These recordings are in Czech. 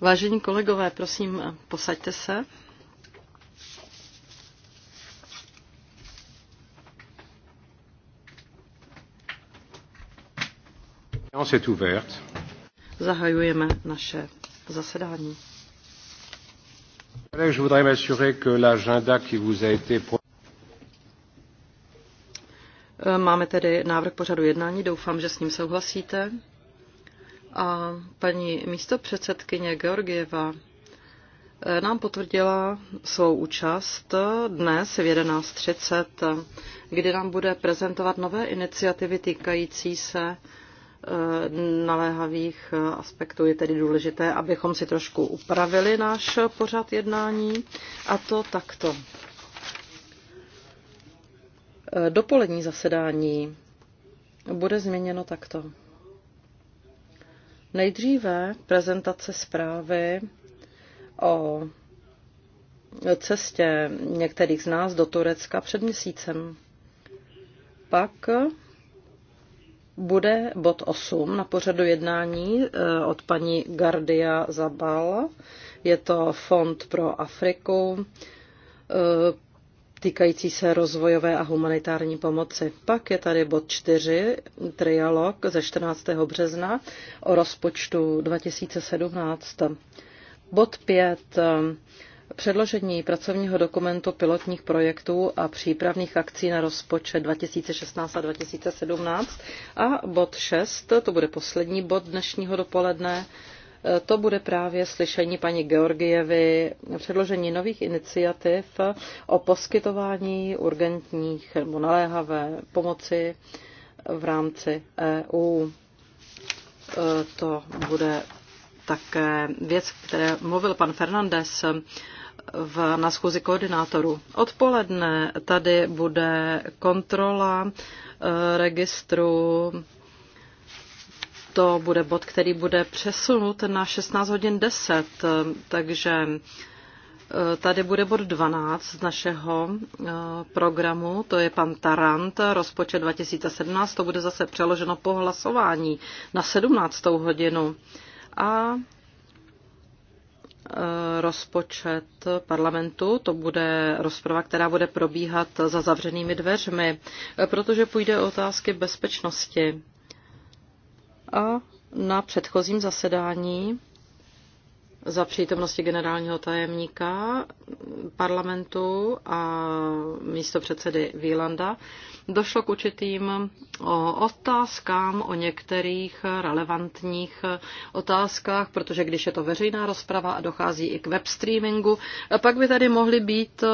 Vážení kolegové, prosím, posaďte se. Zahajujeme naše zasedání. je voudrais m'assurer que l'agenda qui vous a été Máme tedy návrh pořadu jednání, doufám, že s ním souhlasíte. A paní předsedkyně Georgieva eh, nám potvrdila svou účast dnes v 11.30, kdy nám bude prezentovat nové iniciativy týkající se eh, naléhavých eh, aspektů. Je tedy důležité, abychom si trošku upravili náš pořad jednání a to takto. Dopolední zasedání bude změněno takto. Nejdříve prezentace zprávy o cestě některých z nás do Turecka před měsícem. Pak bude bod 8 na pořadu jednání eh, od paní Gardia Zabal. Je to Fond pro Afriku eh, týkající se rozvojové a humanitární pomoci. Pak je tady bod 4, trialog ze 14. března o rozpočtu 2017. Bod 5, předložení pracovního dokumentu pilotních projektů a přípravných akcí na rozpočet 2016 a 2017. A bod 6, to bude poslední bod dnešního dopoledne, to bude právě slyšení paní Georgievy předložení nových iniciativ o poskytování urgentních nebo naléhavé pomoci v rámci EU. E, to bude také věc, které mluvil pan Fernandez v, na schůzi koordinátorů. Odpoledne tady bude kontrola e, registru to bude bod, který bude přesunut na 16 hodin 10, takže eh, Tady bude bod 12 z našeho eh, programu, to je pan Tarant, rozpočet 2017, to bude zase přeloženo po hlasování na 17. hodinu. A eh, rozpočet parlamentu, to bude rozprava, která bude probíhat za zavřenými dveřmi, protože půjde o otázky bezpečnosti. A na předchozím zasedání za přítomnosti generálního tajemníka parlamentu a místo předsedy Výlanda došlo k určitým otázkám o některých relevantních otázkách, protože když je to veřejná rozprava a dochází i k webstreamingu, pak by tady mohly být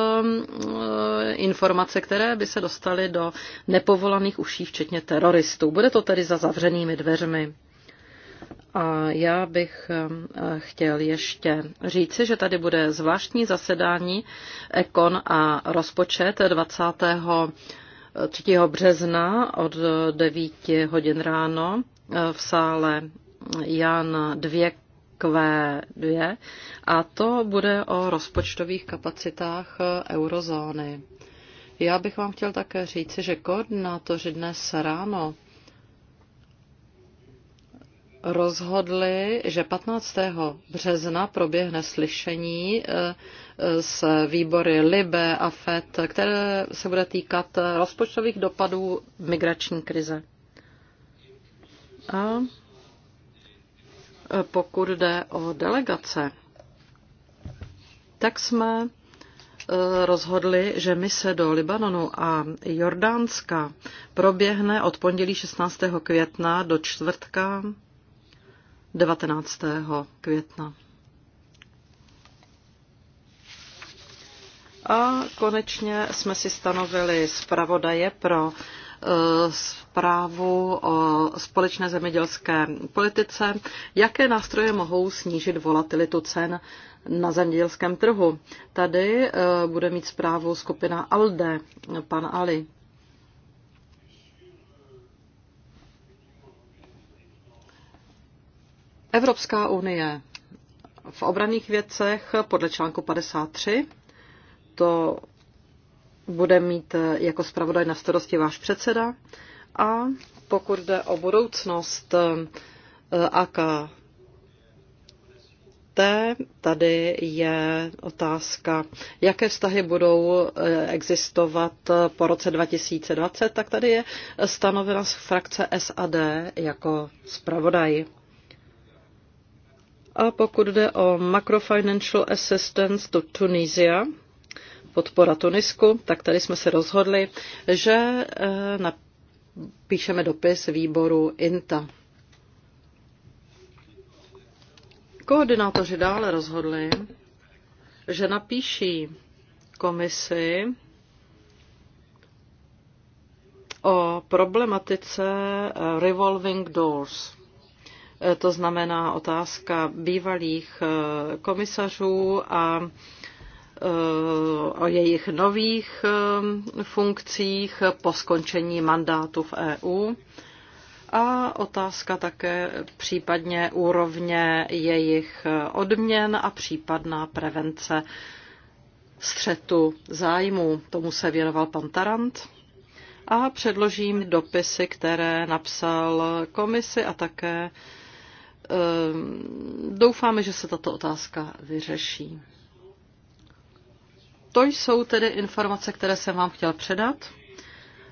informace, které by se dostaly do nepovolaných uší, včetně teroristů. Bude to tedy za zavřenými dveřmi. A já bych eh, chtěl ještě říci, že tady bude zvláštní zasedání Ekon a rozpočet 20. 3. Eh, března od 9 hodin ráno eh, v sále Jan 2 Q2 a to bude o rozpočtových kapacitách eurozóny. Já bych vám chtěl také říci, že koordinátoři dnes ráno rozhodli, že 15. března proběhne slyšení eh, s výbory Libe a FED, které se bude týkat rozpočtových dopadů migrační krize. A eh, pokud jde o delegace, tak jsme eh, rozhodli, že mise do Libanonu a Jordánska proběhne od pondělí 16. května do čtvrtka 19. května. A konečně jsme si stanovili zpravodaje pro e, zprávu o společné zemědělské politice, jaké nástroje mohou snížit volatilitu cen na zemědělském trhu. Tady e, bude mít zprávu skupina ALDE, pan Ali. Evropská unie v obraných věcech podle článku 53 to bude mít jako zpravodaj na starosti váš předseda a pokud jde o budoucnost eh, AKT, tady je otázka, jaké vztahy budou eh, existovat po roce 2020, tak tady je stanovena z frakce SAD jako zpravodaj. A pokud jde o Macrofinancial Assistance to Tunisia, podpora Tunisku, tak tady jsme se rozhodli, že eh, napíšeme dopis výboru INTA. Koordinátoři dále rozhodli, že napíší komisi o problematice eh, revolving doors. Eh, to znamená otázka bývalých eh, komisařů a eh, o jejich nových funkcích po skončení mandátu v EU a otázka také případně úrovně jejich odměn a případná prevence střetu zájmu. Tomu se věnoval pan Tarant. A předložím dopisy, které napsal komisi a také uh, Ehm, doufáme, že se tato otázka vyřeší. To jsou tedy informace, které jsem vám chtěl předat.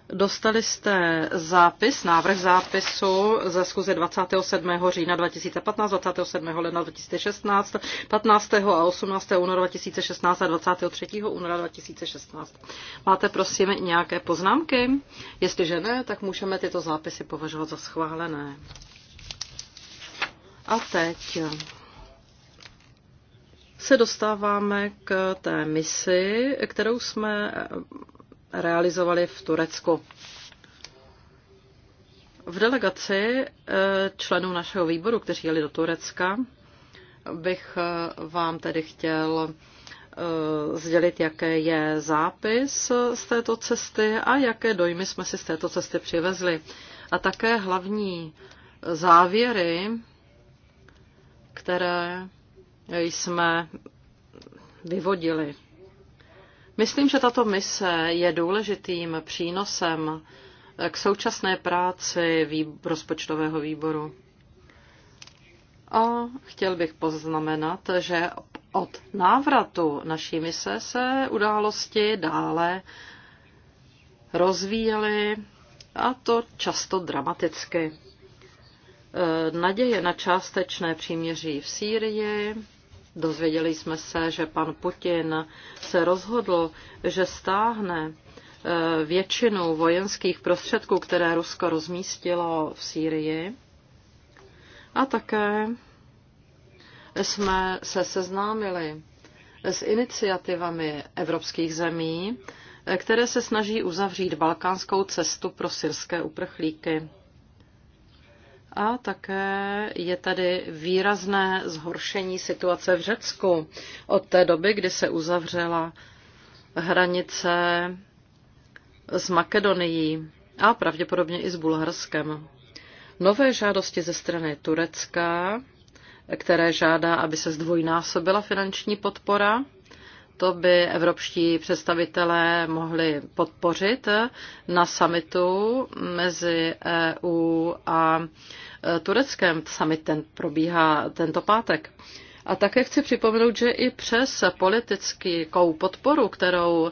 Dostali jste zápis, návrh zápisu ze schůze 27. října 2015, 27. ledna 2016, 15. a 18. února 2016 a 23. února 2016. Máte prosím nějaké poznámky? Jestliže ne, tak můžeme tyto zápisy považovat za schválené. A teď se dostáváme k té misi, kterou jsme realizovali v Turecku. V delegaci eh, členů našeho výboru, kteří jeli do Turecka, bych eh, vám tedy chtěl eh, sdělit, jaké je zápis z této cesty a jaké dojmy jsme si z této cesty přivezli. A také hlavní závěry které jsme vyvodili. Myslím, že tato mise je důležitým přínosem k současné práci rozpočtového výboru. A chtěl bych poznamenat, že od návratu naší mise se události dále rozvíjely a to často dramaticky. Eh, naděje na částečné příměří v Sýrii. Dozvěděli jsme se, že pan Putin se rozhodl, že stáhne eh, většinu vojenských prostředků, které Rusko rozmístilo v Sýrii. A také jsme se seznámili s iniciativami evropských zemí, eh, které se snaží uzavřít balkánskou cestu pro syrské uprchlíky. A také je tady výrazné zhoršení situace v Řecku od té doby, kdy se uzavřela hranice s Makedonií a pravděpodobně i s Bulharskem. Nové žádosti ze strany Turecka, které žádá, aby se zdvojnásobila finanční podpora, to by evropští představitelé mohli podpořit na samitu mezi EU a e, Tureckem. Samit ten probíhá tento pátek. A také chci připomenout, že i přes politickou podporu, kterou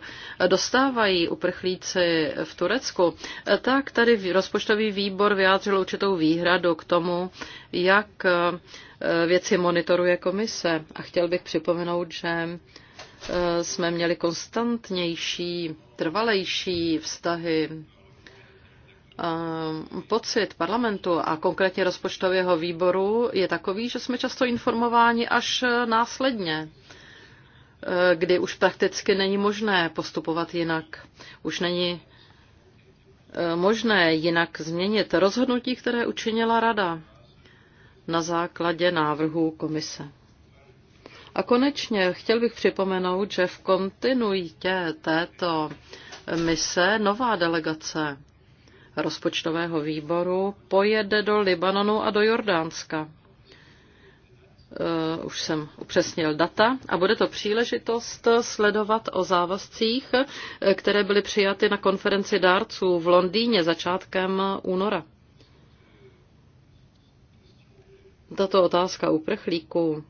dostávají uprchlíci v Turecku, e, tak tady rozpočtový výbor vyjádřil určitou výhradu k tomu, jak e, věci monitoruje komise. A chtěl bych připomenout, že Eh, jsme měli konstantnější, trvalejší vztahy eh, pocit parlamentu a konkrétně rozpočtového výboru je takový, že jsme často informováni až následně, eh, kdy už prakticky není možné postupovat jinak. Už není možné jinak změnit rozhodnutí, které učinila Rada na základě návrhu komise. A konečně chtěl bych připomenout, že v kontinuitě této mise nová delegace rozpočtového výboru pojede do Libanonu a do Jordánska. Uh, už jsem upřesnil data a bude to příležitost sledovat o závazcích, eh, které byly přijaty na konferenci dárců v Londýně začátkem února. Tato otázka uprchlíků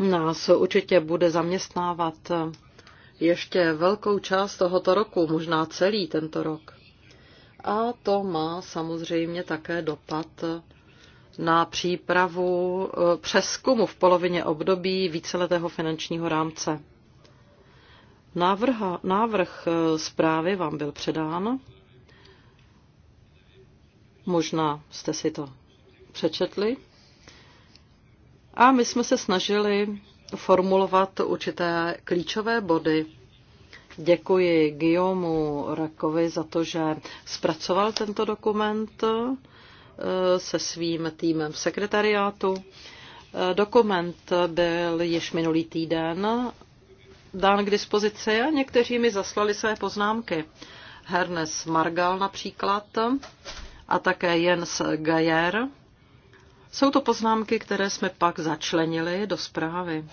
nás určitě bude zaměstnávat ještě velkou část tohoto roku, možná celý tento rok. A to má samozřejmě také dopad na přípravu e, přeskumu v polovině období víceletého finančního rámce. Návrh, návrh e, zprávy vám byl předán. Možná jste si to přečetli. A my jsme se snažili formulovat určité klíčové body. Děkuji Guillaumu Rakovi za to, že zpracoval tento dokument eh, se svým týmem v sekretariátu. Eh, dokument byl již minulý týden dán k dispozici a někteří mi zaslali své poznámky. Hernes Margal například a také Jens Gajer jsou to poznámky, které jsme pak začlenili do zprávy.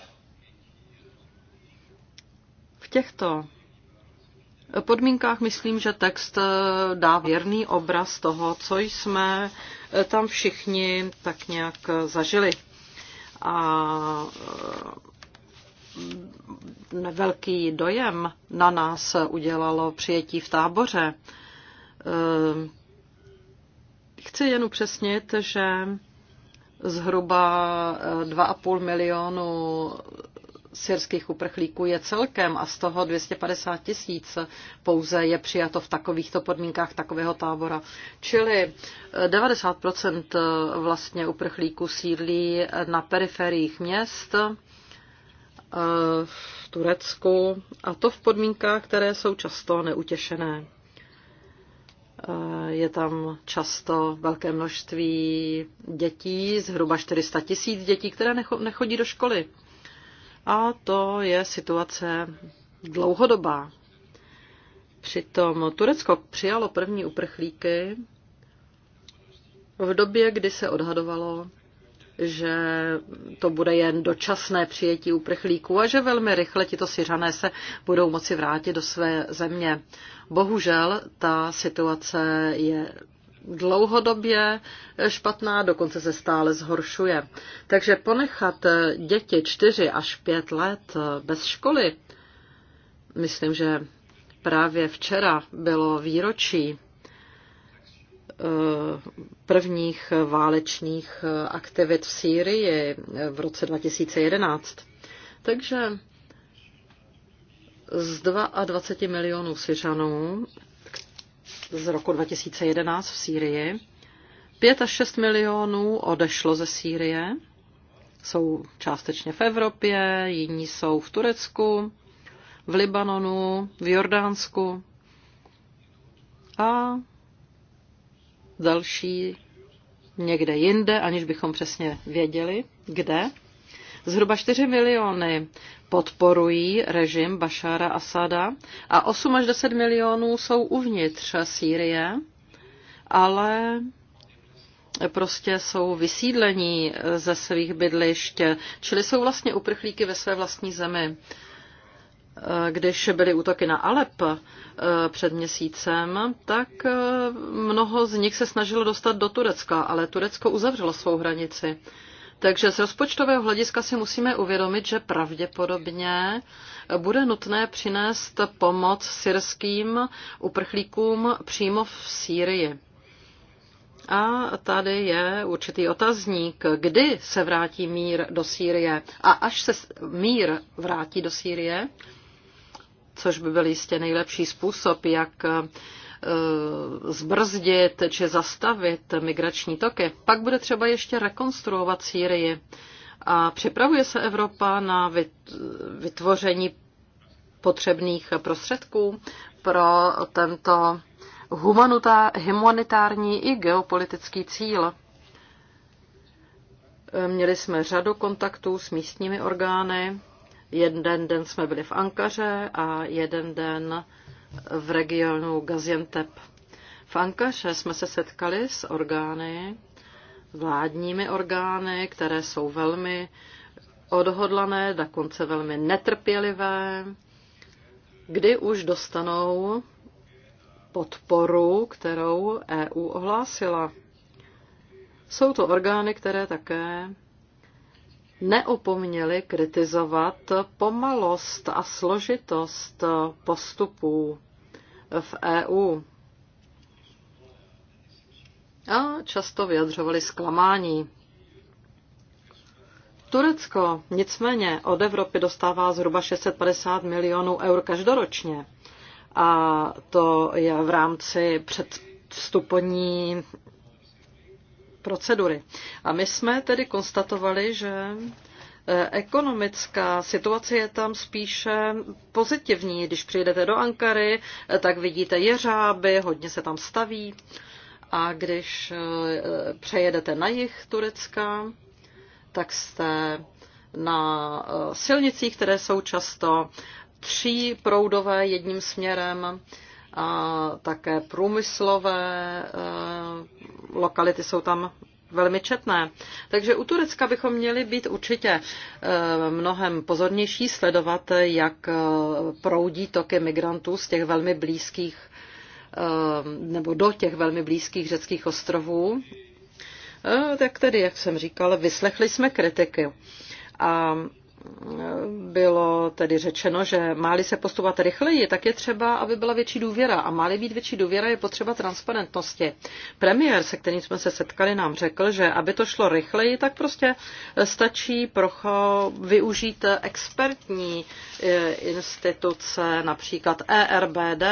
V těchto podmínkách myslím, že text eh, dá věrný obraz toho, co jsme eh, tam všichni tak nějak eh, zažili. A velký dojem na nás udělalo přijetí v táboře. Chci jen upřesnit, že Zhruba 2,5 eh, milionu syrských uprchlíků je celkem a z toho 250 tisíc pouze je přijato v takovýchto podmínkách takového tábora. Čili 90% eh, eh, vlastně uprchlíků sídlí na periferiích měst v Turecku a to v podmínkách, které jsou často neutěšené. Eh, je tam často velké množství dětí, zhruba 400 tisíc dětí, které nechodí do školy. A to je situace dlouhodobá. Přitom Turecko přijalo první uprchlíky v době, kdy se odhadovalo, že to bude jen dočasné přijetí uprchlíků a že velmi rychle tito Syřané se budou moci vrátit do své země. Bohužel ta situace je dlouhodobě špatná, dokonce se stále zhoršuje. Takže ponechat děti 4 až 5 let bez školy, myslím, že právě včera bylo výročí Eh, prvních válečných eh, aktivit v Sýrii eh, v roce 2011. Takže z 22 milionů Syřanů z roku 2011 v Sýrii 5 až 6 milionů odešlo ze Sýrie, jsou částečně v Evropě, jiní jsou v Turecku, v Libanonu, v Jordánsku a další někde jinde, aniž bychom přesně věděli, kde. Zhruba 4 miliony podporují režim Bašára Asada a 8 až 10 milionů jsou uvnitř Sýrie, ale prostě jsou vysídlení ze svých bydlišť, čili jsou vlastně uprchlíky ve své vlastní zemi. Eh, když byly útoky na Alep eh, před měsícem, tak eh, mnoho z nich se snažilo dostat do Turecka, ale Turecko uzavřelo svou hranici. Takže z rozpočtového hlediska si musíme uvědomit, že pravděpodobně bude nutné přinést pomoc syrským uprchlíkům přímo v Sýrii. A tady je určitý otazník, kdy se vrátí mír do Sýrie. A až se mír vrátí do Sýrie, což by byl jistě nejlepší způsob, jak eh, zbrzdit či zastavit migrační toky. Pak bude třeba ještě rekonstruovat Sýrii. A připravuje se Evropa na vytvoření potřebných prostředků pro tento humanitární i geopolitický cíl. Měli jsme řadu kontaktů s místními orgány Jeden den jsme byli v Ankaře a jeden den v regionu Gaziantep. V Ankaře jsme se setkali s orgány, vládními orgány, které jsou velmi odhodlané, dokonce velmi netrpělivé, kdy už dostanou podporu, kterou EU ohlásila. Jsou to orgány, které také neopomněli kritizovat pomalost a složitost postupů v EU. A často vyjadřovali zklamání. Turecko nicméně od Evropy dostává zhruba 650 milionů eur každoročně. A to je v rámci předvstupní procedury. A my jsme tedy konstatovali, že eh, ekonomická situace je tam spíše pozitivní. Když přijedete do Ankary, eh, tak vidíte jeřáby, hodně se tam staví. A když eh, přejedete na jih Turecka, tak jste na silnicích, které jsou často tříproudové jedním směrem, a také průmyslové eh, lokality jsou tam velmi četné. Takže u Turecka bychom měli být určitě eh, mnohem pozornější, sledovat, jak eh, proudí toky migrantů z těch velmi blízkých nebo do těch velmi blízkých řeckých ostrovů. Tak tedy, jak jsem říkal, vyslechli jsme kritiky. A bylo tedy řečeno, že máli se postupovat rychleji, tak je třeba, aby byla větší důvěra. A máli být větší důvěra, je potřeba transparentnosti. Premiér, se kterým jsme se setkali, nám řekl, že aby to šlo rychleji, tak prostě stačí procho využít expertní eh, instituce, například ERBD,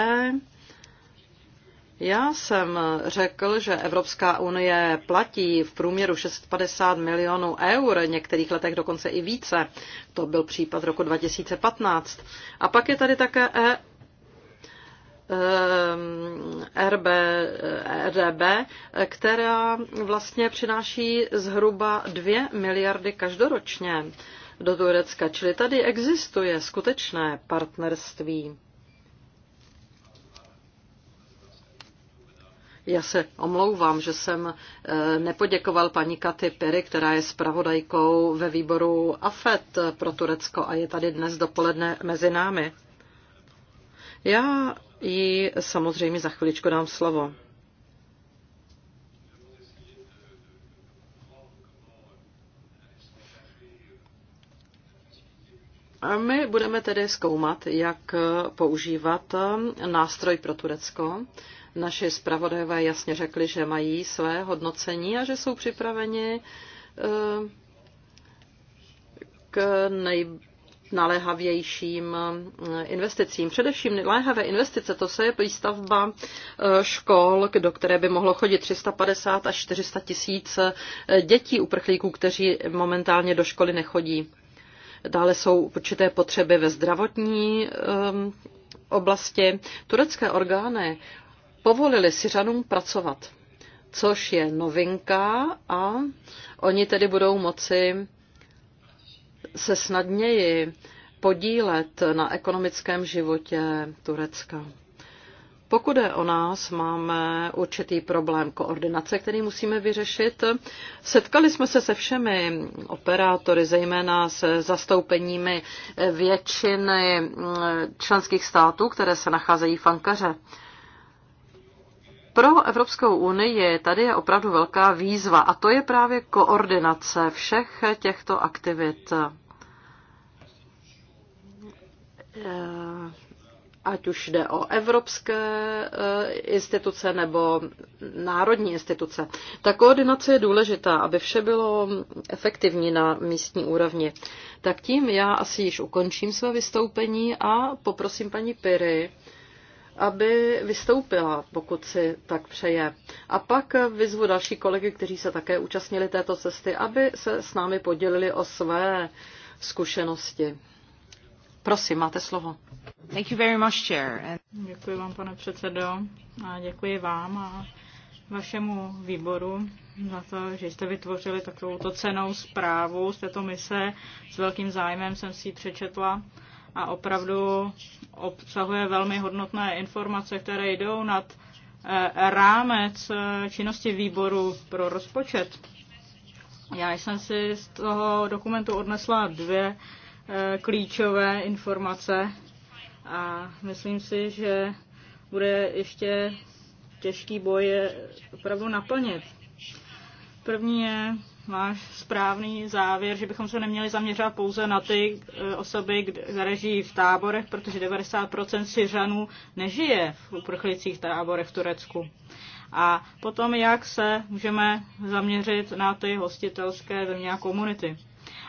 já jsem řekl, že Evropská unie platí v průměru 650 milionů eur, v některých letech dokonce i více. To byl případ roku 2015. A pak je tady také e, ehm, e, RB, RDB, která vlastně přináší zhruba 2 miliardy každoročně do Turecka. Čili tady existuje skutečné partnerství. Já se omlouvám, že jsem eh, nepoděkoval paní Katy Piry, která je spravodajkou ve výboru AFET pro Turecko a je tady dnes dopoledne mezi námi. Já jí samozřejmě za chviličku dám slovo. My budeme tedy zkoumat, jak používat nástroj pro Turecko. Naši zpravodajové jasně řekli, že mají své hodnocení a že jsou připraveni eh, k nej, naléhavějším eh, investicím. Především naléhavé investice, to se je výstavba eh, škol, do které by mohlo chodit 350 až 400 tisíc dětí uprchlíků, kteří momentálně do školy nechodí. Dále jsou určité potřeby ve zdravotní um, oblasti. Turecké orgány povolili Syřanům pracovat, což je novinka a oni tedy budou moci se snadněji podílet na ekonomickém životě Turecka. Pokud je o nás, máme určitý problém koordinace, který musíme vyřešit. Setkali jsme se se všemi operátory, zejména se zastoupeními většiny eh, členských států, které se nacházejí v Ankaře. Pro Evropskou unii tady je opravdu velká výzva a to je právě koordinace všech těchto aktivit. Eh, ať už jde o evropské eh, instituce nebo národní instituce. Ta koordinace je důležitá, aby vše bylo efektivní na místní úrovni. Tak tím já asi již ukončím své vystoupení a poprosím paní Piry, aby vystoupila, pokud si tak přeje. A pak vyzvu další kolegy, kteří se také účastnili této cesty, aby se s námi podělili o své zkušenosti. Prosím, máte slovo. Thank you very much, Chair. Děkuji vám, pane předsedo, a děkuji vám a vašemu výboru za to, že jste vytvořili takovou cenou zprávu z této mise. S velkým zájmem jsem si ji přečetla a opravdu obsahuje velmi hodnotné informace, které jdou nad eh, rámec eh, činnosti výboru pro rozpočet. Já jsem si z toho dokumentu odnesla dvě Eh, klíčové informace a myslím si, že bude ještě těžký boj je opravdu naplnit. První je máš správný závěr, že bychom se neměli zaměřovat pouze na ty eh, osoby, které žijí v táborech, protože 90% Syřanů nežije v uprchlicích táborech v Turecku. A potom, jak se můžeme zaměřit na ty hostitelské země a komunity.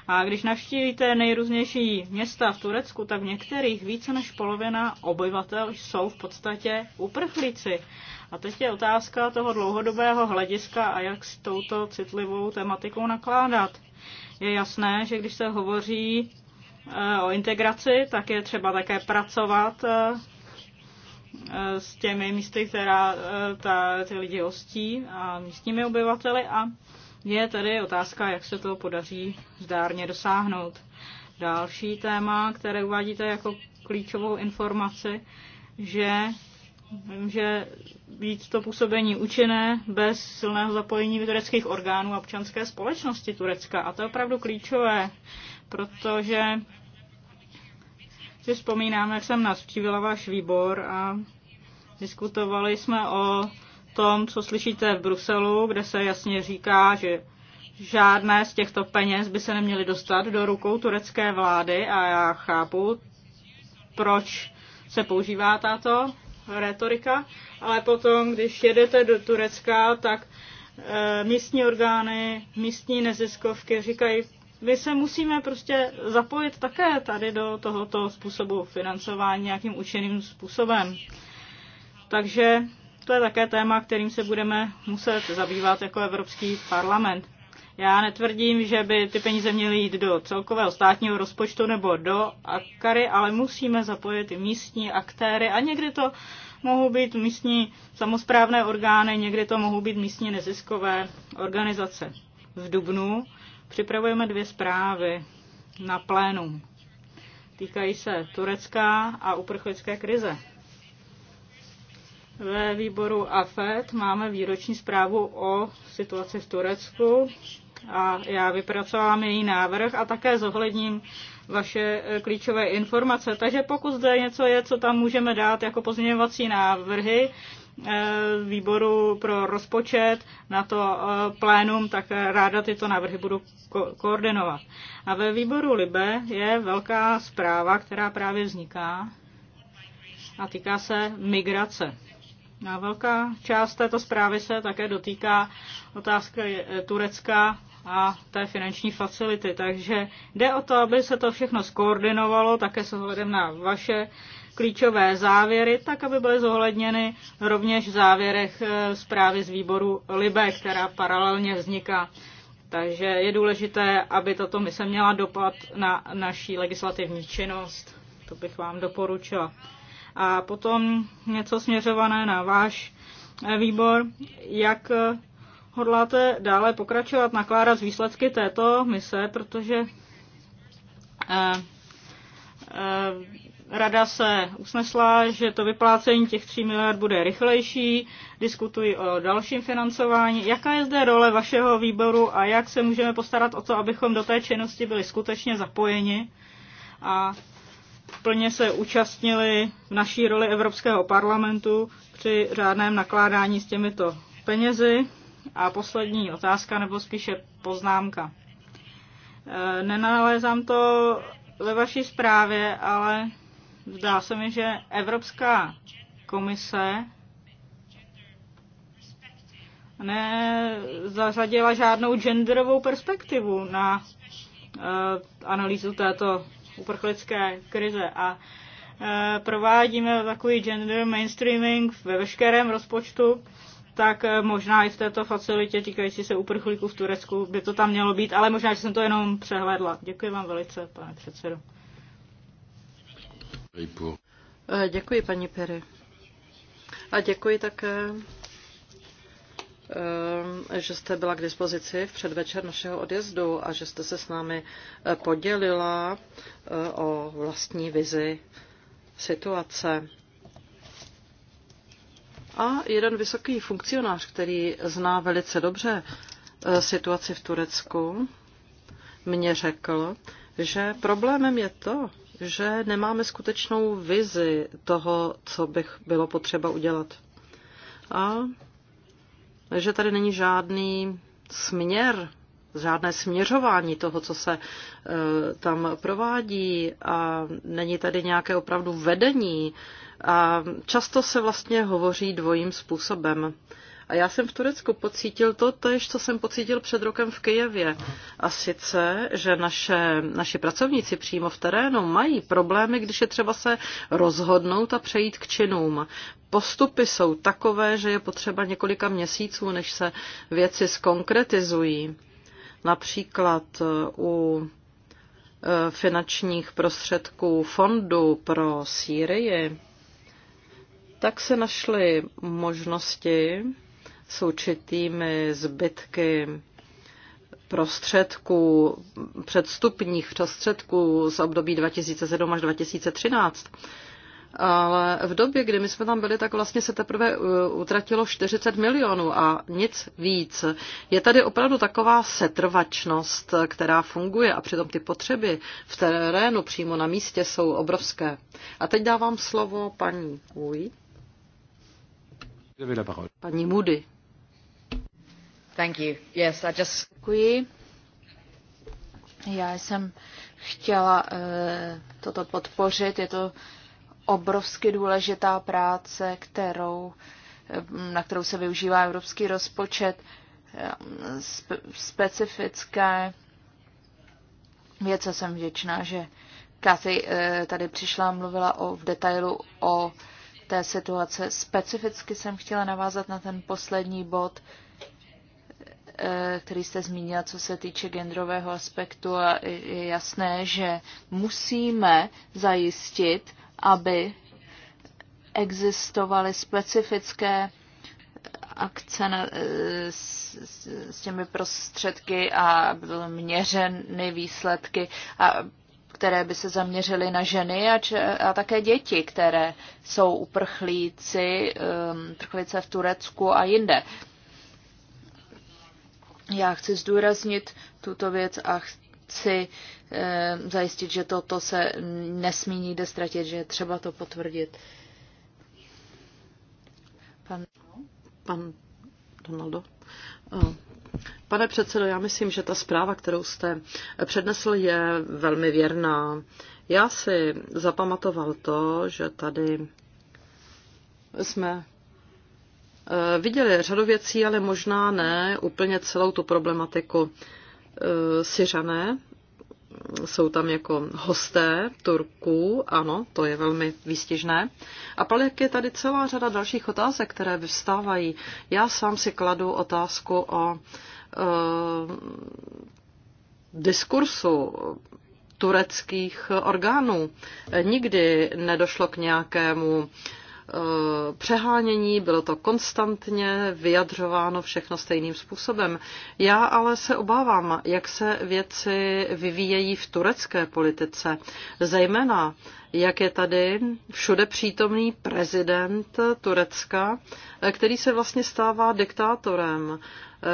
A když navštívíte nejrůznější města v Turecku, tak v některých více než polovina obyvatel jsou v podstatě uprchlíci. A teď je otázka toho dlouhodobého hlediska a jak s touto citlivou tematikou nakládat. Je jasné, že když se hovoří eh, o integraci, tak je třeba také pracovat eh, eh, s těmi místy, která ta, ty lidi hostí a místními obyvateli a je tedy otázka, jak se to podaří zdárně dosáhnout. Další téma, které uvádíte jako klíčovou informaci, že že být to působení účinné bez silného zapojení tureckých orgánů a občanské společnosti Turecka. A to je opravdu klíčové, protože si vzpomínám, jak jsem navštívila váš výbor a diskutovali jsme o tom, co slyšíte v Bruselu, kde se jasně říká, že žádné z těchto peněz by se neměly dostat do rukou turecké vlády a já chápu, proč se používá tato retorika, ale potom, když jedete do Turecka, tak e, místní orgány, místní neziskovky říkají, my se musíme prostě zapojit také tady do tohoto způsobu financování nějakým účinným způsobem. Takže to je také téma, kterým se budeme muset zabývat jako Evropský parlament. Já netvrdím, že by ty peníze měly jít do celkového státního rozpočtu nebo do akary, ale musíme zapojit i místní aktéry a někdy to mohou být místní samozprávné orgány, někdy to mohou být místní neziskové organizace. V Dubnu připravujeme dvě zprávy na plénum. Týkají se Turecka a uprchlické krize. Ve výboru AFET máme výroční zprávu o situaci v Turecku a já vypracovám její návrh a také zohledním vaše eh, klíčové informace. Takže pokud zde něco je, co tam můžeme dát jako pozměňovací návrhy eh, výboru pro rozpočet na to eh, plénum, tak ráda tyto návrhy budu ko- koordinovat. A ve výboru Libe je velká zpráva, která právě vzniká a týká se migrace. A velká část této zprávy se také dotýká otázky Turecka a té finanční facility. Takže jde o to, aby se to všechno skoordinovalo, také s ohledem na vaše klíčové závěry, tak aby byly zohledněny rovněž v závěrech eh, zprávy z výboru Libe, která paralelně vzniká. Takže je důležité, aby tato mise měla dopad na naší legislativní činnost. To bych vám doporučila a potom něco směřované na váš eh, výbor, jak eh, hodláte dále pokračovat, nakládat z výsledky této mise, protože eh, Rada se usnesla, že to vyplácení těch 3 miliard bude rychlejší, diskutují o dalším financování. Jaká je zde role vašeho výboru a jak se můžeme postarat o to, abychom do té činnosti byli skutečně zapojeni a plně se účastnili v naší roli Evropského parlamentu při řádném nakládání s těmito penězi. A poslední otázka, nebo spíše poznámka. E, nenalézám to ve vaší zprávě, ale zdá se mi, že Evropská komise nezařadila žádnou genderovou perspektivu na e, analýzu této uprchlické krize a e, provádíme takový gender mainstreaming ve veškerém rozpočtu, tak e, možná i v této facilitě týkající se uprchlíků v Turecku by to tam mělo být, ale možná, že jsem to jenom přehledla. Děkuji vám velice, pane předsedo. Děkuji, e, paní Pery. A děkuji také Ehm, že jste byla k dispozici v předvečer našeho odjezdu a že jste se s námi eh, podělila eh, o vlastní vizi situace. A jeden vysoký funkcionář, který zná velice dobře eh, situaci v Turecku, mě řekl, že problémem je to, že nemáme skutečnou vizi toho, co bych bylo potřeba udělat. A že tady není žádný směr, žádné směřování toho, co se eh, tam provádí a není tady nějaké opravdu vedení. A často se vlastně hovoří dvojím způsobem. A já jsem v Turecku pocítil to tež, co jsem pocítil před rokem v Kyjevě. A sice, že naše, naši pracovníci přímo v terénu mají problémy, když je třeba se rozhodnout a přejít k činům. Postupy jsou takové, že je potřeba několika měsíců, než se věci skonkretizují. Například eh, u eh, finančních prostředků fondu pro Sýrii, tak se našly možnosti s určitým zbytky prostředků, předstupních prostředků z období 2007 až 2013. Ale v době, kdy my jsme tam byli, tak vlastně se teprve uh, utratilo 40 milionů a nic víc. Je tady opravdu taková setrvačnost, která funguje a přitom ty potřeby v terénu přímo na místě jsou obrovské. A teď dávám slovo paní Uj. Paní Moody. Děkuji. Já jsem chtěla uh, toto podpořit. Je to obrovsky důležitá práce, kterou, eh, na kterou se využívá evropský rozpočet. Eh, Spe- specifické věce jsem vděčná, že Kathy tady přišla a mluvila o, v detailu o té situace. Specificky jsem chtěla navázat na ten poslední bod. Uh, Eh, který jste zmínila, co se týče genderového aspektu, a je jasné, že musíme zajistit, aby existovaly specifické akce na, eh, s, s těmi prostředky a byly měřeny výsledky, a, které by se zaměřily na ženy a, a také děti, které jsou uprchlíci, um, v Turecku a jinde. Um, já chci zdůraznit tuto věc a chci eh, zajistit, že toto se nesmí nikde ztratit, že je třeba to potvrdit. Pan, Pan Donaldo. Eh, pane předsedo, já myslím, že ta zpráva, kterou jste přednesl, je velmi věrná. Já si zapamatoval to, že tady jsme Eh, viděli řadu věcí, ale možná ne úplně celou tu problematiku. Eh, Syřané jsou tam jako hosté Turků, ano, to je velmi výstižné. A pak je tady celá řada dalších otázek, které vyvstávají. Já sám si kladu otázku o e, diskursu tureckých orgánů. Nikdy nedošlo k nějakému e, Eh, přehánění, bylo to konstantně vyjadřováno všechno stejným způsobem. Já ale se obávám, jak se věci vyvíjejí v turecké politice, zejména jak je tady všude přítomný prezident Turecka, eh, který se vlastně stává diktátorem,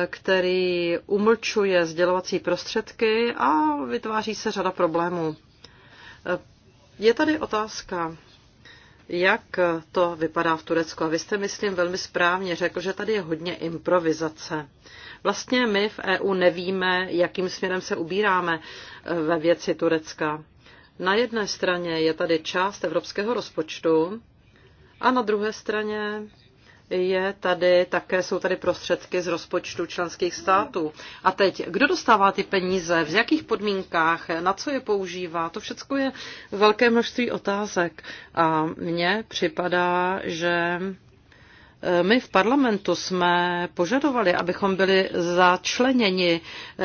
eh, který umlčuje sdělovací prostředky a vytváří se řada problémů. Je tady otázka, jak to vypadá v Turecku. A vy jste, myslím, velmi správně řekl, že tady je hodně improvizace. Vlastně my v EU nevíme, jakým směrem se ubíráme eh, ve věci Turecka. Na jedné straně je tady část evropského rozpočtu a na druhé straně je tady, také jsou tady prostředky z rozpočtu členských států. A teď, kdo dostává ty peníze, v jakých podmínkách, na co je používá, to všechno je velké množství otázek. A mně připadá, že my v parlamentu jsme požadovali, abychom byli začleněni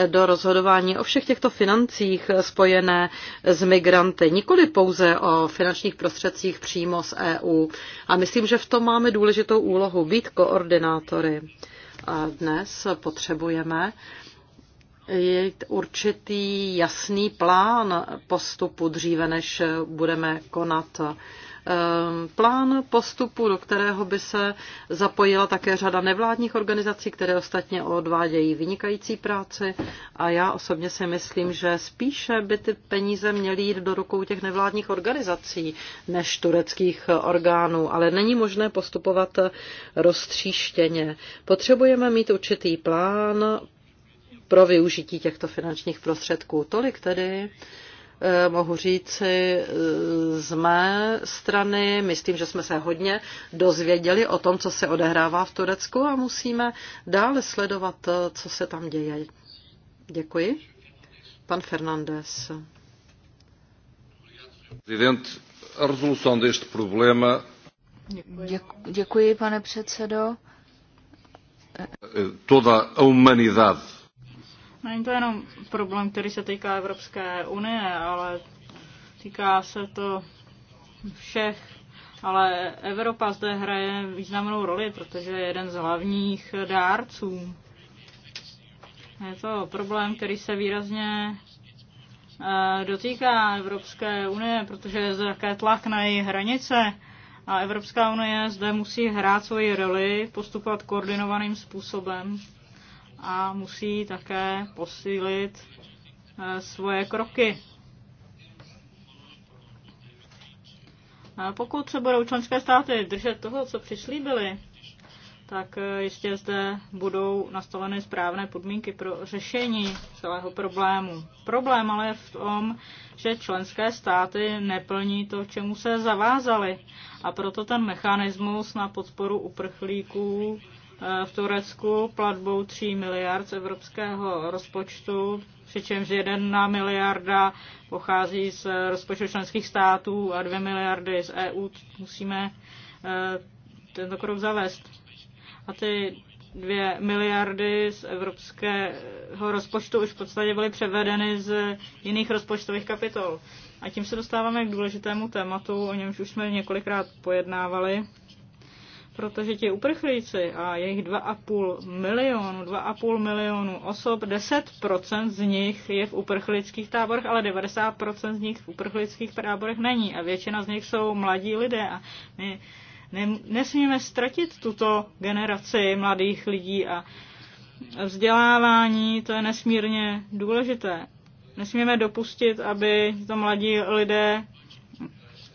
do rozhodování o všech těchto financích spojené s migranty, nikoli pouze o finančních prostředcích přímo z EU. A myslím, že v tom máme důležitou úlohu být koordinátory. A dnes potřebujeme je určitý jasný plán postupu dříve, než budeme konat Ehm, plán postupu, do kterého by se zapojila také řada nevládních organizací, které ostatně odvádějí vynikající práci a já osobně si myslím, že spíše by ty peníze měly jít do rukou těch nevládních organizací než tureckých orgánů, ale není možné postupovat roztříštěně. Potřebujeme mít určitý plán pro využití těchto finančních prostředků. Tolik tedy Eh, mohu říci eh, z mé strany, myslím, že jsme se hodně dozvěděli o tom, co se odehrává v Turecku a musíme dále sledovat, eh, co se tam děje. Děkuji. Pan Fernandez. Děkuji, pane předsedo. Toda a humanidade Není to jenom problém, který se týká Evropské unie, ale týká se to všech. Ale Evropa zde hraje významnou roli, protože je jeden z hlavních dárců. Je to problém, který se výrazně eh, dotýká Evropské unie, protože je zde také tlak na její hranice a Evropská unie zde musí hrát svoji roli, postupovat koordinovaným způsobem a musí také posílit eh, svoje kroky. A pokud se budou členské státy držet toho, co přislíbili, tak eh, jistě zde budou nastaveny správné podmínky pro řešení celého problému. Problém ale je v tom, že členské státy neplní to, čemu se zavázaly. A proto ten mechanismus na podporu uprchlíků Eh, v Turecku platbou 3 miliard z evropského rozpočtu, přičemž 1 miliarda pochází z rozpočtu členských států a 2 miliardy z EU. Musíme eh, tento krok zavést. A ty 2 miliardy z evropského rozpočtu už v podstatě byly převedeny z jiných rozpočtových kapitol. A tím se dostáváme k důležitému tématu, o němž už jsme několikrát pojednávali protože ti uprchlíci a jejich 2,5 milionu, 2,5 milionu osob, 10% z nich je v uprchlických táborech, ale 90% z nich v uprchlických táborech není a většina z nich jsou mladí lidé a my ne, nesmíme ztratit tuto generaci mladých lidí a vzdělávání, to je nesmírně důležité. Nesmíme dopustit, aby to mladí lidé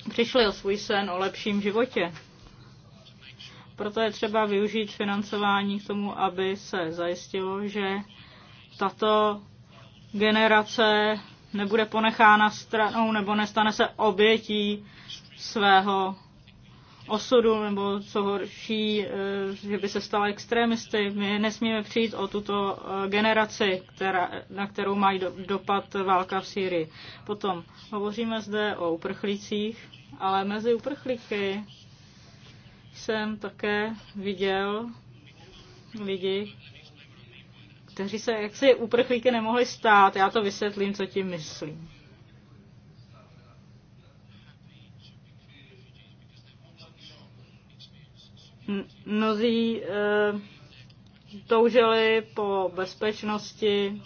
přišli o svůj sen o lepším životě. Proto je třeba využít financování k tomu, aby se zajistilo, že tato generace nebude ponechána stranou nebo nestane se obětí svého osudu nebo co horší, eh, že by se stala extremisty. My nesmíme přijít o tuto eh, generaci, která, na kterou mají dopad válka v Sýrii. Potom hovoříme zde o uprchlících, ale mezi uprchlíky jsem také viděl lidi, kteří se jaksi uprchlíky nemohli stát. Já to vysvětlím, co tím myslím. Mnozí e, toužili po bezpečnosti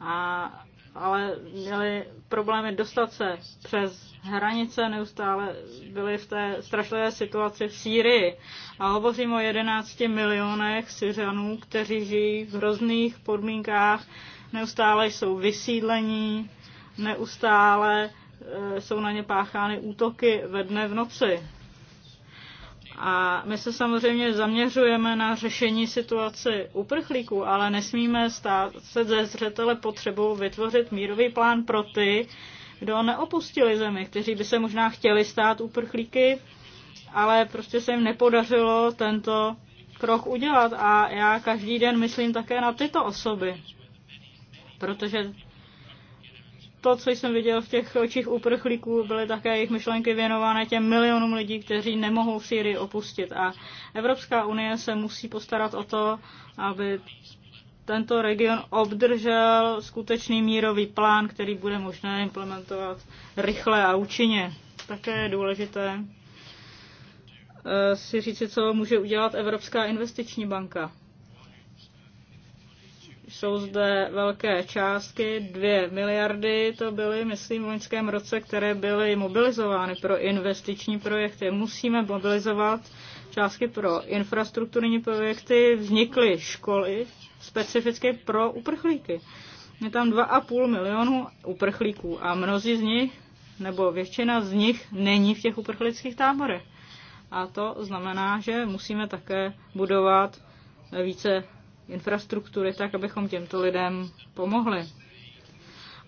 a ale měli problémy dostat se přes hranice, neustále byli v té strašlivé situaci v Sýrii. A hovořím o 11 milionech Syřanů, kteří žijí v hrozných podmínkách, neustále jsou vysídlení, neustále e, jsou na ně páchány útoky ve dne v noci. A my se samozřejmě zaměřujeme na řešení situace uprchlíků, ale nesmíme stát se ze zřetele potřebu vytvořit mírový plán pro ty, kdo neopustili zemi, kteří by se možná chtěli stát uprchlíky, ale prostě se jim nepodařilo tento krok udělat a já každý den myslím také na tyto osoby, protože to, co jsem viděl v těch očích uprchlíků, byly také jejich myšlenky věnované těm milionům lidí, kteří nemohou Syrii opustit. A Evropská unie se musí postarat o to, aby tento region obdržel skutečný mírový plán, který bude možné implementovat rychle a účinně. Také je důležité eh, si říci, co může udělat Evropská investiční banka. Jsou zde velké částky, 2 miliardy to byly, myslím, v loňském roce, které byly mobilizovány pro investiční projekty. Musíme mobilizovat částky pro infrastrukturní projekty. Vznikly školy specificky pro uprchlíky. Je tam 2,5 milionu uprchlíků a mnozí z nich, nebo většina z nich, není v těch uprchlických táborech. A to znamená, že musíme také budovat více infrastruktury tak, abychom těmto lidem pomohli.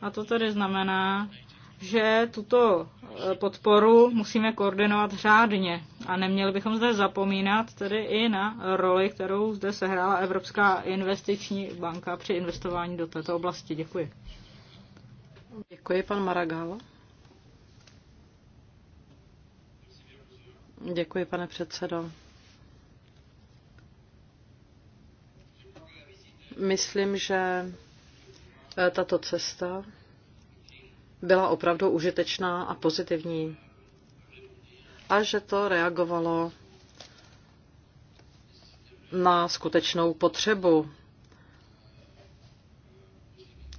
A to tedy znamená, že tuto eh, podporu musíme koordinovat řádně a neměli bychom zde zapomínat tedy i na roli, kterou zde sehrála Evropská investiční banka při investování do této oblasti. Děkuji. Děkuji, pan Maragal. Děkuji, pane předsedo. Myslím, že eh, tato cesta byla opravdu užitečná a pozitivní a že to reagovalo na skutečnou potřebu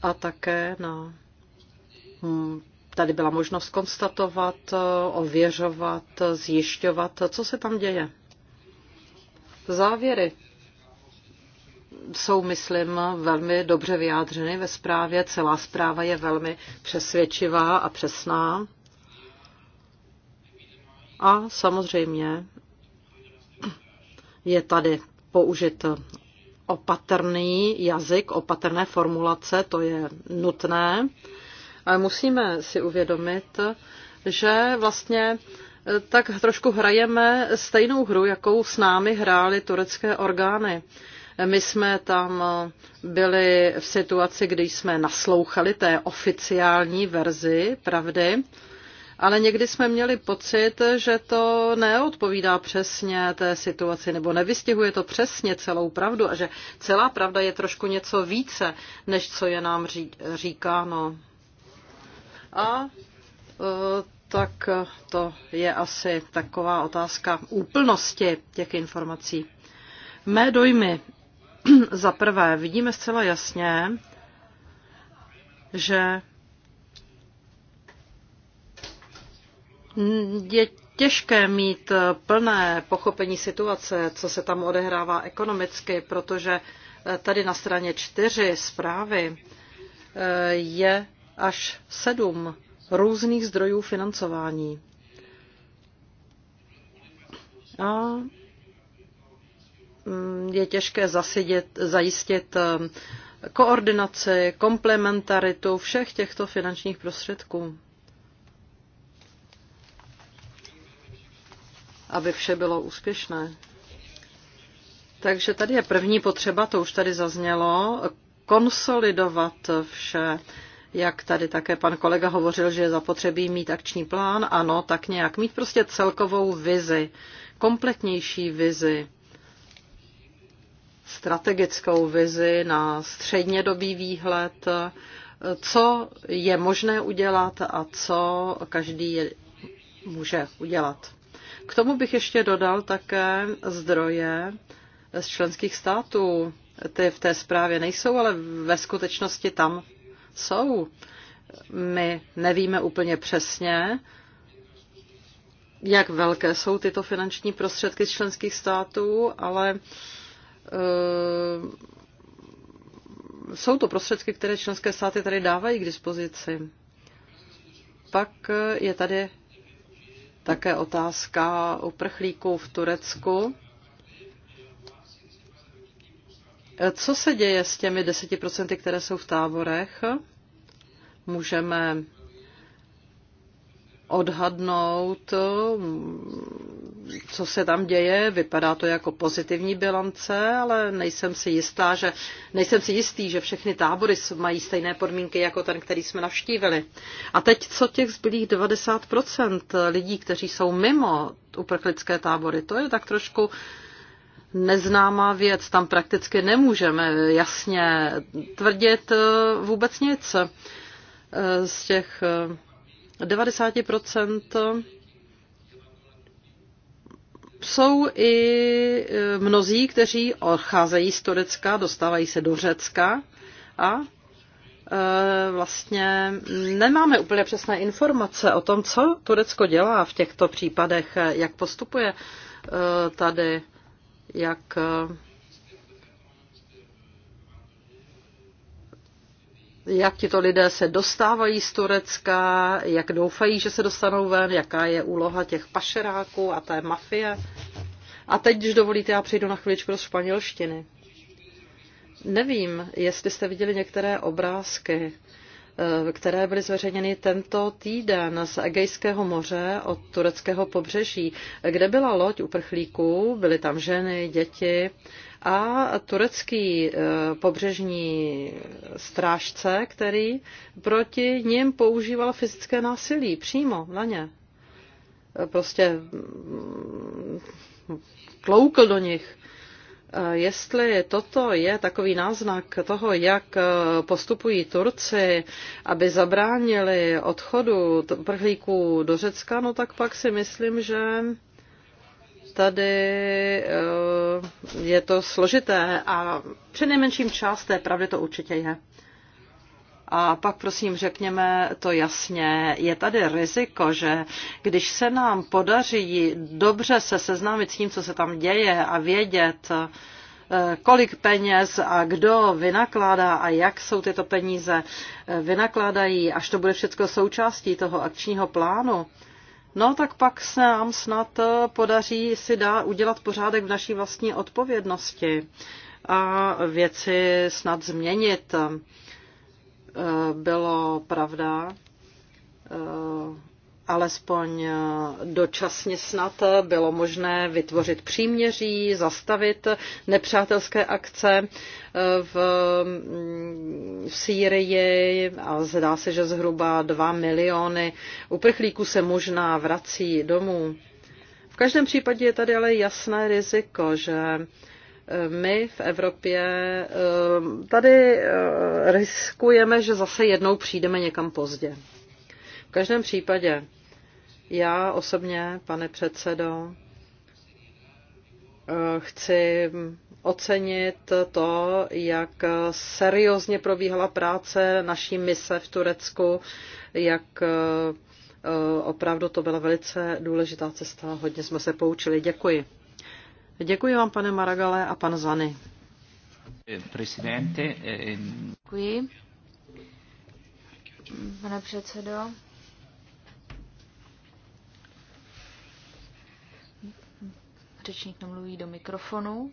a také na. Hm, tady byla možnost konstatovat, eh, ověřovat, zjišťovat, co se tam děje. Závěry jsou, myslím, velmi dobře vyjádřeny ve zprávě. Celá zpráva je velmi přesvědčivá a přesná. A samozřejmě je tady použit opatrný jazyk, opatrné formulace, to je nutné. Ale musíme si uvědomit, že vlastně eh, tak trošku hrajeme stejnou hru, jakou s námi hrály turecké orgány. My jsme tam byli v situaci, kdy jsme naslouchali té oficiální verzi pravdy, ale někdy jsme měli pocit, že to neodpovídá přesně té situaci nebo nevystihuje to přesně celou pravdu a že celá pravda je trošku něco více, než co je nám říkáno. A e, tak to je asi taková otázka úplnosti těch informací. Mé dojmy Za prvé, vidíme zcela jasně, že je těžké mít plné pochopení situace, co se tam odehrává ekonomicky, protože tady na straně čtyři zprávy eh, je až sedm různých zdrojů financování. A Mm, je těžké zasidět, zajistit ehm, koordinaci, komplementaritu všech těchto finančních prostředků. Aby vše bylo úspěšné. Takže tady je první potřeba, to už tady zaznělo, konsolidovat vše jak tady také pan kolega hovořil, že je zapotřebí mít akční plán, ano, tak nějak mít prostě celkovou vizi, kompletnější vizi strategickou vizi, na střednědobý výhled, co je možné udělat a co každý může udělat. K tomu bych ještě dodal také zdroje z členských států. Ty v té zprávě nejsou, ale ve skutečnosti tam jsou. My nevíme úplně přesně, jak velké jsou tyto finanční prostředky z členských států, ale Eh, jsou to prostředky, které členské státy tady dávají k dispozici. Pak eh, je tady také otázka uprchlíků v Turecku. Eh, co se děje s těmi 10%, které jsou v táborech? Můžeme odhadnout, co se tam děje. Vypadá to jako pozitivní bilance, ale nejsem si jistá, že nejsem si jistý, že všechny tábory mají stejné podmínky jako ten, který jsme navštívili. A teď co těch zbylých 90% lidí, kteří jsou mimo uprchlické tábory, to je tak trošku neznámá věc. Tam prakticky nemůžeme jasně tvrdit eh, vůbec nic. Eh, z těch 90 eh, jsou i e, mnozí, kteří odcházejí z Turecka, dostávají se do Řecka a e, vlastně nemáme úplně přesné informace o tom, co Turecko dělá v těchto případech, jak postupuje e, tady, jak jak tito lidé se dostávají z Turecka, jak doufají, že se dostanou ven, jaká je úloha těch pašeráků a té mafie. A teď, když dovolíte, já přejdu na chviličku do španělštiny. Nevím, jestli jste viděli některé obrázky, eh, které byly zveřejněny tento týden z Egejského moře od tureckého pobřeží, kde byla loď uprchlíků, byly tam ženy, děti a turecký e, pobřežní strážce, který proti ním používal fyzické násilí přímo na ně. E, prostě mm, tloukl do nich. E, jestli toto je takový náznak toho, jak postupují Turci, aby zabránili odchodu prchlíků do Řecka, no tak pak si myslím, že tady eh, je to složité a při nejmenším část té pravdy to určitě je. A pak prosím řekněme to jasně, je tady riziko, že když se nám podaří dobře se seznámit s tím, co se tam děje a vědět, eh, kolik peněz a kdo vynakládá a jak jsou tyto peníze eh, vynakládají, až to bude všechno součástí toho akčního plánu, No tak pak se nám snad eh, podaří si dá udělat pořádek v naší vlastní odpovědnosti a věci snad změnit. Eh, bylo pravda, eh, alespoň eh, dočasně snad bylo možné vytvořit příměří, zastavit nepřátelské akce eh, v, mm, v Sýrii a zdá se, že zhruba 2 miliony uprchlíků se možná vrací domů. V každém případě je tady ale jasné riziko, že eh, my v Evropě tady riskujeme, že zase jednou přijdeme někam pozdě. V každém případě já osobně, pane předsedo, eh, chci ocenit to, jak seriózně probíhala práce naší mise v Turecku, jak eh, eh, opravdu to byla velice důležitá cesta, hodně jsme se poučili. Děkuji. Děkuji vám, pane Maragale a pan Zany. Děkuji. Pane předsedo, Řečník nemluví do mikrofonu.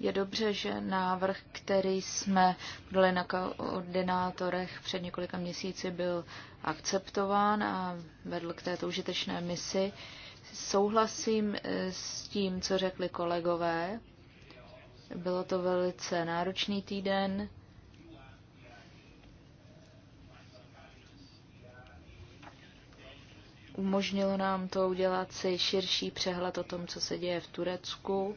Je dobře, že návrh, který jsme dali na koordinátorech před několika měsíci, byl akceptován a vedl k této užitečné misi. Souhlasím eh, s tím, co řekli kolegové. Bylo to velice náročný týden. Umožnilo nám to udělat si širší přehled o tom, co se děje v Turecku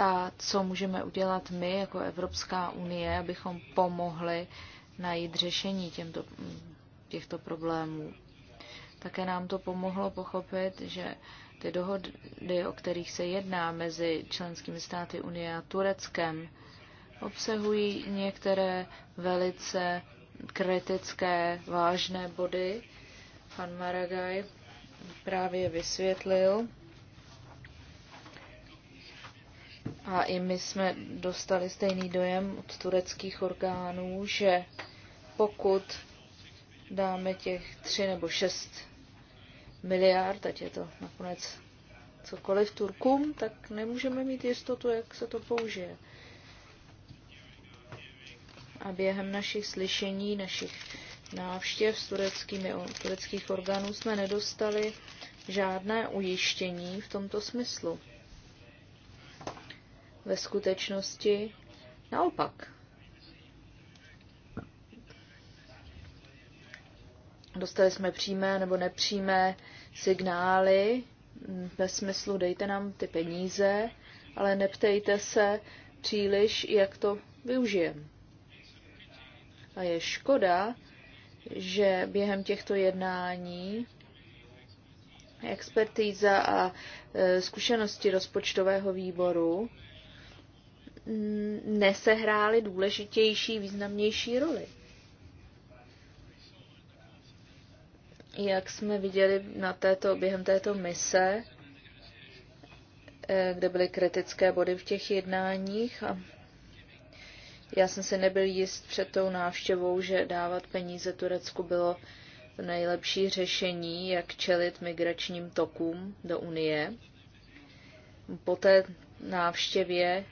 a co můžeme udělat my jako Evropská unie, abychom pomohli najít řešení těmto, těchto problémů. Také nám to pomohlo pochopit, že ty dohody, o kterých se jedná mezi členskými státy Unie a Tureckem, obsahují některé velice kritické, vážné body, Pan Maragaj právě vysvětlil. A i my jsme dostali stejný dojem od tureckých orgánů, že pokud dáme těch 3 nebo 6 miliard, ať je to nakonec cokoliv Turkům, tak nemůžeme mít jistotu, jak se to použije. A během našich slyšení, našich návštěv s tureckými, tureckých orgánů jsme nedostali žádné ujištění v tomto smyslu. Ve skutečnosti naopak. Dostali jsme přímé nebo nepřímé signály ve smyslu dejte nám ty peníze, ale neptejte se příliš, jak to využijeme. A je škoda, že během těchto jednání expertíza a e, zkušenosti rozpočtového výboru mm, nesehrály důležitější, významnější roli. Jak jsme viděli na této, během této mise, e, kde byly kritické body v těch jednáních a já jsem si nebyl jist před tou návštěvou, že dávat peníze Turecku bylo nejlepší řešení, jak čelit migračním tokům do Unie. Po té návštěvě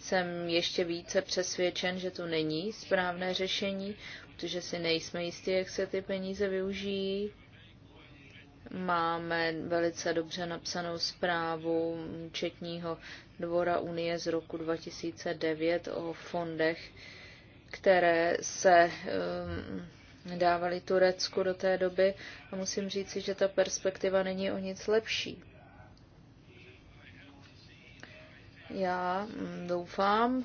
jsem ještě více přesvědčen, že to není správné řešení, protože si nejsme jistí, jak se ty peníze využijí. Máme velice dobře napsanou zprávu četního Dvora Unie z roku 2009 o fondech, které se um, dávaly Turecku do té doby a musím říci, že ta perspektiva není o nic lepší. Já mm, doufám,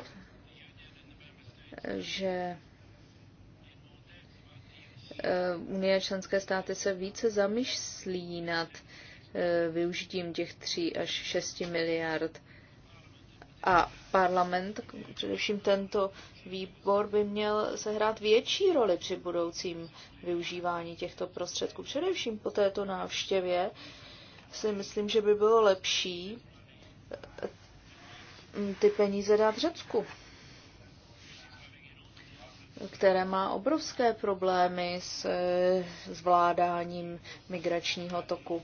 že eh, Unie členské státy se více zamyslí nad eh, využitím těch 3 až 6 miliard a parlament, především tento výbor, by měl sehrát větší roli při budoucím využívání těchto prostředků. Především po této návštěvě si myslím, že by bylo lepší mm, ty peníze dát Řecku, které má obrovské problémy s zvládáním migračního toku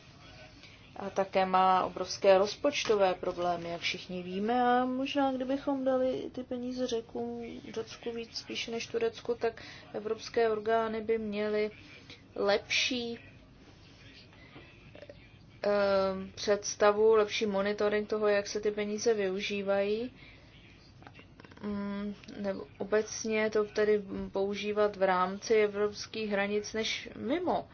a také má obrovské rozpočtové problémy, jak všichni víme. A možná, kdybychom dali ty peníze řeku, Řecku víc spíše než Turecku, tak evropské orgány by měly lepší e, představu, lepší monitoring toho, jak se ty peníze využívají. Mm, nebo obecně to tedy používat v rámci evropských hranic než mimo.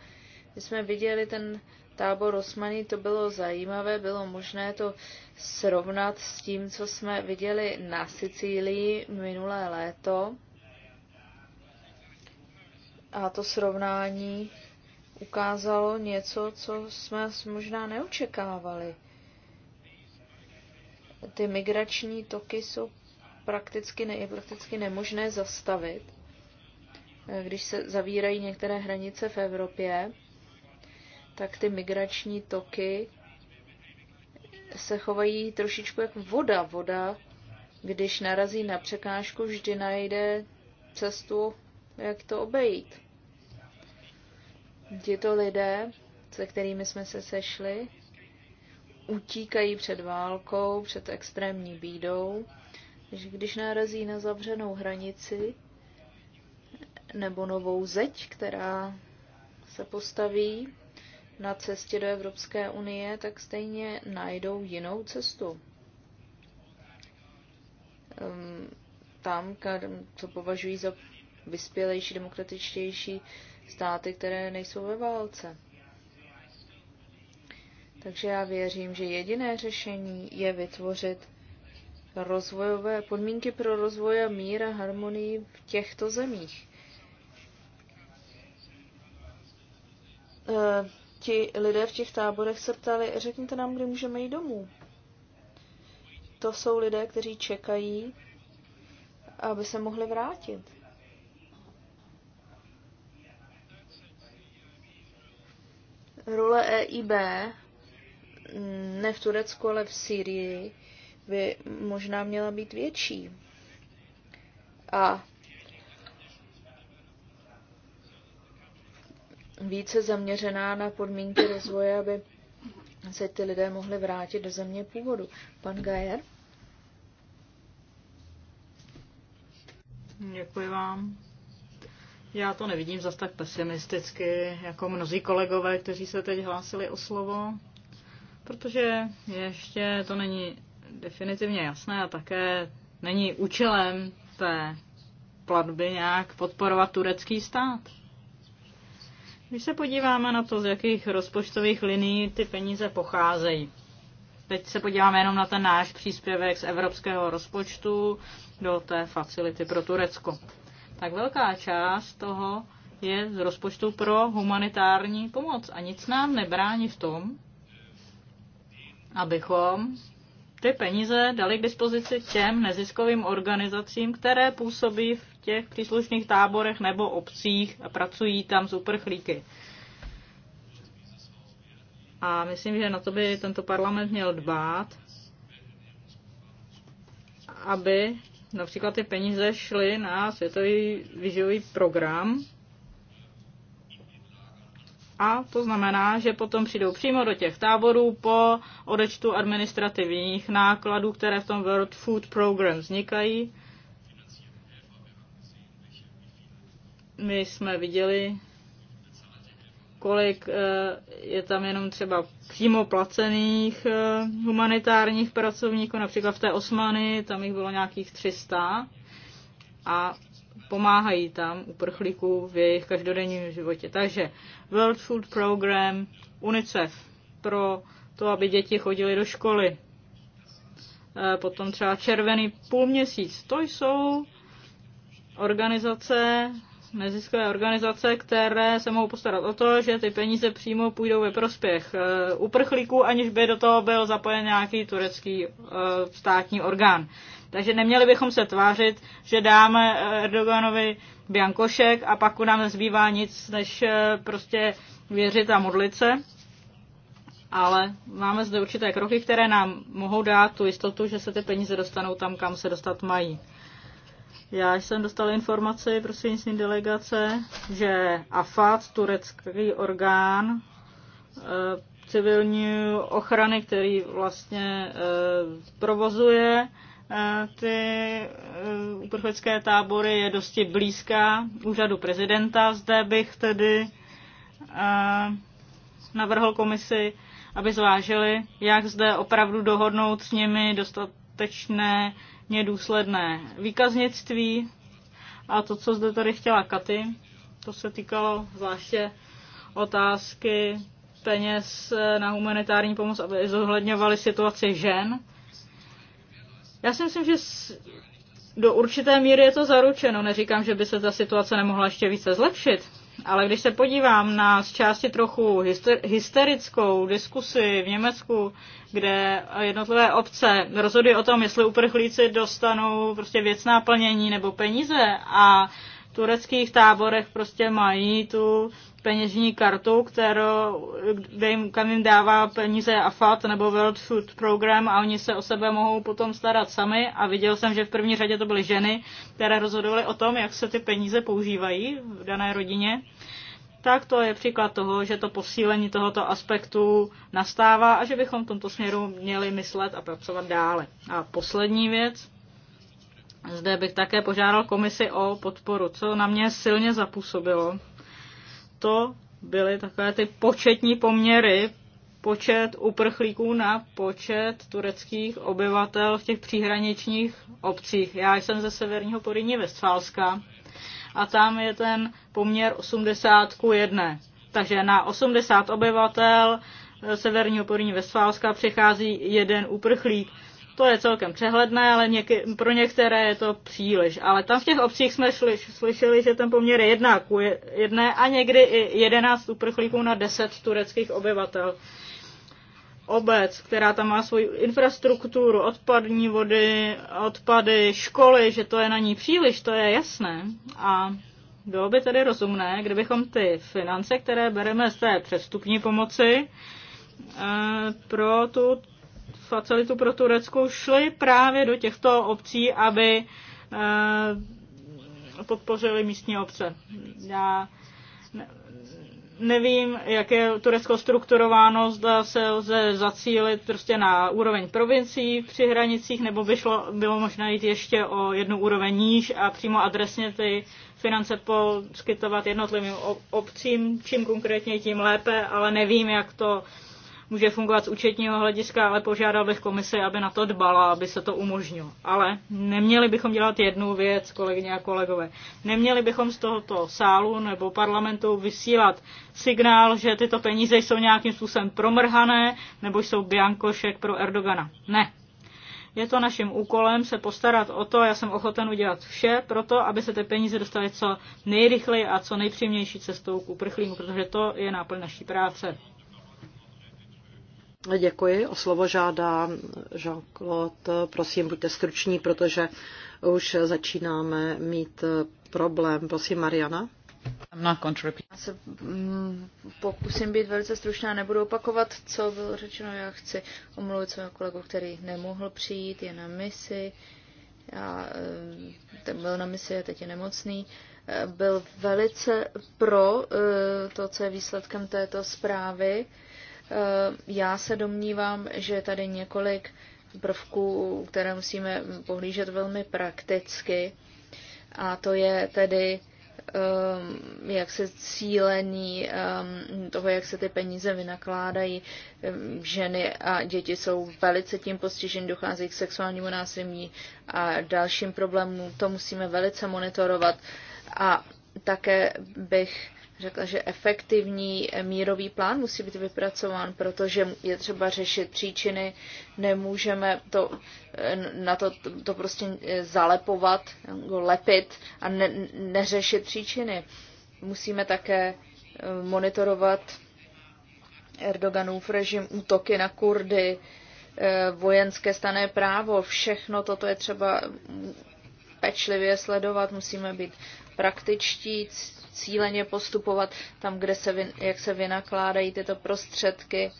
My jsme viděli ten tábor Osmaní, to bylo zajímavé, bylo možné to srovnat s tím, co jsme viděli na Sicílii minulé léto. A to srovnání ukázalo něco, co jsme možná neočekávali. Ty migrační toky jsou prakticky, ne, prakticky nemožné zastavit, když se zavírají některé hranice v Evropě tak ty migrační toky se chovají trošičku jako voda. Voda, když narazí na překážku, vždy najde cestu, jak to obejít. Tito lidé, se kterými jsme se sešli, utíkají před válkou, před extrémní bídou, že když narazí na zavřenou hranici nebo novou zeď, která se postaví, na cestě do Evropské unie, tak stejně najdou jinou cestu. Ehm, tam, co považují za vyspělejší, demokratičtější státy, které nejsou ve válce. Takže já věřím, že jediné řešení je vytvořit rozvojové podmínky pro rozvoj a mír a harmonii v těchto zemích. Ehm, ti lidé v těch táborech se ptali, řekněte nám, kdy můžeme jít domů. To jsou lidé, kteří čekají, aby se mohli vrátit. Role EIB, ne v Turecku, ale v Syrii, by možná měla být větší. A více zaměřená na podmínky rozvoje, aby se ty lidé mohli vrátit do země původu. Pan Gajer? Děkuji vám. Já to nevidím zase tak pesimisticky, jako mnozí kolegové, kteří se teď hlásili o slovo, protože ještě to není definitivně jasné a také není účelem té platby nějak podporovat turecký stát. Když se podíváme na to, z jakých rozpočtových linií ty peníze pocházejí, teď se podíváme jenom na ten náš příspěvek z evropského rozpočtu do té facility pro Turecko. Tak velká část toho je z rozpočtu pro humanitární pomoc a nic nám nebrání v tom, abychom ty peníze dali k dispozici těm neziskovým organizacím, které působí v těch příslušných táborech nebo obcích a pracují tam s uprchlíky. A myslím, že na to by tento parlament měl dbát, aby například ty peníze šly na světový výživový program, a to znamená, že potom přijdou přímo do těch táborů po odečtu administrativních nákladů, které v tom World Food Program vznikají. My jsme viděli, kolik eh, je tam jenom třeba přímo placených eh, humanitárních pracovníků, například v té Osmany, tam jich bylo nějakých 300. A pomáhají tam uprchlíků v jejich každodenním životě. Takže World Food Program, UNICEF pro to, aby děti chodily do školy. E, potom třeba červený půlměsíc. To jsou organizace, neziskové organizace, které se mohou postarat o to, že ty peníze přímo půjdou ve prospěch e, uprchlíků, aniž by do toho byl zapojen nějaký turecký e, státní orgán. Takže neměli bychom se tvářit, že dáme eh, Erdoganovi biankošek a pak nám nezbývá nic, než eh, prostě věřit a modlit se. Ale máme zde určité kroky, které nám mohou dát tu jistotu, že se ty peníze dostanou tam, kam se dostat mají. Já jsem dostal informaci prostřednictvím delegace, že AFAD, turecký orgán eh, civilní ochrany, který vlastně provozuje ty eh, uprchlické tábory je dosti blízká úřadu prezidenta. Zde bych tedy eh, navrhl komisi, aby zvážili, jak zde opravdu dohodnout s nimi dostatečné důsledné výkaznictví. A to, co zde tady chtěla Katy, to se týkalo zvláště otázky peněz na humanitární pomoc, aby zohledňovali situaci žen já si myslím, že do určité míry je to zaručeno. Neříkám, že by se ta situace nemohla ještě více zlepšit, ale když se podívám na z části trochu hysterickou diskusi v Německu, kde jednotlivé obce rozhodují o tom, jestli uprchlíci dostanou prostě věcná plnění nebo peníze a tureckých táborech prostě mají tu peněžní kartu, kterou, kde jim, kam jim dává peníze AFAT nebo World Food Program a oni se o sebe mohou potom starat sami a viděl jsem, že v první řadě to byly ženy, které rozhodovaly o tom, jak se ty peníze používají v dané rodině. Tak to je příklad toho, že to posílení tohoto aspektu nastává a že bychom v tomto směru měli myslet a pracovat dále. A poslední věc, zde bych také požádal komisi o podporu. Co na mě silně zapůsobilo, to byly takové ty početní poměry, počet uprchlíků na počet tureckých obyvatel v těch příhraničních obcích. Já jsem ze severního Poryní Vestfálska a tam je ten poměr 80 k 1. Takže na 80 obyvatel severního Poryní Vestfálska přichází jeden uprchlík. To je celkem přehledné, ale něky, pro některé je to příliš. Ale tam v těch obcích jsme šli, slyšeli, že ten poměr je jedna ku jedné a někdy i 11 uprchlíků na 10 tureckých obyvatel. Obec, která tam má svoji infrastrukturu, odpadní vody, odpady, školy, že to je na ní příliš, to je jasné. A bylo by tedy rozumné, kdybychom ty finance, které bereme z té předstupní pomoci, eh, pro tu facilitu pro Turecko šli právě do těchto obcí, aby eh, podpořili místní obce. Já nevím, jak je Turecko strukturováno, zda se lze zacílit prostě na úroveň provincií při hranicích, nebo by šlo, bylo možné jít ještě o jednu úroveň níž a přímo adresně ty finance poskytovat jednotlivým obcím, čím konkrétně tím lépe, ale nevím, jak to může fungovat z účetního hlediska, ale požádal bych komisi, aby na to dbala, aby se to umožnilo. Ale neměli bychom dělat jednu věc, kolegyně a kolegové. Neměli bychom z tohoto sálu nebo parlamentu vysílat signál, že tyto peníze jsou nějakým způsobem promrhané nebo jsou biankošek pro Erdogana. Ne, je to naším úkolem se postarat o to, já jsem ochoten udělat vše pro to, aby se ty peníze dostaly co nejrychleji a co nejpřímější cestou k uprchlímu, protože to je náplň naší práce. Děkuji. O slovo žádá Jean-Claude. Prosím, buďte struční, protože už začínáme mít problém. Prosím, Mariana. Já se mm, pokusím být velice stručná, nebudu opakovat, co bylo řečeno. Já chci omluvit svého kolegu, který nemohl přijít, je na misi. Já, eh, ten byl na misi a teď je nemocný. Eh, byl velice pro eh, to, co je výsledkem této zprávy. Eh, já se domnívám, že tady několik prvků, které musíme pohlížet velmi prakticky, a to je tedy ehm, jak se cílení ehm, toho, jak se ty peníze vynakládají. Ehm, ženy a děti jsou velice tím postiženy, dochází k sexuálnímu násilí a dalším problémům. To musíme velice monitorovat. A také bych řekla, že efektivní mírový plán musí být vypracován, protože je třeba řešit příčiny, nemůžeme to, eh, na to, to prostě eh, zalepovat, lepit a ne, neřešit příčiny. Musíme také eh, monitorovat Erdoganův režim, útoky na Kurdy, vojenské stané právo, všechno toto je třeba pečlivě sledovat, musíme být praktičtí, cíleně postupovat tam, kde se, jak se vynakládají tyto prostředky.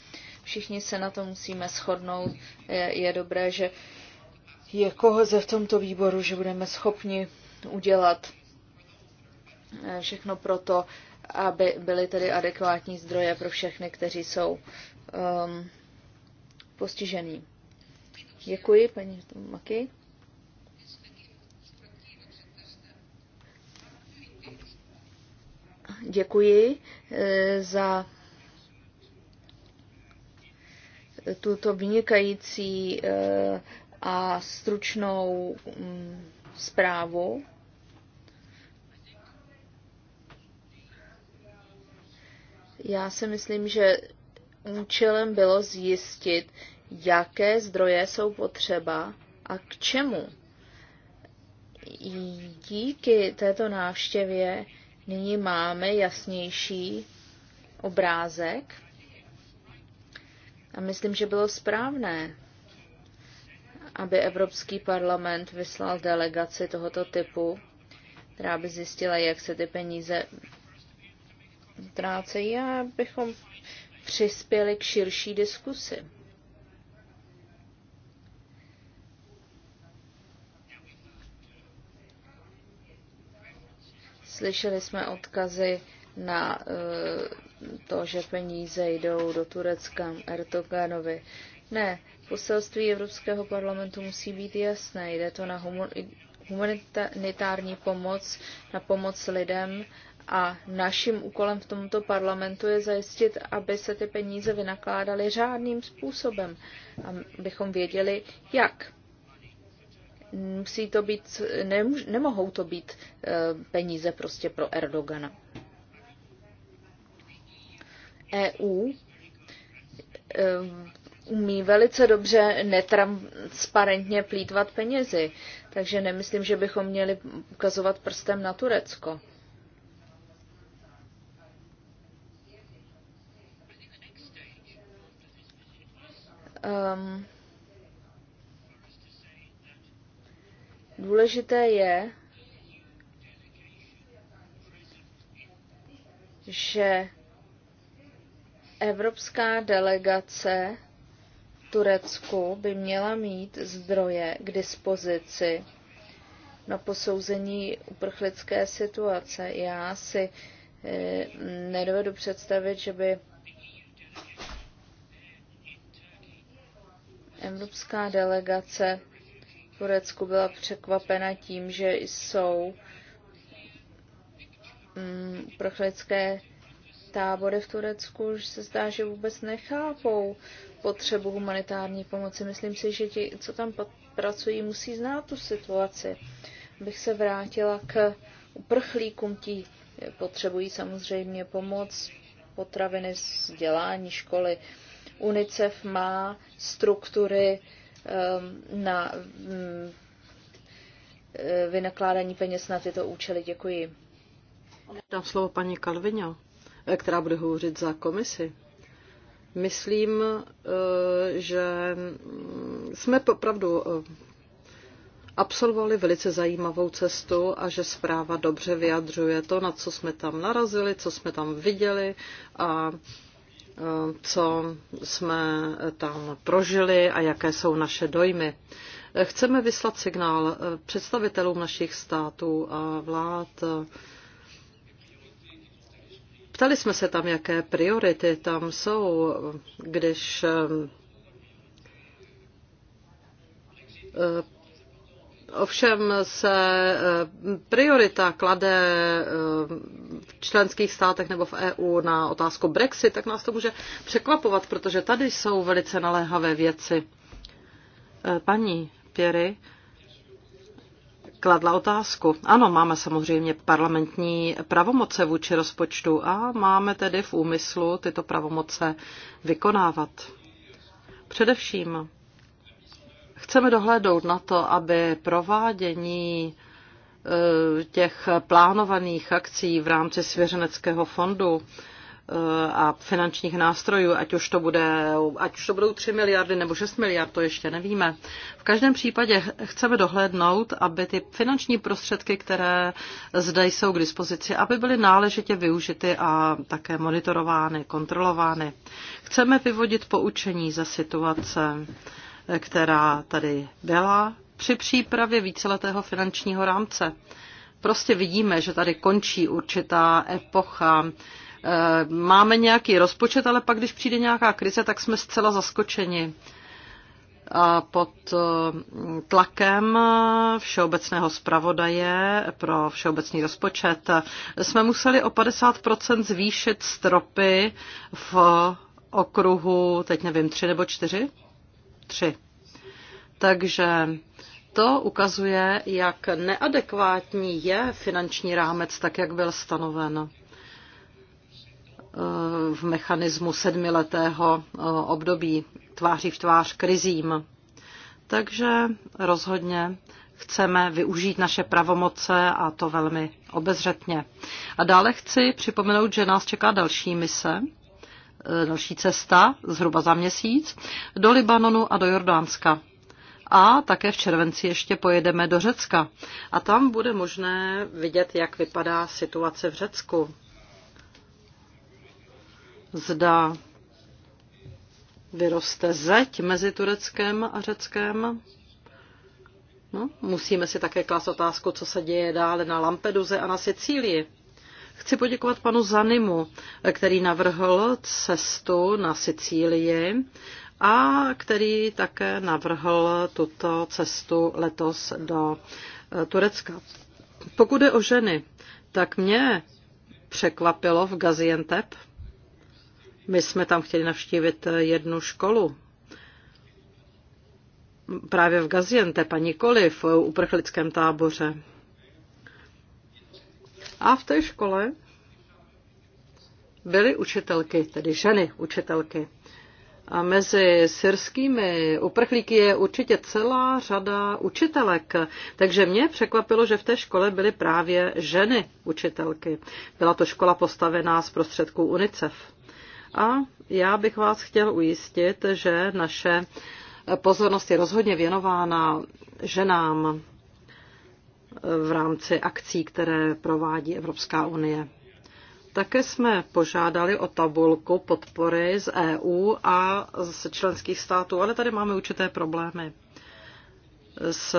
Všichni se na to musíme shodnout. Je, je dobré, že je koho ze v tomto výboru, že budeme schopni udělat eh, všechno pro to aby byly tedy adekvátní zdroje pro všechny, kteří jsou um, postižení. Děkuji, paní Maky. děkuji eh, za tuto vynikající eh, a stručnou mm, zprávu. Já si myslím, že účelem bylo zjistit, jaké zdroje jsou potřeba a k čemu. Díky této návštěvě Nyní máme jasnější obrázek a myslím, že bylo správné, aby Evropský parlament vyslal delegaci tohoto typu, která by zjistila, jak se ty peníze trácejí a bychom přispěli k širší diskusi. Slyšeli jsme odkazy na eh, to, že peníze jdou do Turecka Erdoganovi. Ne, poselství Evropského parlamentu musí být jasné. Jde to na humanitární pomoc, na pomoc lidem a naším úkolem v tomto parlamentu je zajistit, aby se ty peníze vynakládaly řádným způsobem, abychom věděli, jak. Musí to být, nemůž, nemohou to být eh, peníze prostě pro Erdogana. EU eh, umí velice dobře netransparentně plítvat penězi, takže nemyslím, že bychom měli ukazovat prstem na Turecko. Um, Důležité je, že evropská delegace v Turecku by měla mít zdroje k dispozici na posouzení uprchlické situace. Já si e, nedovedu představit, že by evropská delegace Turecku byla překvapena tím, že jsou mm, tábory v Turecku, že se zdá, že vůbec nechápou potřebu humanitární pomoci. Myslím si, že ti, co tam pracují, musí znát tu situaci. Bych se vrátila k uprchlíkům, ti potřebují samozřejmě pomoc, potraviny, vzdělání, školy. UNICEF má struktury Um, na mm, eh, vynakládání peněz na tyto účely. Děkuji. Dám slovo paní Kalvině, eh, která bude hovořit za komisi. Myslím, eh, že mm, jsme opravdu absolvovali velice zajímavou cestu a že zpráva dobře vyjadřuje to, na co jsme tam narazili, co jsme tam viděli a co jsme tam prožili a jaké jsou naše dojmy. Chceme vyslat signál představitelům našich států a vlád. Ptali jsme se tam, jaké priority tam jsou, když Ovšem se eh, priorita klade eh, v členských státech nebo v EU na otázku Brexit, tak nás to může překvapovat, protože tady jsou velice naléhavé věci. Eh, paní Pěry kladla otázku. Ano, máme samozřejmě parlamentní pravomoce vůči rozpočtu a máme tedy v úmyslu tyto pravomoce vykonávat. Především Chceme dohlédnout na to, aby provádění eh, těch plánovaných akcí v rámci svěřeneckého fondu eh, a finančních nástrojů, ať už, to bude, ať už to budou 3 miliardy nebo 6 miliard, to ještě nevíme. V každém případě chceme dohlédnout, aby ty finanční prostředky, které zde jsou k dispozici, aby byly náležitě využity a také monitorovány, kontrolovány. Chceme vyvodit poučení za situace která tady byla při přípravě víceletého finančního rámce. Prostě vidíme, že tady končí určitá epocha. Eh, máme nějaký rozpočet, ale pak, když přijde nějaká krize, tak jsme zcela zaskočeni a pod eh, tlakem všeobecného zpravodaje pro všeobecný rozpočet jsme museli o 50% zvýšit stropy v okruhu, teď nevím, tři nebo čtyři 3. Takže to ukazuje, jak neadekvátní je finanční rámec, tak jak byl stanoven eh, v mechanismu sedmiletého eh, období tváří v tvář krizím. Takže rozhodně chceme využít naše pravomoce a to velmi obezřetně. A dále chci připomenout, že nás čeká další mise Eh, další cesta, zhruba za měsíc, do Libanonu a do Jordánska. A také v červenci ještě pojedeme do Řecka. A tam bude možné vidět, jak vypadá situace v Řecku. Zda vyroste zeď mezi Tureckem a Řeckem. No, musíme si také klást otázku, co se děje dále na Lampeduze a na Sicílii. Chci poděkovat panu Zanimu, který navrhl cestu na Sicílii a který také navrhl tuto cestu letos do eh, Turecka. Pokud je o ženy, tak mě překvapilo v Gaziantep. My jsme tam chtěli navštívit eh, jednu školu. Právě v Gaziantep a nikoli v uprchlickém táboře. A v té škole byly učitelky, tedy ženy učitelky. A mezi syrskými uprchlíky je určitě celá řada učitelek. Takže mě překvapilo, že v té škole byly právě ženy učitelky. Byla to škola postavená z prostředků UNICEF. A já bych vás chtěl ujistit, že naše pozornost je rozhodně věnována ženám v rámci akcí, které provádí Evropská unie. Také jsme požádali o tabulku podpory z EU a z členských států, ale tady máme určité problémy s,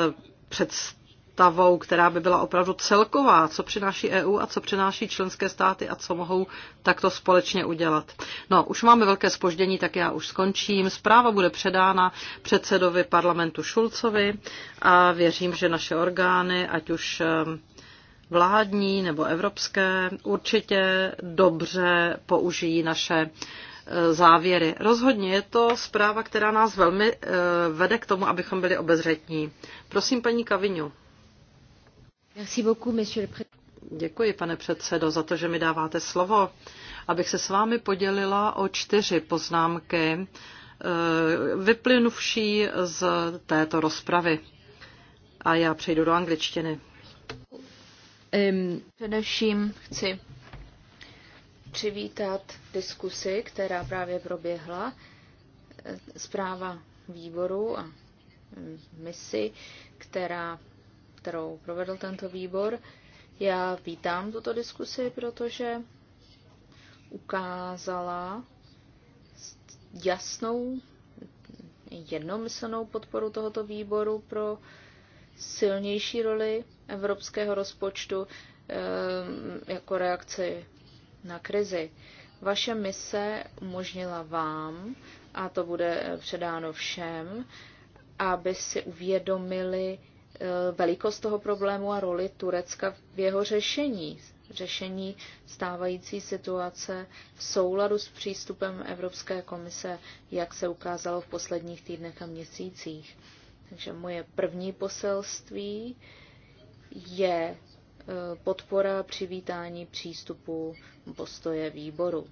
představou představou, která by byla opravdu celková, co přináší EU a co přináší členské státy a co mohou takto společně udělat. No, už máme velké spoždění, tak já už skončím. Zpráva bude předána předsedovi parlamentu Šulcovi a věřím, že naše orgány, ať už ehm, vládní nebo evropské, určitě dobře použijí naše eh, závěry. Rozhodně je to zpráva, která nás velmi eh, vede k tomu, abychom byli obezřetní. Prosím paní Kaviňu. Děkuji, pane předsedo, za to, že mi dáváte slovo, abych se s vámi podělila o čtyři poznámky eh, vyplynuvší z této rozpravy. A já přejdu do angličtiny. především chci přivítat diskusi, která právě proběhla. Eh, zpráva výboru a mm, misi, která kterou provedl tento výbor. Já vítám tuto diskusi, protože ukázala jasnou jednomyslnou podporu tohoto výboru pro silnější roli evropského rozpočtu eh, jako reakci na krizi. Vaše mise umožnila vám, a to bude předáno všem, aby si uvědomili Eh, velikost toho problému a roli Turecka v jeho řešení, řešení stávající situace v souladu s přístupem Evropské komise, jak se ukázalo v posledních týdnech a měsících. Takže moje první poselství je eh, podpora přivítání přístupu postoje výboru.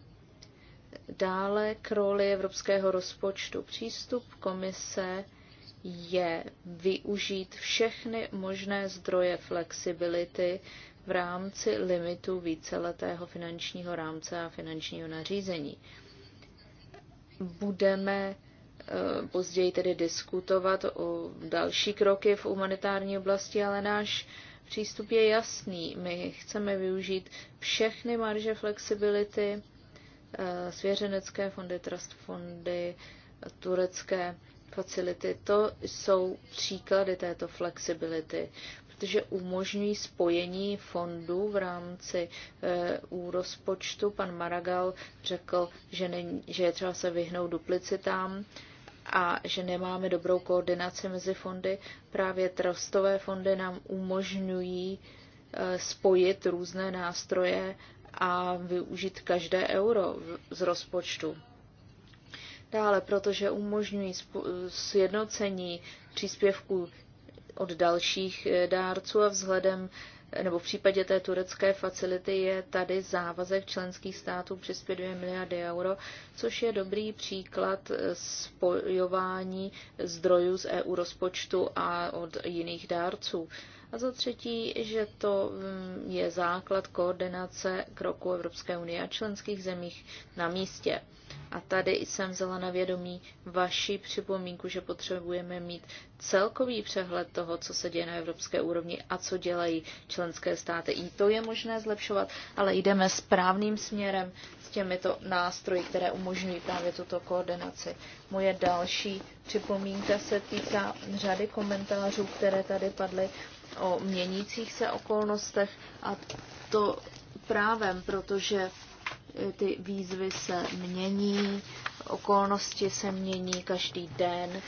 Dále k roli evropského rozpočtu. Přístup komise je využít všechny možné zdroje flexibility v rámci limitu víceletého finančního rámce a finančního nařízení. Budeme eh, později tedy diskutovat o další kroky v humanitární oblasti, ale náš přístup je jasný. My chceme využít všechny marže flexibility, eh, svěřenecké fondy, trust fondy, turecké facility, to jsou příklady této flexibility, protože umožňují spojení fondů v rámci e, rozpočtu. Pan Maragal řekl, že, není, že je třeba se vyhnout duplicitám a že nemáme dobrou koordinaci mezi fondy. Právě trustové fondy nám umožňují e, spojit různé nástroje a využít každé euro z rozpočtu. Dále, protože umožňují sjednocení příspěvků od dalších eh, dárců a vzhledem eh, nebo v případě té turecké facility je tady závazek členských států přispět 2 miliardy euro, což je dobrý příklad eh, spojování zdrojů z EU rozpočtu a od jiných dárců. A za třetí, že to mm, je základ koordinace kroku Evropské unie a členských zemích na místě. A tady jsem vzala na vědomí vaši připomínku, že potřebujeme mít celkový přehled toho, co se děje na evropské úrovni a co dělají členské státy. I to je možné zlepšovat, ale jdeme správným směrem s těmito nástroji, které umožňují právě tuto koordinaci. Moje další připomínka se týká řady komentářů, které tady padly o měnících se okolnostech a to právem, protože e, ty výzvy se mění, okolnosti se mění každý den.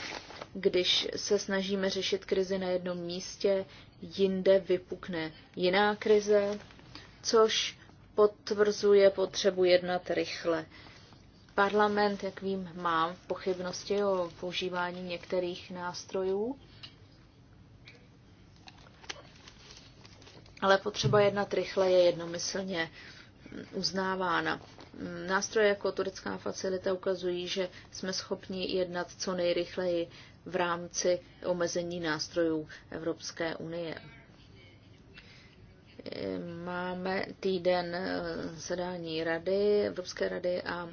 Když se snažíme řešit krizi na jednom místě, jinde vypukne jiná krize, což potvrzuje potřebu jednat rychle. Parlament, jak vím, má pochybnosti o používání některých nástrojů ale potřeba jednat rychle je jednomyslně uznávána. Nástroje jako turecká facilita ukazují, že jsme schopni jednat co nejrychleji v rámci omezení nástrojů Evropské unie. Máme týden zadání rady, Evropské rady a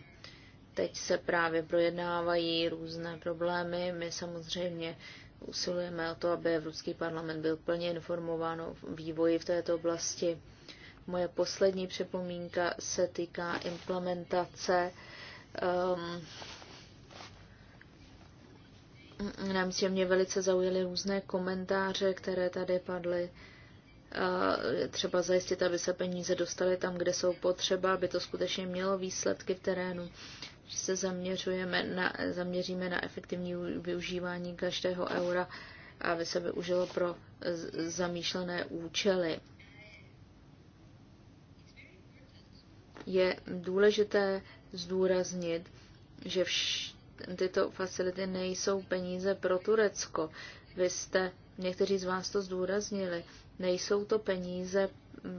teď se právě projednávají různé problémy. My samozřejmě usilujeme o to, aby Evropský parlament byl plně informován o vývoji v této oblasti. Moje poslední připomínka se týká implementace um, nám se mě velice zaujaly různé komentáře, které tady padly. Uh, třeba zajistit, aby se peníze dostaly tam, kde jsou potřeba, aby to skutečně mělo výsledky v terénu že se zaměřujeme na, zaměříme na efektivní využívání každého eura, aby se využilo pro zamýšlené účely. Je důležité zdůraznit, že vš- tyto facility nejsou peníze pro Turecko. Vy jste, někteří z vás to zdůraznili, nejsou to peníze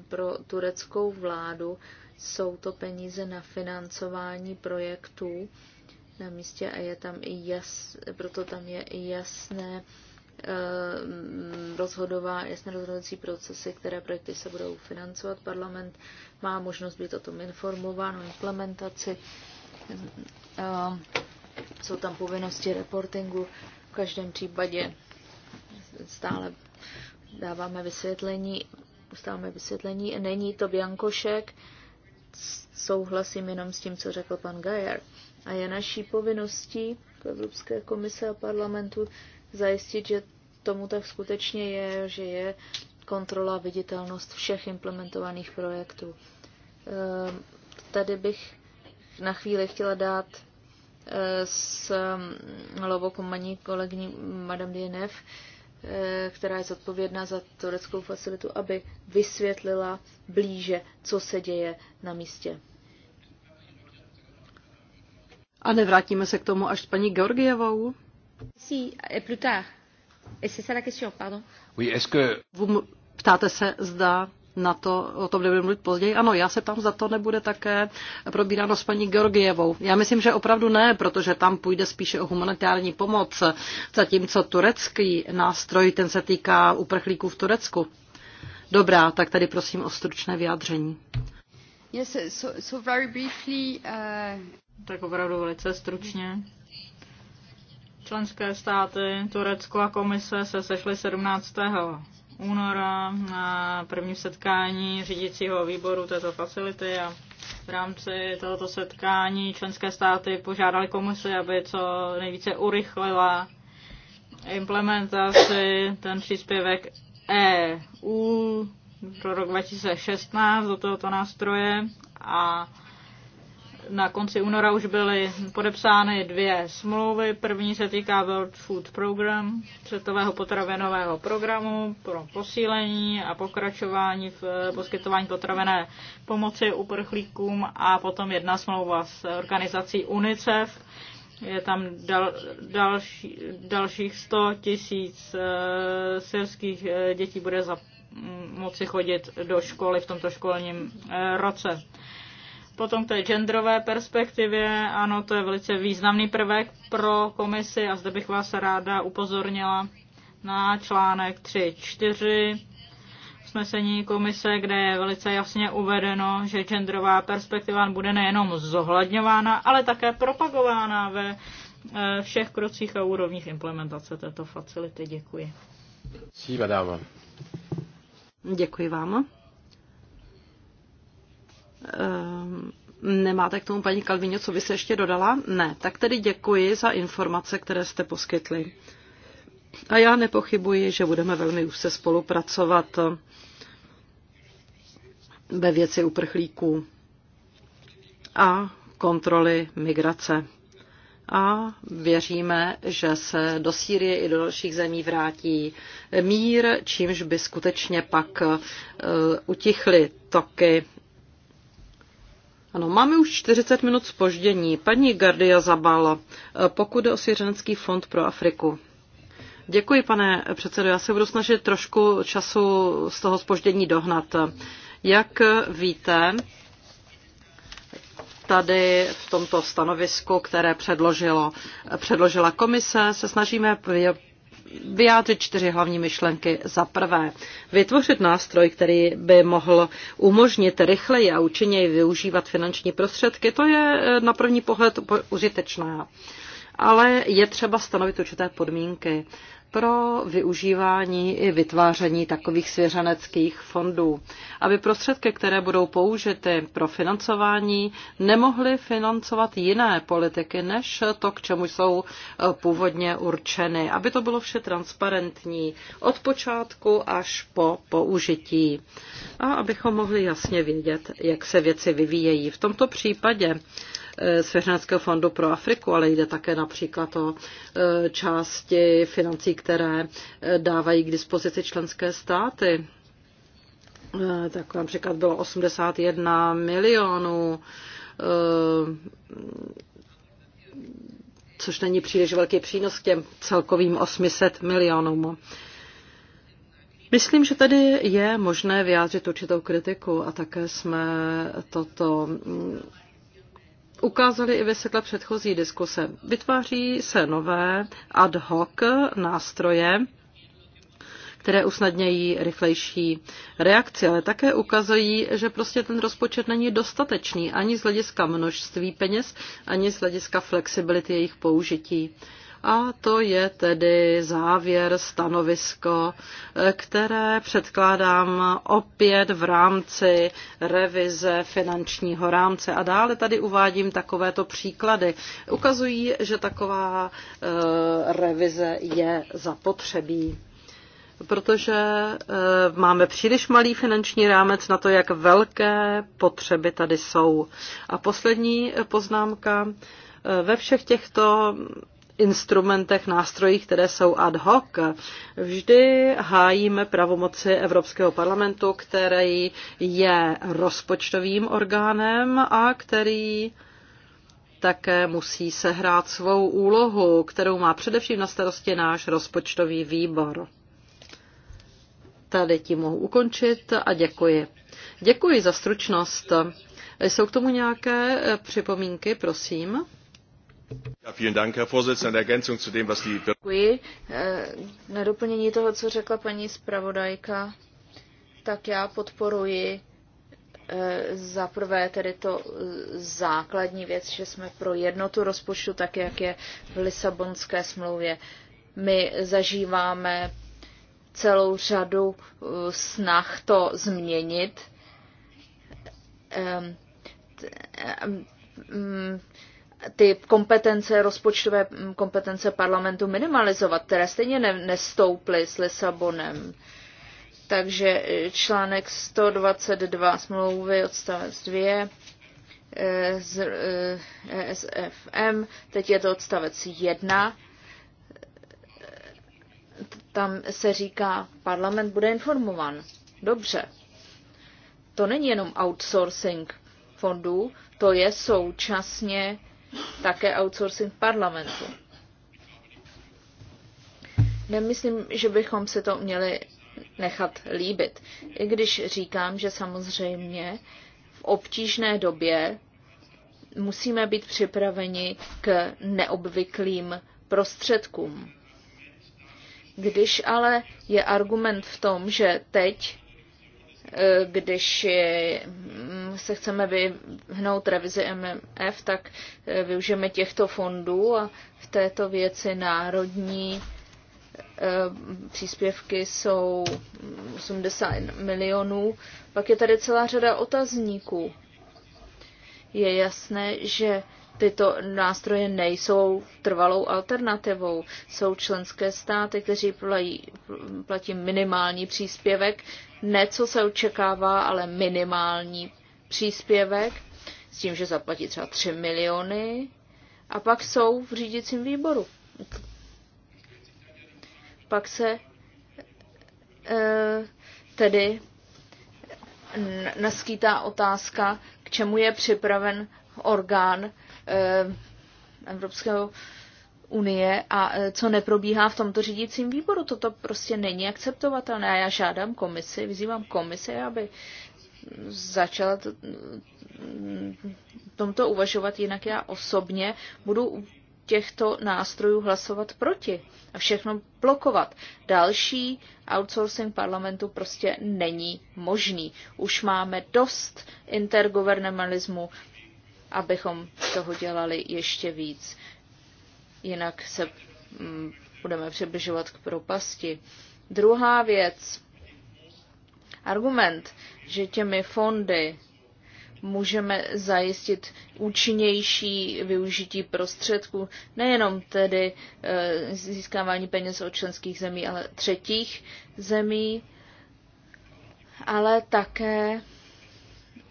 pro tureckou vládu jsou to peníze na financování projektů na místě a je tam i jas, proto tam je i jasné eh, rozhodová, jasné rozhodovací procesy, které projekty se budou financovat. Parlament má možnost být o tom informován, o implementaci. Eh, jsou tam povinnosti reportingu. V každém případě stále dáváme vysvětlení Ustáváme vysvětlení. Není to Biankošek, souhlasím jenom s tím, co řekl pan Gajer. A je naší povinností Evropské komise a parlamentu zajistit, že tomu tak skutečně je, že je kontrola viditelnost všech implementovaných projektů. Ehm, tady bych na chvíli chtěla dát eh, s hm, lovokomaní kolegní Madame Dienev, Eh, která je zodpovědná za tureckou facilitu, aby vysvětlila blíže, co se děje na místě. A nevrátíme se k tomu až s paní Georgievou? Si, eh, plus tard. Et c'est ça la question, pardon. Oui, est-ce que... ptáte se, zda na to, o tom nebudu mluvit později. Ano, já se tam za to nebude také probíráno s paní Georgievou. Já myslím, že opravdu ne, protože tam půjde spíše o humanitární pomoc, zatímco turecký nástroj, ten se týká uprchlíků v Turecku. Dobrá, tak tady prosím o stručné vyjádření. Yes, so, so very briefly, uh... Tak opravdu velice stručně. Členské státy, Turecko a komise se sešly 17 února na prvním setkání řídícího výboru této facility a v rámci tohoto setkání členské státy požádali komisi, aby co nejvíce urychlila implementaci ten příspěvek EU pro rok 2016 do tohoto nástroje a na konci února už byly podepsány dvě smlouvy. První se týká World Food Program, světového potravinového programu pro posílení a pokračování v eh, poskytování potravené pomoci uprchlíkům a potom jedna smlouva s organizací UNICEF. Je tam dal, další, dalších 100 tisíc e, syrských eh, dětí bude za, mm, moci chodit do školy v tomto školním roce. Potom k té genderové perspektivě, ano, to je velice významný prvek pro komisi a zde bych vás ráda upozornila na článek 3.4 smesení komise, kde je velice jasně uvedeno, že genderová perspektiva bude nejenom zohledňována, ale také propagována ve e, všech krocích a úrovních implementace této facility. Děkuji. Děkuji vám. Ehm, nemáte k tomu, paní Kalvíňo, co by se ještě dodala? Ne. Tak tedy děkuji za informace, které jste poskytli. A já nepochybuji, že budeme velmi už se spolupracovat eh, ve věci uprchlíků a kontroly migrace. A věříme, že se do Sýrie i do dalších zemí vrátí mír, čímž by skutečně pak eh, utichly toky ano, máme už 40 minut spoždění. Paní Gardia Zabal, eh, pokud je o Svěřenský fond pro Afriku. Děkuji, pane předsedo. Já se budu snažit trošku času z toho spoždění dohnat. Jak víte, tady v tomto stanovisku, které předložilo, předložila komise, se snažíme vyjádřit čtyři hlavní myšlenky. Za prvé, vytvořit nástroj, který by mohl umožnit rychleji a účinněji využívat finanční prostředky, to je eh, na první pohled užitečné ale je třeba stanovit určité podmínky pro využívání i vytváření takových svěřeneckých fondů, aby prostředky, které budou použity pro financování, nemohly financovat jiné politiky než to, k čemu jsou eh, původně určeny, aby to bylo vše transparentní od počátku až po použití a abychom mohli jasně vědět, jak se věci vyvíjejí. V tomto případě Eh, Svěřenského fondu pro Afriku, ale jde také například o eh, části financí, které eh, dávají k dispozici členské státy. Tak například bylo 81 milionů což není příliš velký přínos k těm celkovým 800 milionům. Myslím, že tady je možné vyjádřit určitou kritiku a také jsme toto mm, ukázali i ve světle předchozí diskuse. Vytváří se nové ad hoc nástroje, které usnadnějí rychlejší reakci, ale také ukazují, že prostě ten rozpočet není dostatečný ani z hlediska množství peněz, ani z hlediska flexibility jejich použití. A to je tedy závěr stanovisko, které předkládám opět v rámci revize finančního rámce. A dále tady uvádím takovéto příklady. Ukazují, že taková eh, revize je zapotřebí protože eh, máme příliš malý finanční rámec na to, jak velké potřeby tady jsou. A poslední poznámka. Eh, ve všech těchto instrumentech, nástrojích, které jsou ad hoc. Vždy hájíme pravomoci Evropského parlamentu, který je rozpočtovým orgánem a který také musí sehrát svou úlohu, kterou má především na starosti náš rozpočtový výbor. Tady ti mohu ukončit a děkuji. Děkuji za stručnost. Jsou k tomu nějaké připomínky, prosím? Děkuji. Eh, na doplnění toho, co řekla paní zpravodajka, tak já podporuji eh, za prvé tedy to eh, základní věc, že jsme pro jednotu rozpočtu, tak jak je v Lisabonské smlouvě. My zažíváme celou řadu snah to změnit ehm, ehm, ty kompetence, rozpočtové mm, kompetence parlamentu minimalizovat, které stejně ne, nestouply s Lisabonem. Takže e, článek 122 smlouvy odstavec 2 e, z ESFM, e teď je to odstavec 1, tam se říká, parlament bude informován. Dobře. To není jenom outsourcing fondů, to je současně také outsourcing parlamentu. Nemyslím, že bychom se to měli nechat líbit. I když říkám, že samozřejmě v obtížné době musíme být připraveni k neobvyklým prostředkům. Když ale je argument v tom, že teď, eh, když je se chceme vyhnout revizi MMF, tak eh, využijeme těchto fondů a v této věci národní eh, příspěvky jsou 80 milionů. Pak je tady celá řada otazníků. Je jasné, že tyto nástroje nejsou trvalou alternativou. Jsou členské státy, kteří platí minimální příspěvek, ne co se očekává, ale minimální příspěvek s tím, že zaplatí třeba 3 miliony a pak jsou v řídicím výboru. Pak se eh, tedy naskýtá otázka, k čemu je připraven orgán eh, Evropského unie a eh, co neprobíhá v tomto řídícím výboru. Toto prostě není akceptovatelné a já žádám komisi, vyzývám komisi, aby začala to, tomto uvažovat, jinak já osobně budu u těchto nástrojů hlasovat proti a všechno blokovat. Další outsourcing parlamentu prostě není možný. Už máme dost intergovernmentalismu, abychom toho dělali ještě víc. Jinak se mm, budeme přibližovat k propasti. Druhá věc Argument, že těmi fondy můžeme zajistit účinnější využití prostředků, nejenom tedy eh, získávání peněz od členských zemí, ale třetích zemí, ale také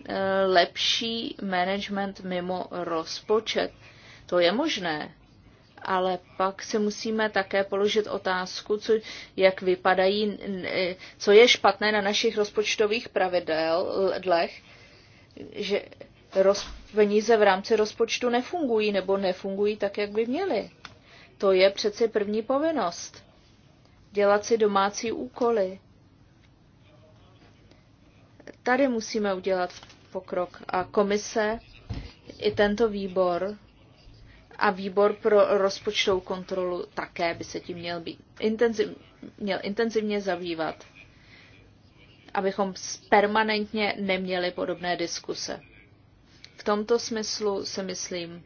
eh, lepší management mimo rozpočet. To je možné ale pak si musíme také položit otázku, co, jak vypadají, co je špatné na našich rozpočtových pravidlech, že roz, peníze v rámci rozpočtu nefungují nebo nefungují tak, jak by měly. To je přeci první povinnost. Dělat si domácí úkoly. Tady musíme udělat pokrok. A komise i tento výbor a výbor pro rozpočtovou kontrolu také by se tím měl, být intenziv, měl intenzivně zabývat, abychom permanentně neměli podobné diskuse. V tomto smyslu se myslím,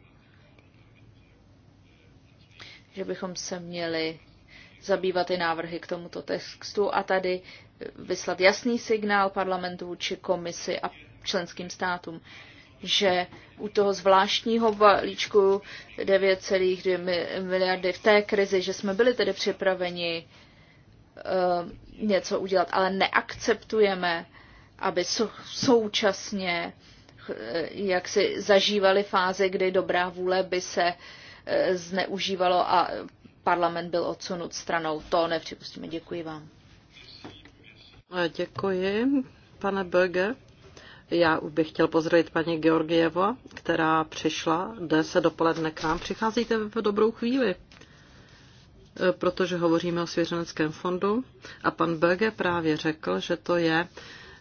že bychom se měli zabývat i návrhy k tomuto textu a tady vyslat jasný signál parlamentu či komisi a členským státům že u toho zvláštního balíčku 9,2 miliardy v té krizi, že jsme byli tedy připraveni eh, něco udělat, ale neakceptujeme, aby současně eh, jak si zažívali fáze, kdy dobrá vůle by se eh, zneužívalo a parlament byl odsunut stranou. To nepřipustíme. Děkuji vám. Děkuji, pane Böge. Já bych chtěl pozdravit paní Georgievo, která přišla dnes dopoledne k nám. Přicházíte v dobrou chvíli, e, protože hovoříme o svěřeneckém fondu a pan Böge právě řekl, že to je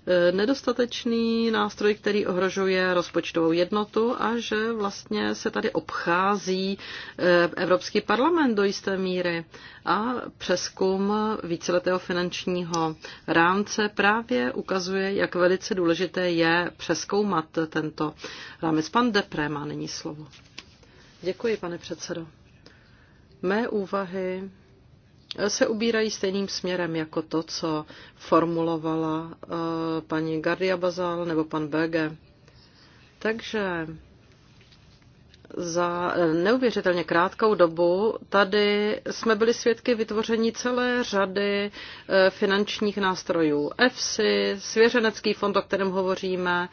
Eh, nedostatečný nástroj, který ohrožuje rozpočtovou jednotu a že vlastně se tady obchází eh, Evropský parlament do jisté míry a přeskum víceletého finančního rámce právě ukazuje, jak velice důležité je přeskoumat tento rámec. Pan Depré má nyní slovo. Děkuji, pane předsedo. Mé úvahy se ubírají stejným směrem jako to, co formulovala eh, paní Gardia Bazal nebo pan Bege. Takže za eh, neuvěřitelně krátkou dobu tady jsme byli svědky vytvoření celé řady eh, finančních nástrojů. EFSI, svěřenecký fond, o kterém hovoříme,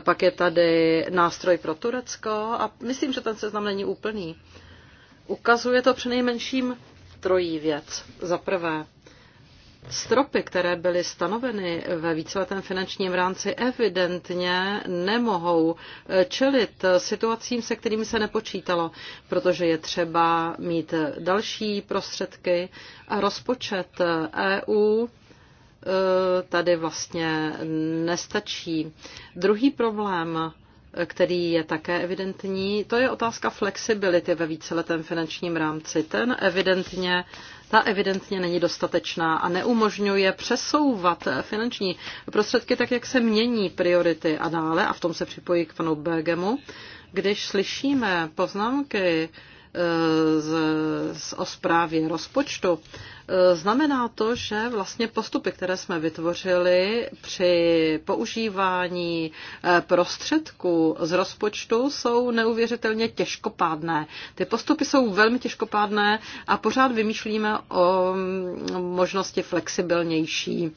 pak je tady nástroj pro Turecko a myslím, že ten seznam není úplný. Ukazuje to přinejmenším trojí věc. Za prvé, Stropy, které byly stanoveny ve víceletém finančním rámci, evidentně nemohou eh, čelit eh, situacím, se kterými se nepočítalo, protože je třeba mít eh, další prostředky a rozpočet EU e tady vlastně nestačí. Druhý problém který je také evidentní, to je otázka flexibility ve víceletém finančním rámci. Ten evidentně, ta evidentně není dostatečná a neumožňuje přesouvat finanční prostředky tak, jak se mění priority a dále, a v tom se připojí k panu Bergemu, když slyšíme poznámky eh, z, z, o zprávě rozpočtu, Eh, znamená to, že vlastně postupy, které jsme vytvořili při používání eh, prostředků z rozpočtu, jsou neuvěřitelně těžkopádné. Ty postupy jsou velmi těžkopádné a pořád vymýšlíme o mm, možnosti flexibilnější.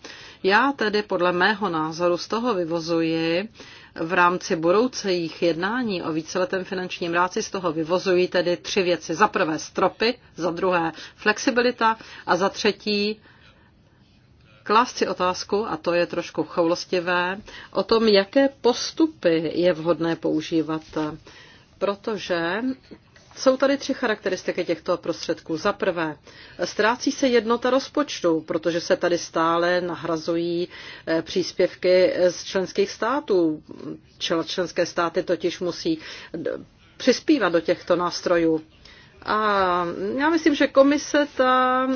Já tedy podle mého názoru z toho vyvozuji, v rámci budoucích jednání o víceletém finančním rámci z toho vyvozují tedy tři věci. Za prvé stropy, za druhé flexibilita a a za třetí, klást si otázku, a to je trošku choulostivé, o tom, jaké postupy je vhodné používat. Protože jsou tady tři charakteristiky těchto prostředků. Za prvé, ztrácí se jednota rozpočtu, protože se tady stále nahrazují eh, příspěvky z členských států. Členské státy totiž musí eh, přispívat do těchto nástrojů. A já myslím, že komise ta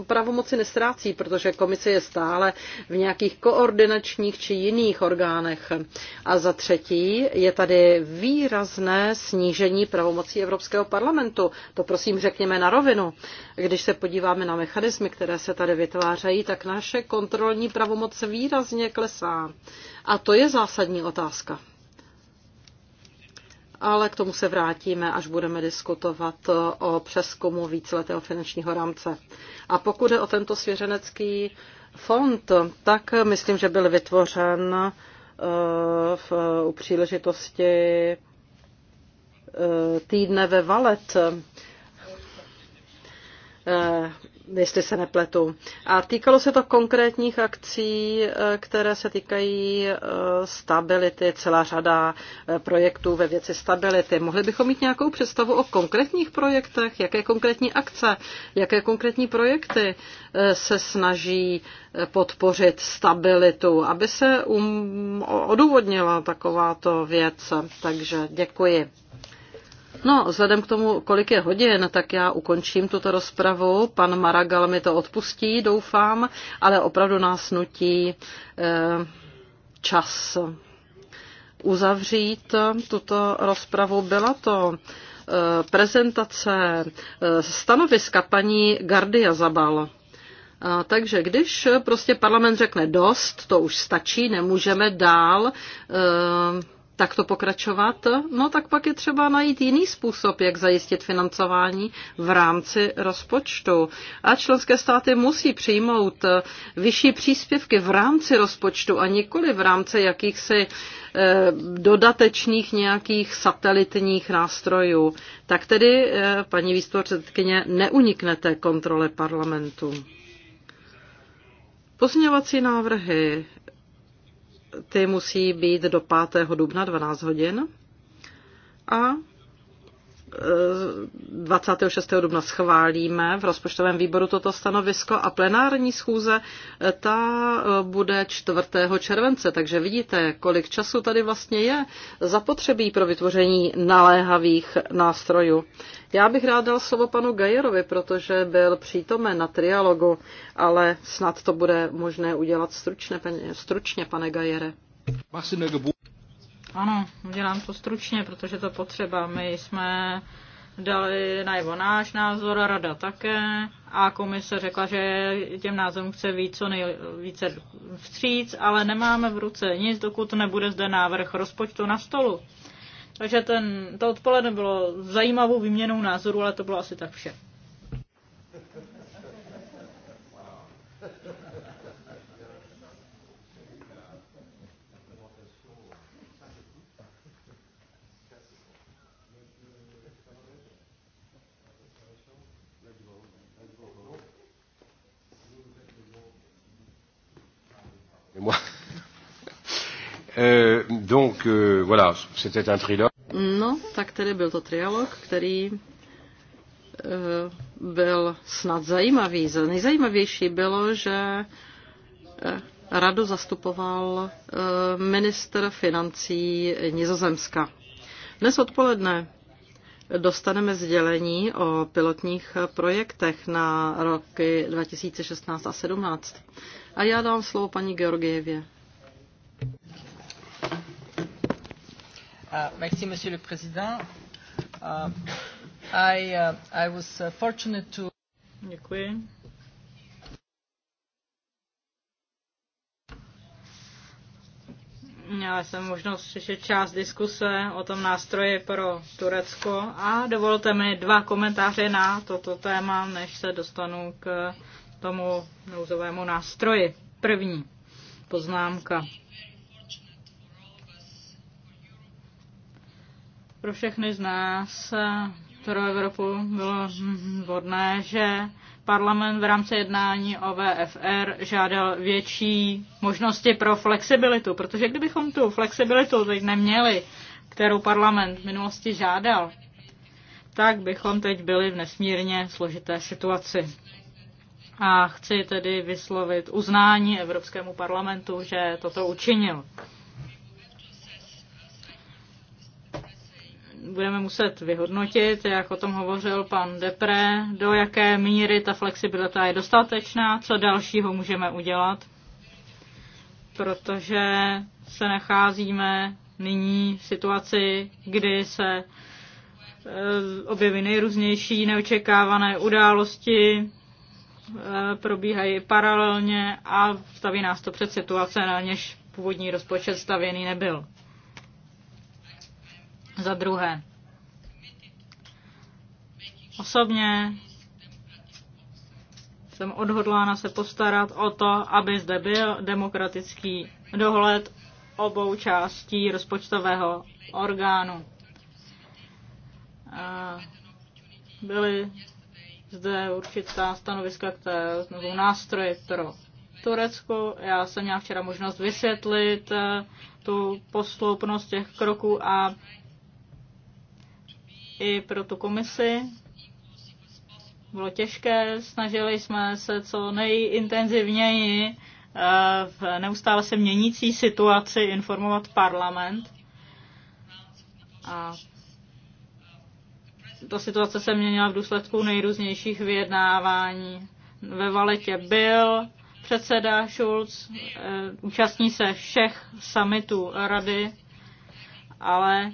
e, pravomoci nestrácí, protože komise je stále v nějakých koordinačních či jiných orgánech. A za třetí je tady výrazné snížení pravomocí Evropského parlamentu. To prosím řekněme na rovinu. Když se podíváme na mechanismy, které se tady vytvářejí, tak naše kontrolní pravomoc výrazně klesá. A to je zásadní otázka ale k tomu se vrátíme, až budeme diskutovat o přeskumu víceletého finančního rámce. A pokud je o tento svěřenecký fond, tak myslím, že byl vytvořen eh, v, u příležitosti eh, týdne ve Valet. Eh, jestli se nepletu. A týkalo se to konkrétních akcí, eh, které se týkají eh, stability, celá řada eh, projektů ve věci stability. Mohli bychom mít nějakou představu o konkrétních projektech, jaké konkrétní akce, jaké konkrétní projekty se snaží podpořit stabilitu, aby se um, odůvodnila takováto věc. Takže děkuji. No, vzhledem k tomu, kolik je hodin, tak já ukončím tuto rozpravu. Pan Maragal mi to odpustí, doufám, ale opravdu nás nutí eh, čas uzavřít tuto rozpravu. Byla to eh, prezentace eh, stanoviska paní Gardia Zabal. Takže když prostě parlament řekne dost, to už stačí, nemůžeme dál takto pokračovat, no tak pak je třeba najít jiný způsob, jak zajistit financování v rámci rozpočtu. A členské státy musí přijmout eh, vyšší příspěvky v rámci rozpočtu a nikoli v rámci jakýchsi eh, dodatečných nějakých satelitních nástrojů. Tak tedy, eh, paní výstvořetkyně, neuniknete kontrole parlamentu. Pozměňovací návrhy ty musí být do 5. dubna 12 hodin. A 26. Eh, dubna schválíme v rozpočtovém výboru toto stanovisko a plenární schůze eh, ta eh, bude 4. července, takže vidíte, kolik času tady vlastně je zapotřebí pro vytvoření naléhavých nástrojů. Já bych rád dal slovo panu Gajerovi, protože byl přítomen na trialogu, ale snad to bude možné udělat stručně, stručně pane Gajere. Ano, udělám to stručně, protože to potřeba. My jsme dali najevo náš názor, rada také a komise řekla, že těm názorům chce víc co nejvíce vstříc, ale nemáme v ruce nic, dokud nebude zde návrh rozpočtu na stolu. Takže ten, to odpoledne bylo zajímavou výměnou názorů, ale to bylo asi tak vše. Euh, donc, euh, voilà, c'était un trilogue. No, tak tedy byl to trialog, který euh, byl snad zajímavý. Nejzajímavější bylo, že eh, radu zastupoval eh, minister financí Nizozemska. Dnes odpoledne dostaneme sdělení o pilotních projektech na roky 2016 a 2017. A já dám slovo paní Georgievě. Ah, merci, Monsieur le Président. Uh, I, uh, I was uh, fortunate to... Děkuji. Měla jsem možnost slyšet část diskuse o tom nástroji pro Turecko a dovolte mi dva komentáře na toto téma, než se dostanu k tomu nouzovému nástroji. První poznámka. pro všechny z nás, pro Evropu, bylo vhodné, že parlament v rámci jednání o VFR žádal větší možnosti pro flexibilitu, protože kdybychom tu flexibilitu teď neměli, kterou parlament v minulosti žádal, tak bychom teď byli v nesmírně složité situaci. A chci tedy vyslovit uznání Evropskému parlamentu, že toto učinil. budeme muset vyhodnotit, jak o tom hovořil pan Depre, do jaké míry ta flexibilita je dostatečná, co dalšího můžeme udělat, protože se nacházíme nyní v situaci, kdy se e, objevy nejrůznější neočekávané události, e, probíhají paralelně a staví nás to před situace, na něž původní rozpočet stavěný nebyl. Za druhé, osobně jsem odhodlána se postarat o to, aby zde byl demokratický dohled obou částí rozpočtového orgánu. Byly zde určitá stanoviska k té, nebo nástroje pro Turecko. Já jsem měla včera možnost vysvětlit eh, tu posloupnost těch kroků a i pro tu komisi. Bylo těžké, snažili jsme se co nejintenzivněji eh, v neustále se měnící situaci informovat parlament. A ta situace se měnila v důsledku nejrůznějších vyjednávání. Ve Valetě byl předseda Schulz, eh, účastní se všech summitů rady, ale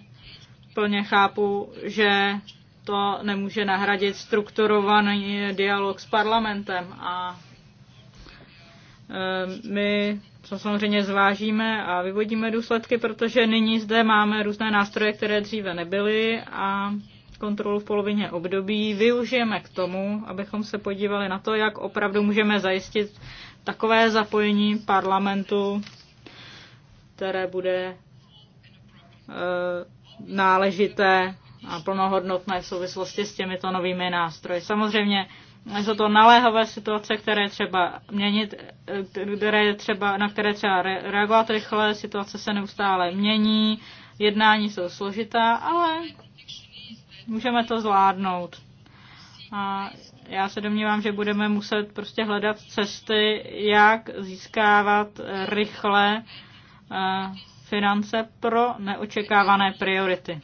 plně chápu, že to nemůže nahradit strukturovaný dialog s parlamentem a eh, my to samozřejmě zvážíme a vyvodíme důsledky, protože nyní zde máme různé nástroje, které dříve nebyly a kontrolu v polovině období využijeme k tomu, abychom se podívali na to, jak opravdu můžeme zajistit takové zapojení parlamentu, které bude eh, náležité a plnohodnotné v souvislosti s těmito novými nástroji. Samozřejmě jsou to naléhavé situace, které třeba měnit, které třeba, na které třeba reagovat rychle, situace se neustále mění, jednání jsou složitá, ale můžeme to zvládnout. A já se domnívám, že budeme muset prostě hledat cesty, jak získávat rychle eh, finance pro neočekávané priority.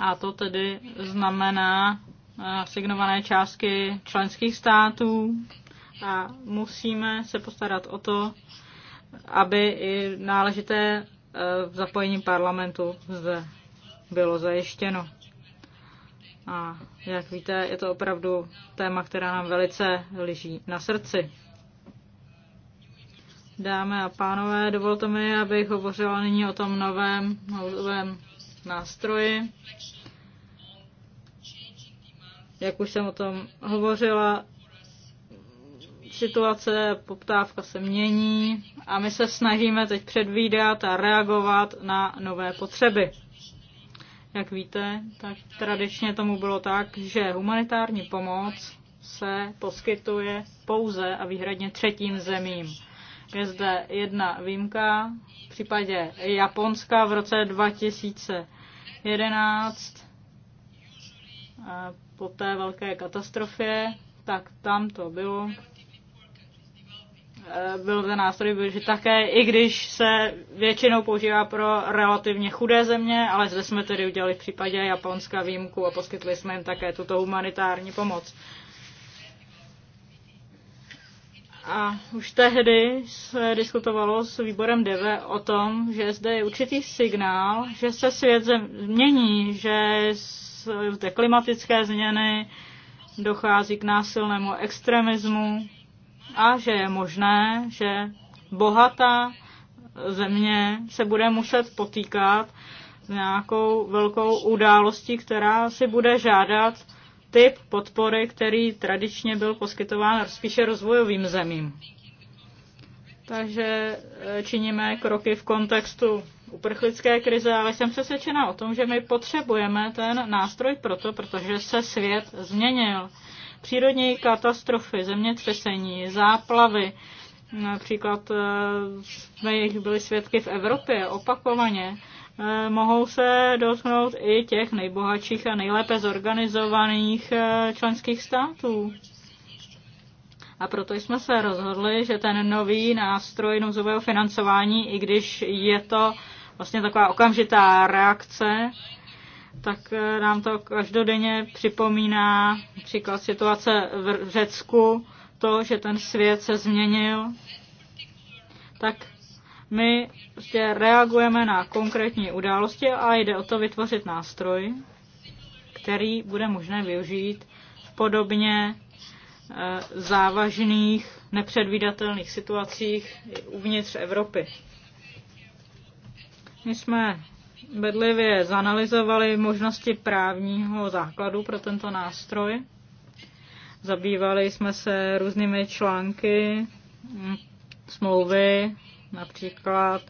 A to tedy znamená eh, signované částky členských států a musíme se postarat o to, aby i náležité eh, zapojení parlamentu zde bylo zajištěno. A jak víte, je to opravdu téma, která nám velice liží na srdci dámy a pánové, dovolte mi, abych hovořila nyní o tom novém, novém nástroji. Jak už jsem o tom hovořila, situace, poptávka se mění a my se snažíme teď předvídat a reagovat na nové potřeby. Jak víte, tak tradičně tomu bylo tak, že humanitární pomoc se poskytuje pouze a výhradně třetím zemím. Je zde jedna výjimka. V případě Japonska v roce 2011 po té velké katastrofě, tak tam to bylo. E, byl ten nástroj využit také, i když se většinou používá pro relativně chudé země, ale zde jsme tedy udělali v případě Japonska výjimku a poskytli jsme jim také tuto humanitární pomoc. A už tehdy se diskutovalo s výborem DEVE o tom, že zde je určitý signál, že se svět změní, že jsou zde klimatické změny, dochází k násilnému extremismu a že je možné, že bohatá země se bude muset potýkat s nějakou velkou událostí, která si bude žádat typ podpory, který tradičně byl poskytován spíše rozvojovým zemím. Takže e, činíme kroky v kontextu uprchlické krize, ale jsem přesvědčena o tom, že my potřebujeme ten nástroj proto, protože se svět změnil. Přírodní katastrofy, zemětřesení, záplavy, například e, jsme jich byli svědky v Evropě opakovaně, Eh, mohou se dotknout i těch nejbohatších a nejlépe zorganizovaných eh, členských států. A proto jsme se rozhodli, že ten nový nástroj nouzového financování, i když je to vlastně taková okamžitá reakce, tak eh, nám to každodenně připomíná Příklad situace v Řecku, to, že ten svět se změnil, tak my prostě reagujeme na konkrétní události a jde o to vytvořit nástroj, který bude možné využít v podobně eh, závažných, nepředvídatelných situacích uvnitř Evropy. My jsme bedlivě zanalizovali možnosti právního základu pro tento nástroj. Zabývali jsme se různými články hm, smlouvy například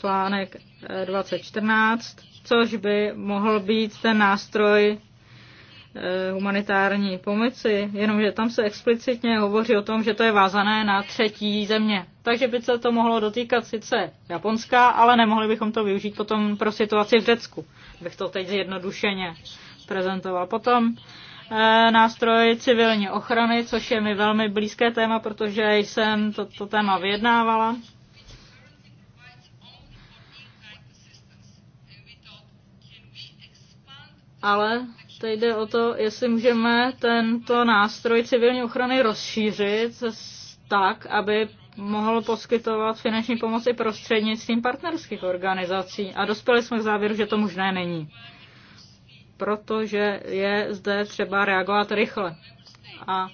článek 2014, eh, což by mohl být ten nástroj eh, humanitární pomoci, jenomže tam se explicitně hovoří o tom, že to je vázané na třetí země. Takže by se to mohlo dotýkat sice Japonska, ale nemohli bychom to využít potom pro situaci v Řecku. Bych to teď zjednodušeně prezentoval. Potom eh, nástroj civilní ochrany, což je mi velmi blízké téma, protože jsem toto to téma vyjednávala ale teď jde o to, jestli můžeme tento nástroj civilní ochrany rozšířit tak, aby mohl poskytovat finanční pomoc i prostřednictvím partnerských organizací. A dospěli jsme k závěru, že to možné není. Protože je zde třeba reagovat rychle. A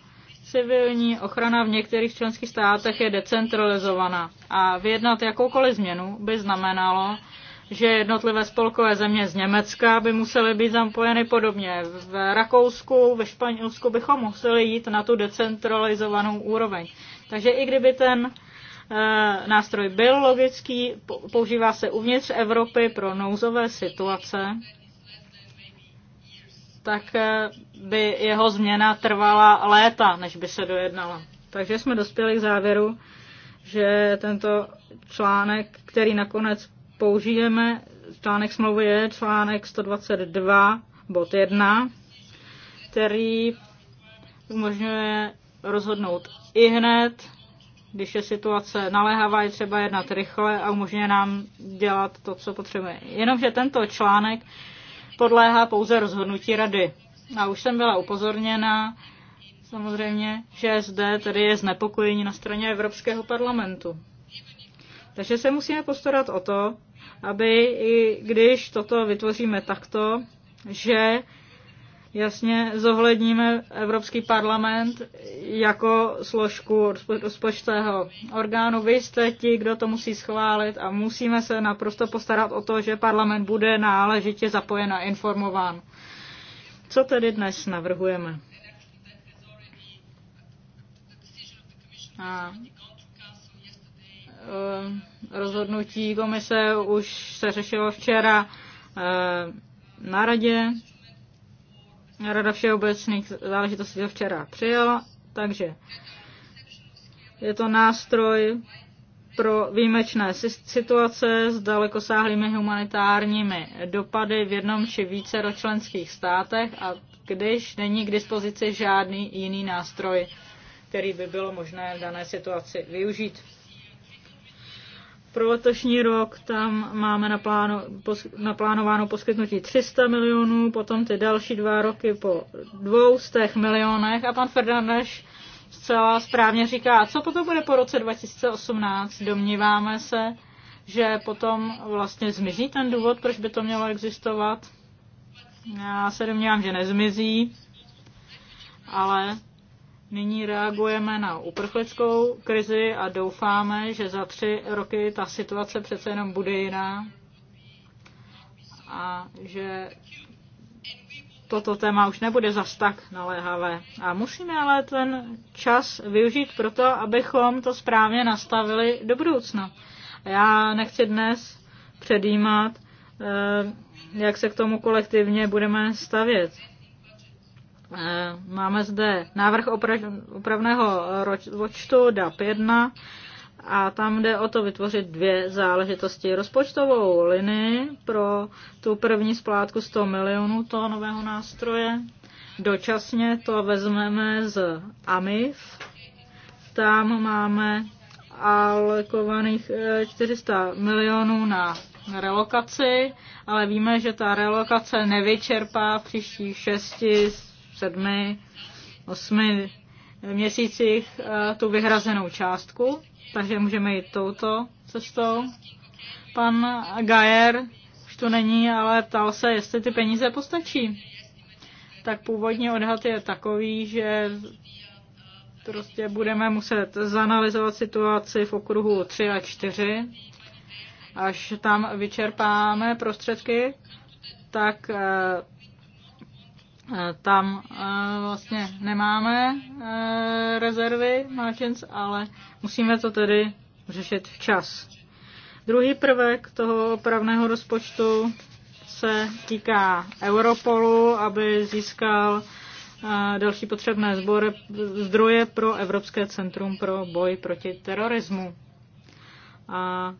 civilní ochrana v některých členských státech je decentralizovaná. A vyjednat jakoukoliv změnu by znamenalo, že jednotlivé spolkové země z Německa by musely být zapojeny podobně. V Rakousku, ve Španělsku bychom museli jít na tu decentralizovanou úroveň. Takže i kdyby ten eh, nástroj byl logický, používá se uvnitř Evropy pro nouzové situace, tak eh, by jeho změna trvala léta, než by se dojednala. Takže jsme dospěli k závěru, že tento článek, který nakonec použijeme článek smlouvy je článek 122 bod 1, který umožňuje rozhodnout i hned, když je situace naléhavá, je třeba jednat rychle a umožňuje nám dělat to, co potřebuje. Jenomže tento článek podléhá pouze rozhodnutí rady. A už jsem byla upozorněna, samozřejmě, že zde tedy je znepokojení na straně Evropského parlamentu. Takže se musíme postarat o to, aby i když toto vytvoříme takto, že jasně zohledníme Evropský parlament jako složku rozpočtového orgánu. Vy jste ti, kdo to musí schválit a musíme se naprosto postarat o to, že parlament bude náležitě zapojen a informován. Co tedy dnes navrhujeme? A Eh, rozhodnutí komise už se řešilo včera eh, na radě. Rada všeobecných záležitostí to včera přijala, takže je to nástroj pro výjimečné situace s dalekosáhlými humanitárními dopady v jednom či více ročlenských státech a když není k dispozici žádný jiný nástroj, který by bylo možné v dané situaci využít. Pro letošní rok tam máme napláno, pos, naplánováno poskytnutí 300 milionů, potom ty další dva roky po 200 milionech a pan Ferdaneš zcela správně říká, co potom bude po roce 2018. Domníváme se, že potom vlastně zmizí ten důvod, proč by to mělo existovat. Já se domnívám, že nezmizí, ale Nyní reagujeme na uprchlickou krizi a doufáme, že za tři roky ta situace přece jenom bude jiná a že toto téma už nebude zas tak naléhavé. A musíme ale ten čas využít proto, abychom to správně nastavili do budoucna. Já nechci dnes předjímat, eh, jak se k tomu kolektivně budeme stavět. Eh, máme zde návrh opravného ročtu DAP 1 a tam jde o to vytvořit dvě záležitosti. Rozpočtovou linii pro tu první splátku 100 milionů toho nového nástroje. Dočasně to vezmeme z AMIF. Tam máme alokovaných 400 eh, milionů na relokaci, ale víme, že ta relokace nevyčerpá v příštích šesti sedmi, osmi měsících eh, tu vyhrazenou částku, takže můžeme jít touto cestou. Pan Gajer už tu není, ale ptal se, jestli ty peníze postačí. Tak původní odhad je takový, že prostě budeme muset zanalizovat situaci v okruhu 3 a 4. Až tam vyčerpáme prostředky, tak eh, Eh, tam eh, vlastně nemáme eh, rezervy Martins, ale musíme to tedy řešit včas. Druhý prvek toho opravného rozpočtu se týká Europolu, aby získal další potřebné zbory, zdroje pro Evropské centrum pro boj proti terorismu. A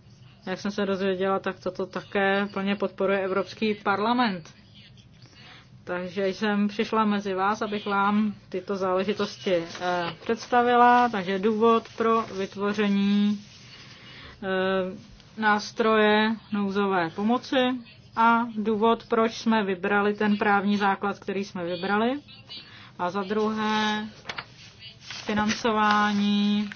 jak jsem se dozvěděla, tak toto také plně podporuje Evropský parlament. Takže jsem přišla mezi vás, abych vám tyto záležitosti eh, představila. Takže důvod pro vytvoření eh, nástroje nouzové pomoci a důvod, proč jsme vybrali ten právní základ, který jsme vybrali. A za druhé financování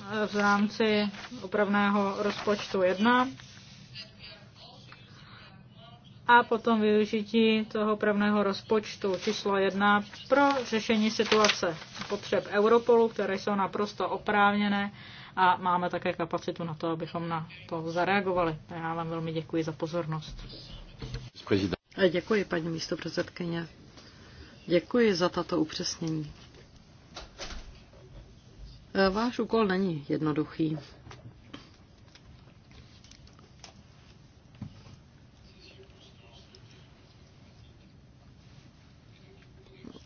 eh, v rámci opravného rozpočtu 1 a potom využití toho pravného rozpočtu číslo jedna pro řešení situace potřeb Europolu, které jsou naprosto oprávněné a máme také kapacitu na to, abychom na to zareagovali. A já vám velmi děkuji za pozornost. Děkuji, paní místopředsedkyně. Děkuji za tato upřesnění. Váš úkol není jednoduchý.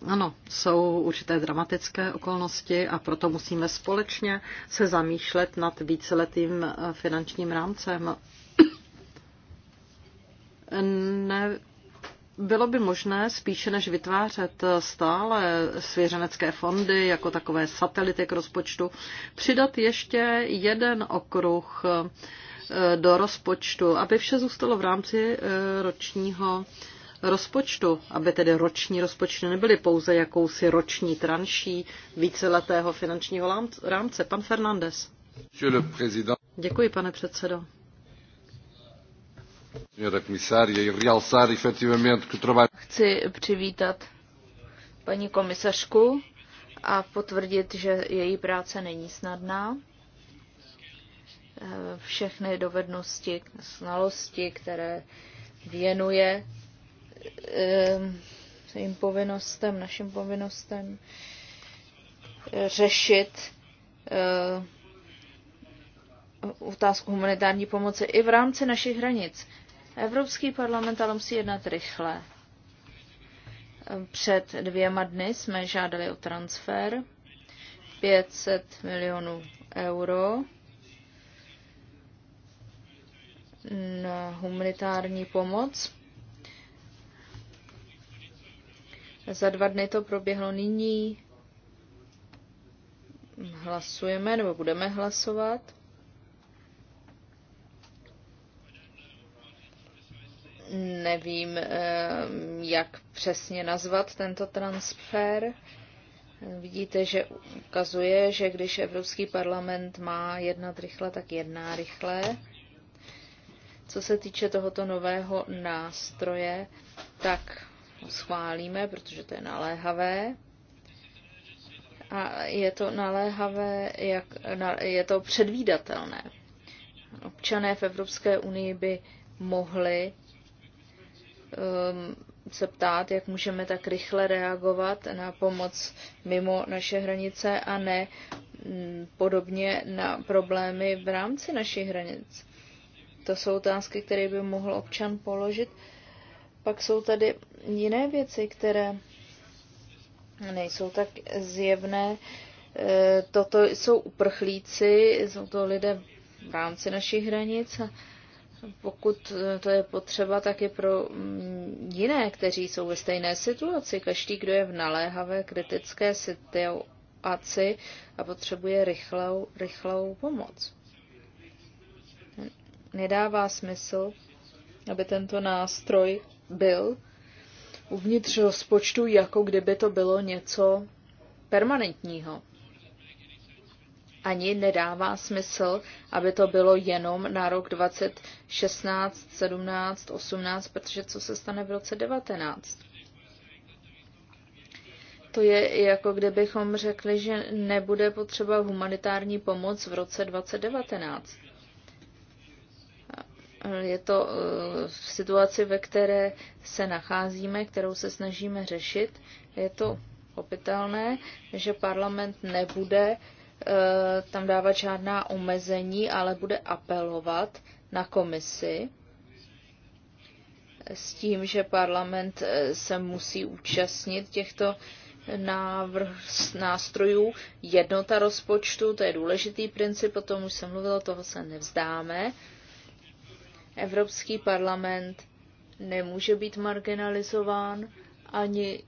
Ano, jsou určité dramatické okolnosti a proto musíme společně se zamýšlet nad víceletým eh, finančním rámcem. Ne, bylo by možné spíše než vytvářet eh, stále svěřenecké fondy jako takové satelity k rozpočtu, přidat ještě jeden okruh eh, do rozpočtu, aby vše zůstalo v rámci ročního rozpočtu, aby tedy roční rozpočty nebyly pouze jakousi roční tranší víceletého finančního rámce. Pan Fernandez. Děkuji, pane předsedo. E Chci přivítat paní komisařku a potvrdit, že její práce není snadná. Eh, všechny dovednosti, znalosti, které věnuje Ehm, svým povinnostem, našim povinnostem eh, řešit eh, otázku humanitární pomoci i v rámci našich hranic. Evropský parlament ale musí jednat rychle. Ehm, před dvěma dny jsme žádali o transfer 500 milionů euro na humanitární pomoc Za dva dny to proběhlo nyní. Hlasujeme nebo budeme hlasovat. Nevím, eh, jak přesně nazvat tento transfer. Vidíte, že ukazuje, že když Evropský parlament má jednat rychle, tak jedná rychle. Co se týče tohoto nového nástroje, tak schválíme, protože to je naléhavé. A je to naléhavé, jak, na, je to předvídatelné. Občané v Evropské unii by mohli um, se ptát, jak můžeme tak rychle reagovat na pomoc mimo naše hranice a ne mm, podobně na problémy v rámci našich hranic. To jsou otázky, které by mohl občan položit pak jsou tady jiné věci, které nejsou tak zjevné. E, toto jsou uprchlíci, jsou to lidé v rámci našich hranic pokud to je potřeba, tak je pro mm, jiné, kteří jsou ve stejné situaci. Každý, kdo je v naléhavé kritické situaci a potřebuje rychlou, rychlou pomoc. Nedává smysl, aby tento nástroj byl uvnitř rozpočtu, jako kdyby to bylo něco permanentního. Ani nedává smysl, aby to bylo jenom na rok 2016, 17, 18, protože co se stane v roce 19? To je jako kdybychom řekli, že nebude potřeba humanitární pomoc v roce 2019. Eh, je to eh, v situaci, ve které se nacházíme, kterou se snažíme řešit. Je to opitelné, že parlament nebude eh, tam dávat žádná omezení, ale bude apelovat na komisi s tím, že parlament se musí účastnit těchto návrh nástrojů. Jednota rozpočtu, to je důležitý princip, o tom už jsem mluvila, toho se nevzdáme. Evropský parlament nemůže být marginalizován, ani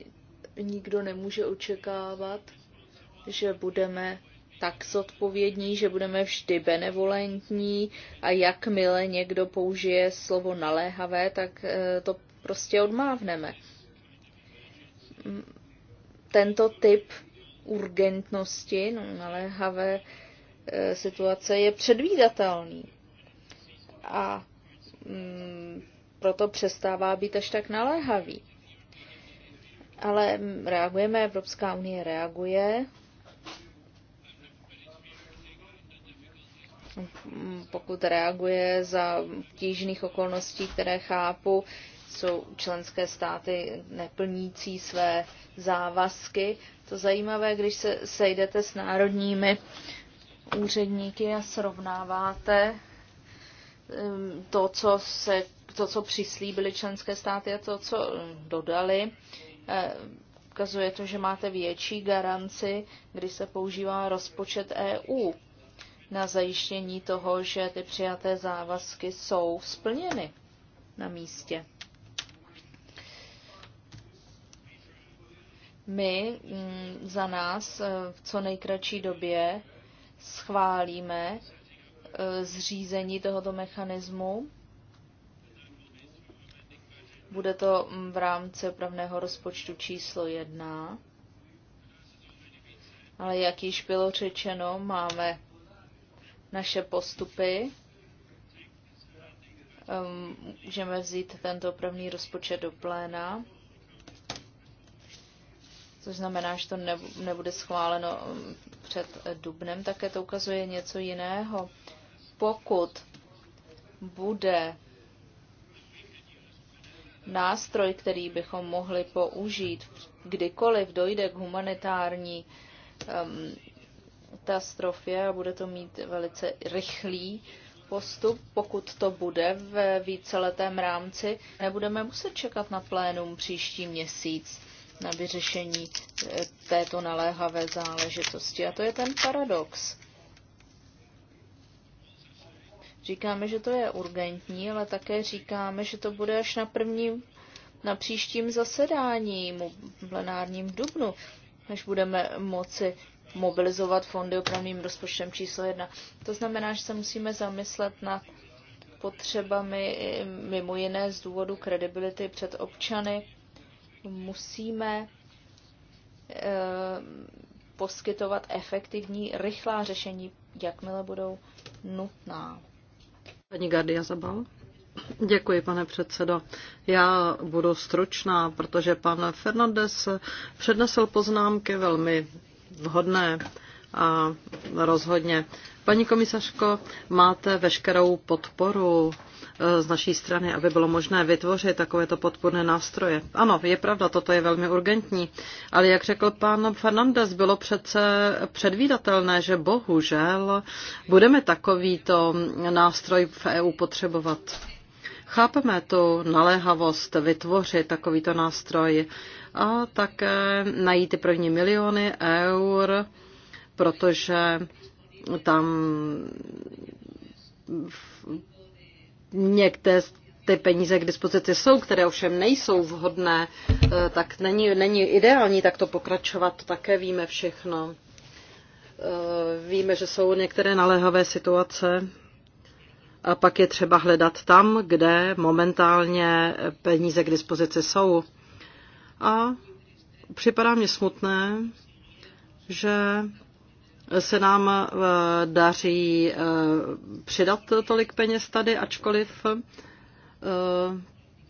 nikdo nemůže očekávat, že budeme tak zodpovědní, že budeme vždy benevolentní a jakmile někdo použije slovo naléhavé, tak eh, to prostě odmávneme. Tento typ urgentnosti, no, naléhavé eh, situace je předvídatelný. A Mm, proto přestává být až tak naléhavý. Ale reagujeme, Evropská unie reaguje. Pokud reaguje za tížných okolností, které chápu, jsou členské státy neplnící své závazky. To zajímavé, když se sejdete s národními úředníky a srovnáváte to, co, se, to, co přislíbili členské státy a to, co dodali, ukazuje to, že máte větší garanci, když se používá rozpočet EU na zajištění toho, že ty přijaté závazky jsou splněny na místě. My za nás v co nejkratší době schválíme Eh, zřízení tohoto mechanismu. Bude to mm, v rámci opravného rozpočtu číslo jedna. Ale jak již bylo řečeno, máme naše postupy. Můžeme vzít tento opravný rozpočet do pléna, což znamená, že to nebude schváleno před dubnem, také to ukazuje něco jiného pokud bude nástroj, který bychom mohli použít, kdykoliv dojde k humanitární um, katastrofě a bude to mít velice rychlý postup, pokud to bude v víceletém rámci. Nebudeme muset čekat na plénum příští měsíc na vyřešení eh, této naléhavé záležitosti. A to je ten paradox. Říkáme, že to je urgentní, ale také říkáme, že to bude až na prvním, na příštím zasedání plenárním Dubnu, až budeme moci mobilizovat fondy opravným rozpočtem číslo jedna. To znamená, že se musíme zamyslet nad potřebami mimo jiné z důvodu kredibility před občany. Musíme e, poskytovat efektivní, rychlá řešení, jakmile budou nutná. Paní Gardia Zabal. Děkuji, pane předsedo. Já budu stručná, protože pan Fernandez přednesl poznámky velmi vhodné a rozhodně. Paní komisařko, máte veškerou podporu eh, z naší strany, aby bylo možné vytvořit takovéto podpůrné nástroje. Ano, je pravda, toto je velmi urgentní, ale jak řekl pan Fernandez, bylo přece předvídatelné, že bohužel budeme takovýto nástroj v EU potřebovat. Chápeme tu naléhavost vytvořit takovýto nástroj a také najít ty první miliony eur, protože tam některé ty peníze k dispozici jsou, které ovšem nejsou vhodné, eh, tak není, není ideální takto pokračovat, to také víme všechno. Eh, víme, že jsou některé naléhavé situace a pak je třeba hledat tam, kde momentálně peníze k dispozici jsou. A připadá mě smutné, že se nám eh, daří eh, přidat tolik peněz tady, ačkoliv eh,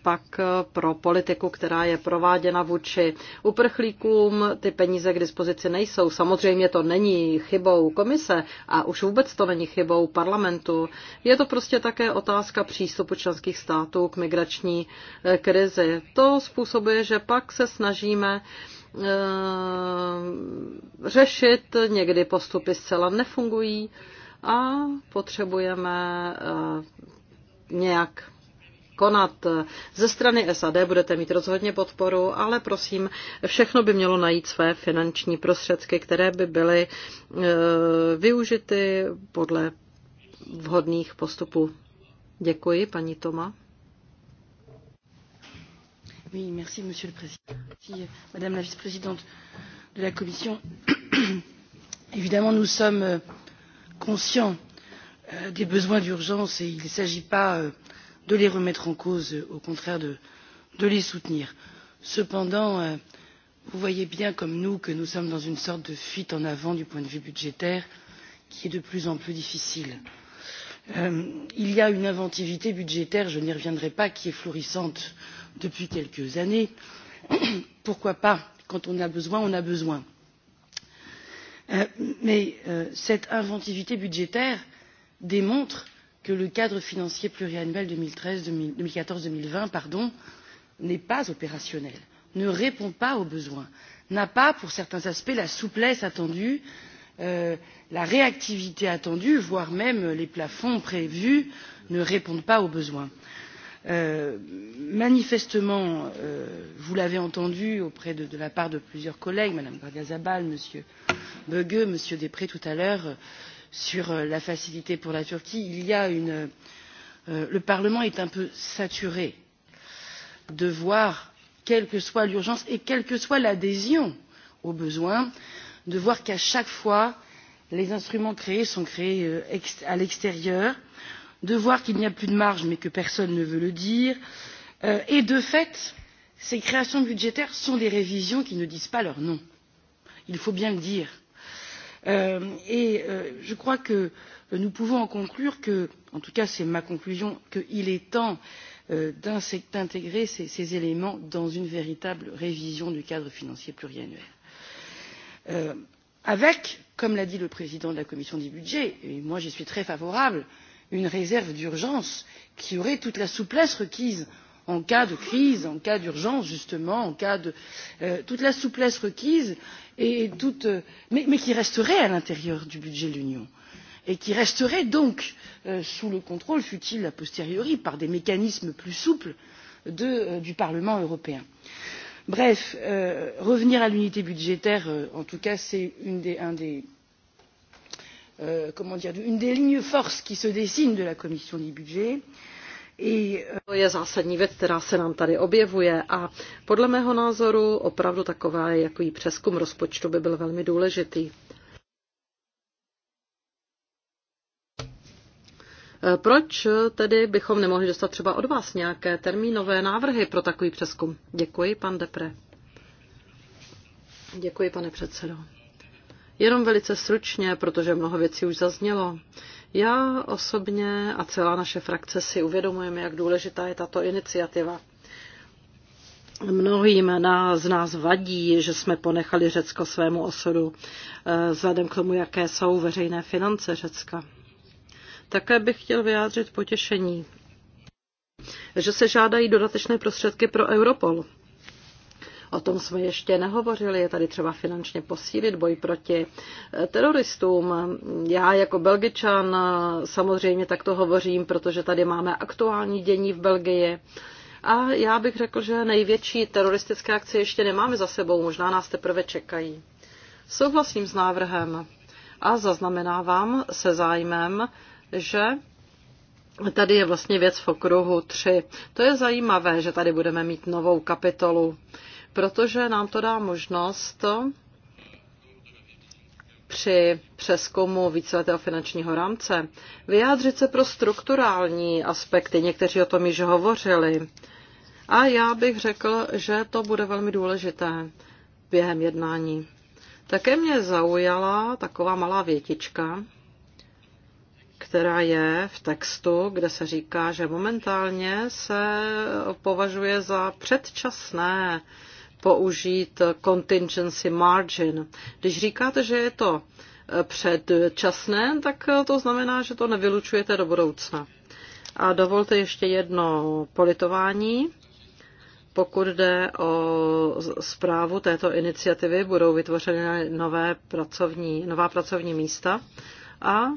pak pro politiku, která je prováděna vůči uprchlíkům, ty peníze k dispozici nejsou. Samozřejmě to není chybou komise a už vůbec to není chybou parlamentu. Je to prostě také otázka přístupu členských států k migrační krizi. To způsobuje, že pak se snažíme uh, Eh, řešit, někdy postupy zcela nefungují a potřebujeme eh, nějak konat. Ze strany SAD budete mít rozhodně podporu, ale prosím, všechno by mělo najít své finanční prostředky, které by byly eh, využity podle vhodných postupů. Děkuji, paní Toma. Monsieur le Président. Madame la Vice-présidente de la Commission. Évidemment, nous sommes euh, conscients euh, des besoins d'urgence et il ne s'agit pas euh, de les remettre en cause, au contraire de, les soutenir. Cependant, vous voyez bien comme nous que nous sommes dans une sorte de fuite en avant du point de vue budgétaire qui est de plus en plus difficile. il y a une inventivité budgétaire je n'y reviendrai pas qui est florissante euh, depuis quelques années pourquoi pas quand on a besoin on a besoin euh, mais euh, cette inventivité budgétaire démontre que le cadre financier pluriannuel deux mille quatorze deux mille vingt n'est pas opérationnel ne répond pas aux besoins n'a pas pour certains aspects la souplesse attendue euh, la réactivité attendue voire même les plafonds prévus ne répondent pas aux besoins. Euh, manifestement euh, vous l'avez entendu auprès de, la part de plusieurs collègues mme gardia zabal m. bge m. deprez tout à l'heure euh, sur la facilité pour la turquie le parlement est un peu saturé de voir quelle que soit l'urgence et quelle que soit l'adhésion aux besoins de voir qu'à chaque fois les instruments créés sont créés à l'extérieur et de voir qu'il n'y a plus de marge mais que personne ne veut le dire euh, et de fait ces créations budgétaires sont des révisions qui ne disent pas leur nom il faut bien le dire euh, et euh, je crois que nous pouvons en conclure en tout cas c'est ma conclusion qu'il est temps d'intégrer ces, éléments dans une véritable révision du cadre financier pluriannuel avec comme l'a dit le président de la commission des budgets et moi j'y suis très favorable une réserve d'urgence qui aurait toute la souplesse requise en cas de crise en cas d'urgence justement en cas de euh, toute la souplesse requise et toute, euh, mais, mais qui resterait à l'intérieur du budget de l'union et qui resterait donc euh, sous le contrôle fût il a posteriori par des mécanismes plus souples de, euh, du parlement européen. bref euh, revenir à l'unité budgétaire euh, en tout cas c'est un des Euh, comment dire une des lignes forces qui se dessine de la commission des budgets. Euh, to je zásadní věc, která se nám tady objevuje a podle mého názoru opravdu taková jako jí přeskum rozpočtu by byl velmi důležitý. Eh, proč tedy bychom nemohli dostat třeba od vás nějaké termínové návrhy pro takový přeskum? Děkuji, pan Depre. Děkuji, pane předsedo. Jenom velice stručně, protože mnoho věcí už zaznělo. Já osobně a celá naše frakce si uvědomujeme, jak důležitá je tato iniciativa. Mnohým nás, z nás vadí, že jsme ponechali Řecko svému osudu, eh, vzhledem k tomu, jaké jsou veřejné finance Řecka. Také bych chtěl vyjádřit potěšení, že se žádají dodatečné prostředky pro Europol. O tom jsme ještě nehovořili. Je tady třeba finančně posílit boj proti eh, teroristům. Já jako belgičan eh, samozřejmě takto hovořím, protože tady máme aktuální dění v Belgii. A já bych řekl, že největší teroristické akce ještě nemáme za sebou, možná nás teprve čekají. Souhlasím s návrhem a zaznamenávám se zájmem, že tady je vlastně věc v okruhu 3. To je zajímavé, že tady budeme mít novou kapitolu protože nám to dá možnost při přeskumu víceletého finančního rámce vyjádřit se pro strukturální aspekty. Někteří o tom již hovořili. A já bych řekl, že to bude velmi důležité během jednání. Také mě zaujala taková malá větička, která je v textu, kde se říká, že momentálně se považuje za předčasné použít contingency margin. Když říkáte, že je to předčasné, tak to znamená, že to nevylučujete do budoucna. A dovolte ještě jedno politování. Pokud jde o zprávu této iniciativy, budou vytvořeny nové pracovní, nová pracovní místa a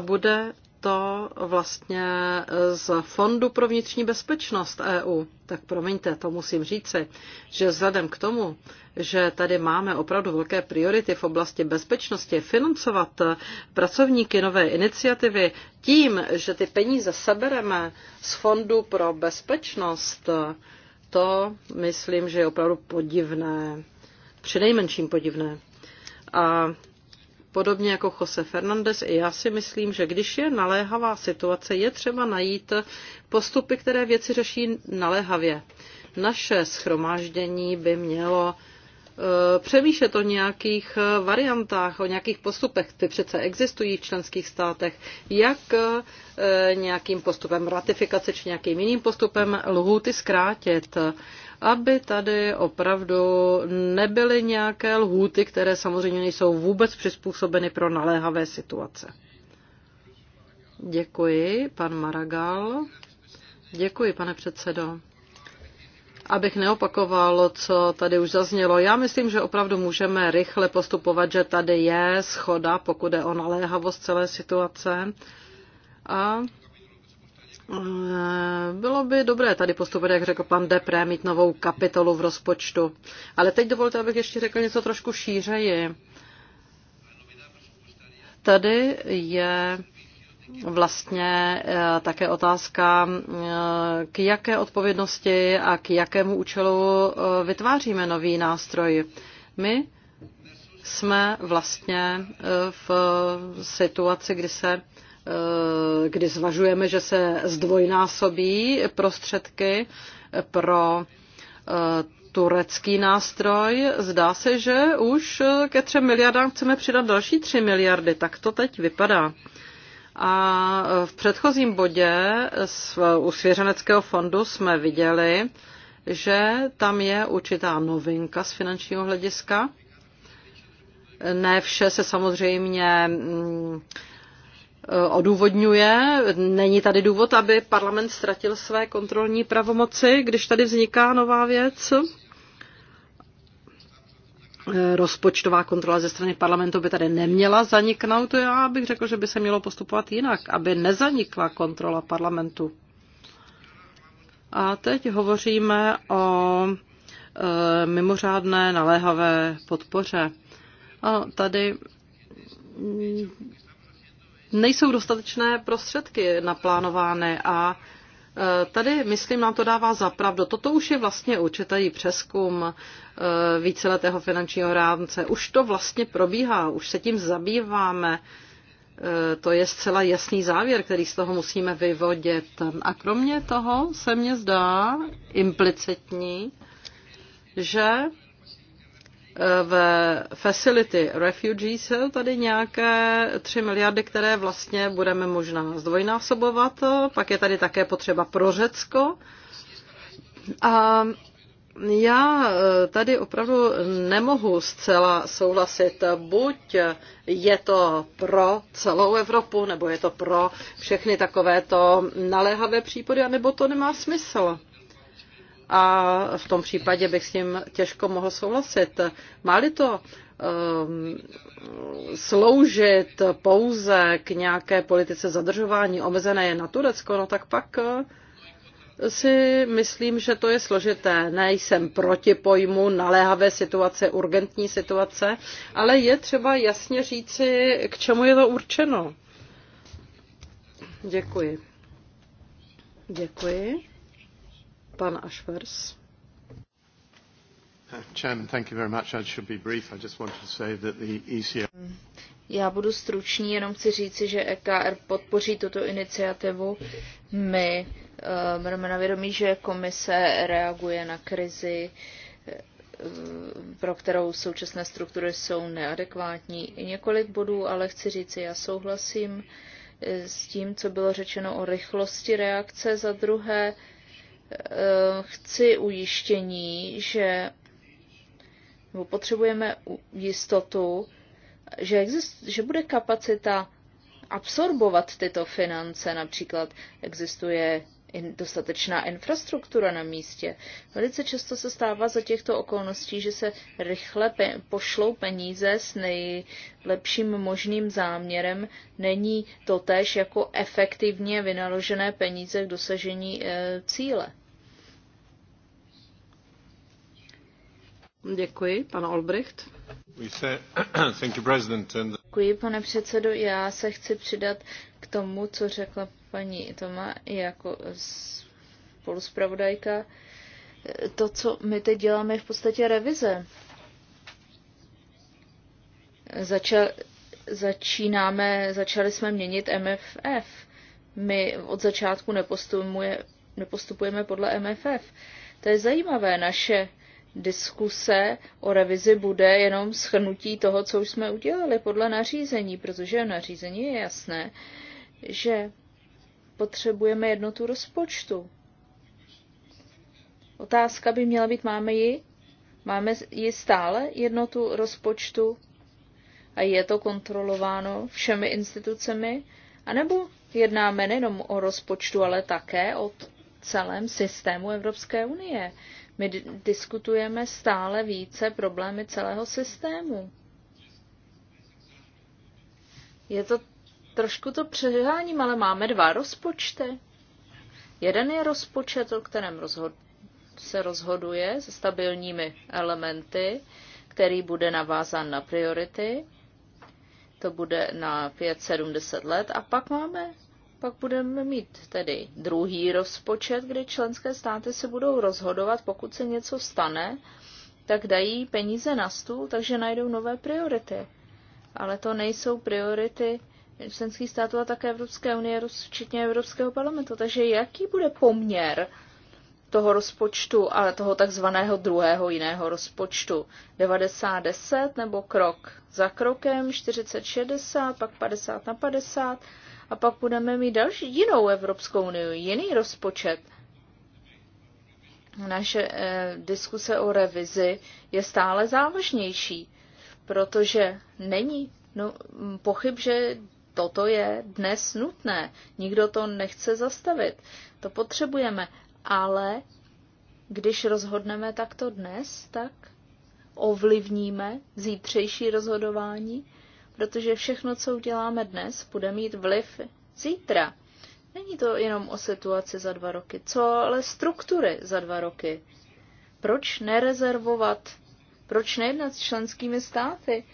bude to vlastně z Fondu pro vnitřní bezpečnost EU. Tak promiňte, to musím říci, že vzhledem k tomu, že tady máme opravdu velké priority v oblasti bezpečnosti, financovat pracovníky nové iniciativy tím, že ty peníze sebereme z Fondu pro bezpečnost, to myslím, že je opravdu podivné. Přinejmenším podivné. A Podobně jako Jose Fernandez, i já si myslím, že když je naléhavá situace, je třeba najít postupy, které věci řeší naléhavě. Naše schromáždění by mělo eh, přemýšlet o nějakých eh, variantách, o nějakých postupech, ty přece existují v členských státech, jak eh, nějakým postupem ratifikace či nějakým jiným postupem lhůty zkrátit aby tady opravdu nebyly nějaké lhůty, které samozřejmě nejsou vůbec přizpůsobeny pro naléhavé situace. Děkuji, pan Maragal. Děkuji, pane předsedo. Abych neopakoval, co tady už zaznělo, já myslím, že opravdu můžeme rychle postupovat, že tady je schoda, pokud je o naléhavost celé situace. A Eh, bylo by dobré tady postupovat, jak řekl pan Depré, mít novou kapitolu v rozpočtu. Ale teď dovolte, abych ještě řekl něco trošku šířeji. Tady je vlastně eh, také otázka, eh, k jaké odpovědnosti a k jakému účelu vytváříme nový nástroj. My jsme vlastně v situaci, kdy se Eh, kdy zvažujeme, že se zdvojnásobí prostředky pro eh, turecký nástroj. Zdá se, že už ke třem miliardám chceme přidat další tři miliardy. Tak to teď vypadá. A v předchozím bodě u svěřeneckého fondu jsme viděli, že tam je určitá novinka z finančního hlediska. Ne vše se samozřejmě mm, E, odůvodňuje. Není tady důvod, aby parlament ztratil své kontrolní pravomoci, když tady vzniká nová věc. E, rozpočtová kontrola ze strany parlamentu by tady neměla zaniknout. Já bych řekl, že by se mělo postupovat jinak, aby nezanikla kontrola parlamentu. A teď hovoříme o e, mimořádné naléhavé podpoře. A tady nejsou dostatečné prostředky naplánovány a e, Tady, myslím, nám to dává zapravdu. Toto už je vlastně určitý přeskum e, víceletého finančního rámce. Už to vlastně probíhá, už se tím zabýváme. E, to je zcela jasný závěr, který z toho musíme vyvodit. A kromě toho se mně zdá implicitní, že v Facility Refugees jsou tady nějaké 3 miliardy, které vlastně budeme možná zdvojnásobovat. Pak je tady také potřeba pro Řecko. A já eh, tady opravdu nemohu zcela souhlasit. Buď je to pro celou Evropu, nebo je to pro všechny takovéto naléhavé případy, anebo to nemá smysl a v tom případě bych s ním těžko mohl souhlasit. má to ehm, sloužit pouze k nějaké politice zadržování omezené je na Turecko, no tak pak eh, si myslím, že to je složité. Nejsem proti pojmu naléhavé situace, urgentní situace, ale je třeba jasně říci, k čemu je to určeno. Děkuji. Děkuji pan Ashvers. Uh, e já budu stručný, jenom chci říci, že EKR podpoří tuto iniciativu. My máme eh, na vědomí, že komise reaguje na krizi, eh, pro kterou současné struktury jsou neadekvátní. Několik bodů, ale chci říci, já souhlasím eh, s tím, co bylo řečeno o rychlosti reakce. Za druhé, Eh, chci ujištění, že nebo potřebujeme jistotu, že, exist, že bude kapacita absorbovat tyto finance, například existuje dostatečná infrastruktura na místě. Velice často se stává za těchto okolností, že se rychle pe- pošlou peníze s nejlepším možným záměrem. Není to též jako efektivně vynaložené peníze k dosažení e, cíle. Děkuji, Olbricht. Děkuji, pane předsedo. Já se chci přidat k tomu, co řekla paní Toma jako spoluspravodajka. To, co my teď děláme, je v podstatě revize. Zača- začínáme, začali jsme měnit MFF. My od začátku nepostupujeme podle MFF. To je zajímavé, naše diskuse o revizi bude jenom shrnutí toho, co už jsme udělali podle nařízení, protože nařízení je jasné, že potřebujeme jednotu rozpočtu. Otázka by měla být, máme ji? Máme ji stále jednotu rozpočtu? A je to kontrolováno všemi institucemi? A nebo jednáme nejenom o rozpočtu, ale také o celém systému Evropské unie? My diskutujeme stále více problémy celého systému. Je to trošku to přeháním, ale máme dva rozpočty. Jeden je rozpočet, o kterém rozhod- se rozhoduje se stabilními elementy, který bude navázán na priority. To bude na 5-70 let. A pak máme pak budeme mít tedy druhý rozpočet, kde členské státy se budou rozhodovat, pokud se něco stane, tak dají peníze na stůl, takže najdou nové priority. Ale to nejsou priority členských států a také Evropské unie, včetně Evropského parlamentu. Takže jaký bude poměr toho rozpočtu a toho takzvaného druhého jiného rozpočtu? 90-10 nebo krok za krokem, 40-60, pak 50 na 50? a pak budeme mít další jinou Evropskou unii, jiný rozpočet. Naše eh, diskuse o revizi je stále závažnější, protože není no, pochyb, že toto je dnes nutné. Nikdo to nechce zastavit. To potřebujeme. Ale když rozhodneme takto dnes, tak ovlivníme zítřejší rozhodování protože všechno, co uděláme dnes, bude mít vliv zítra. Není to jenom o situaci za dva roky, co ale struktury za dva roky. Proč nerezervovat? Proč nejednat s členskými státy?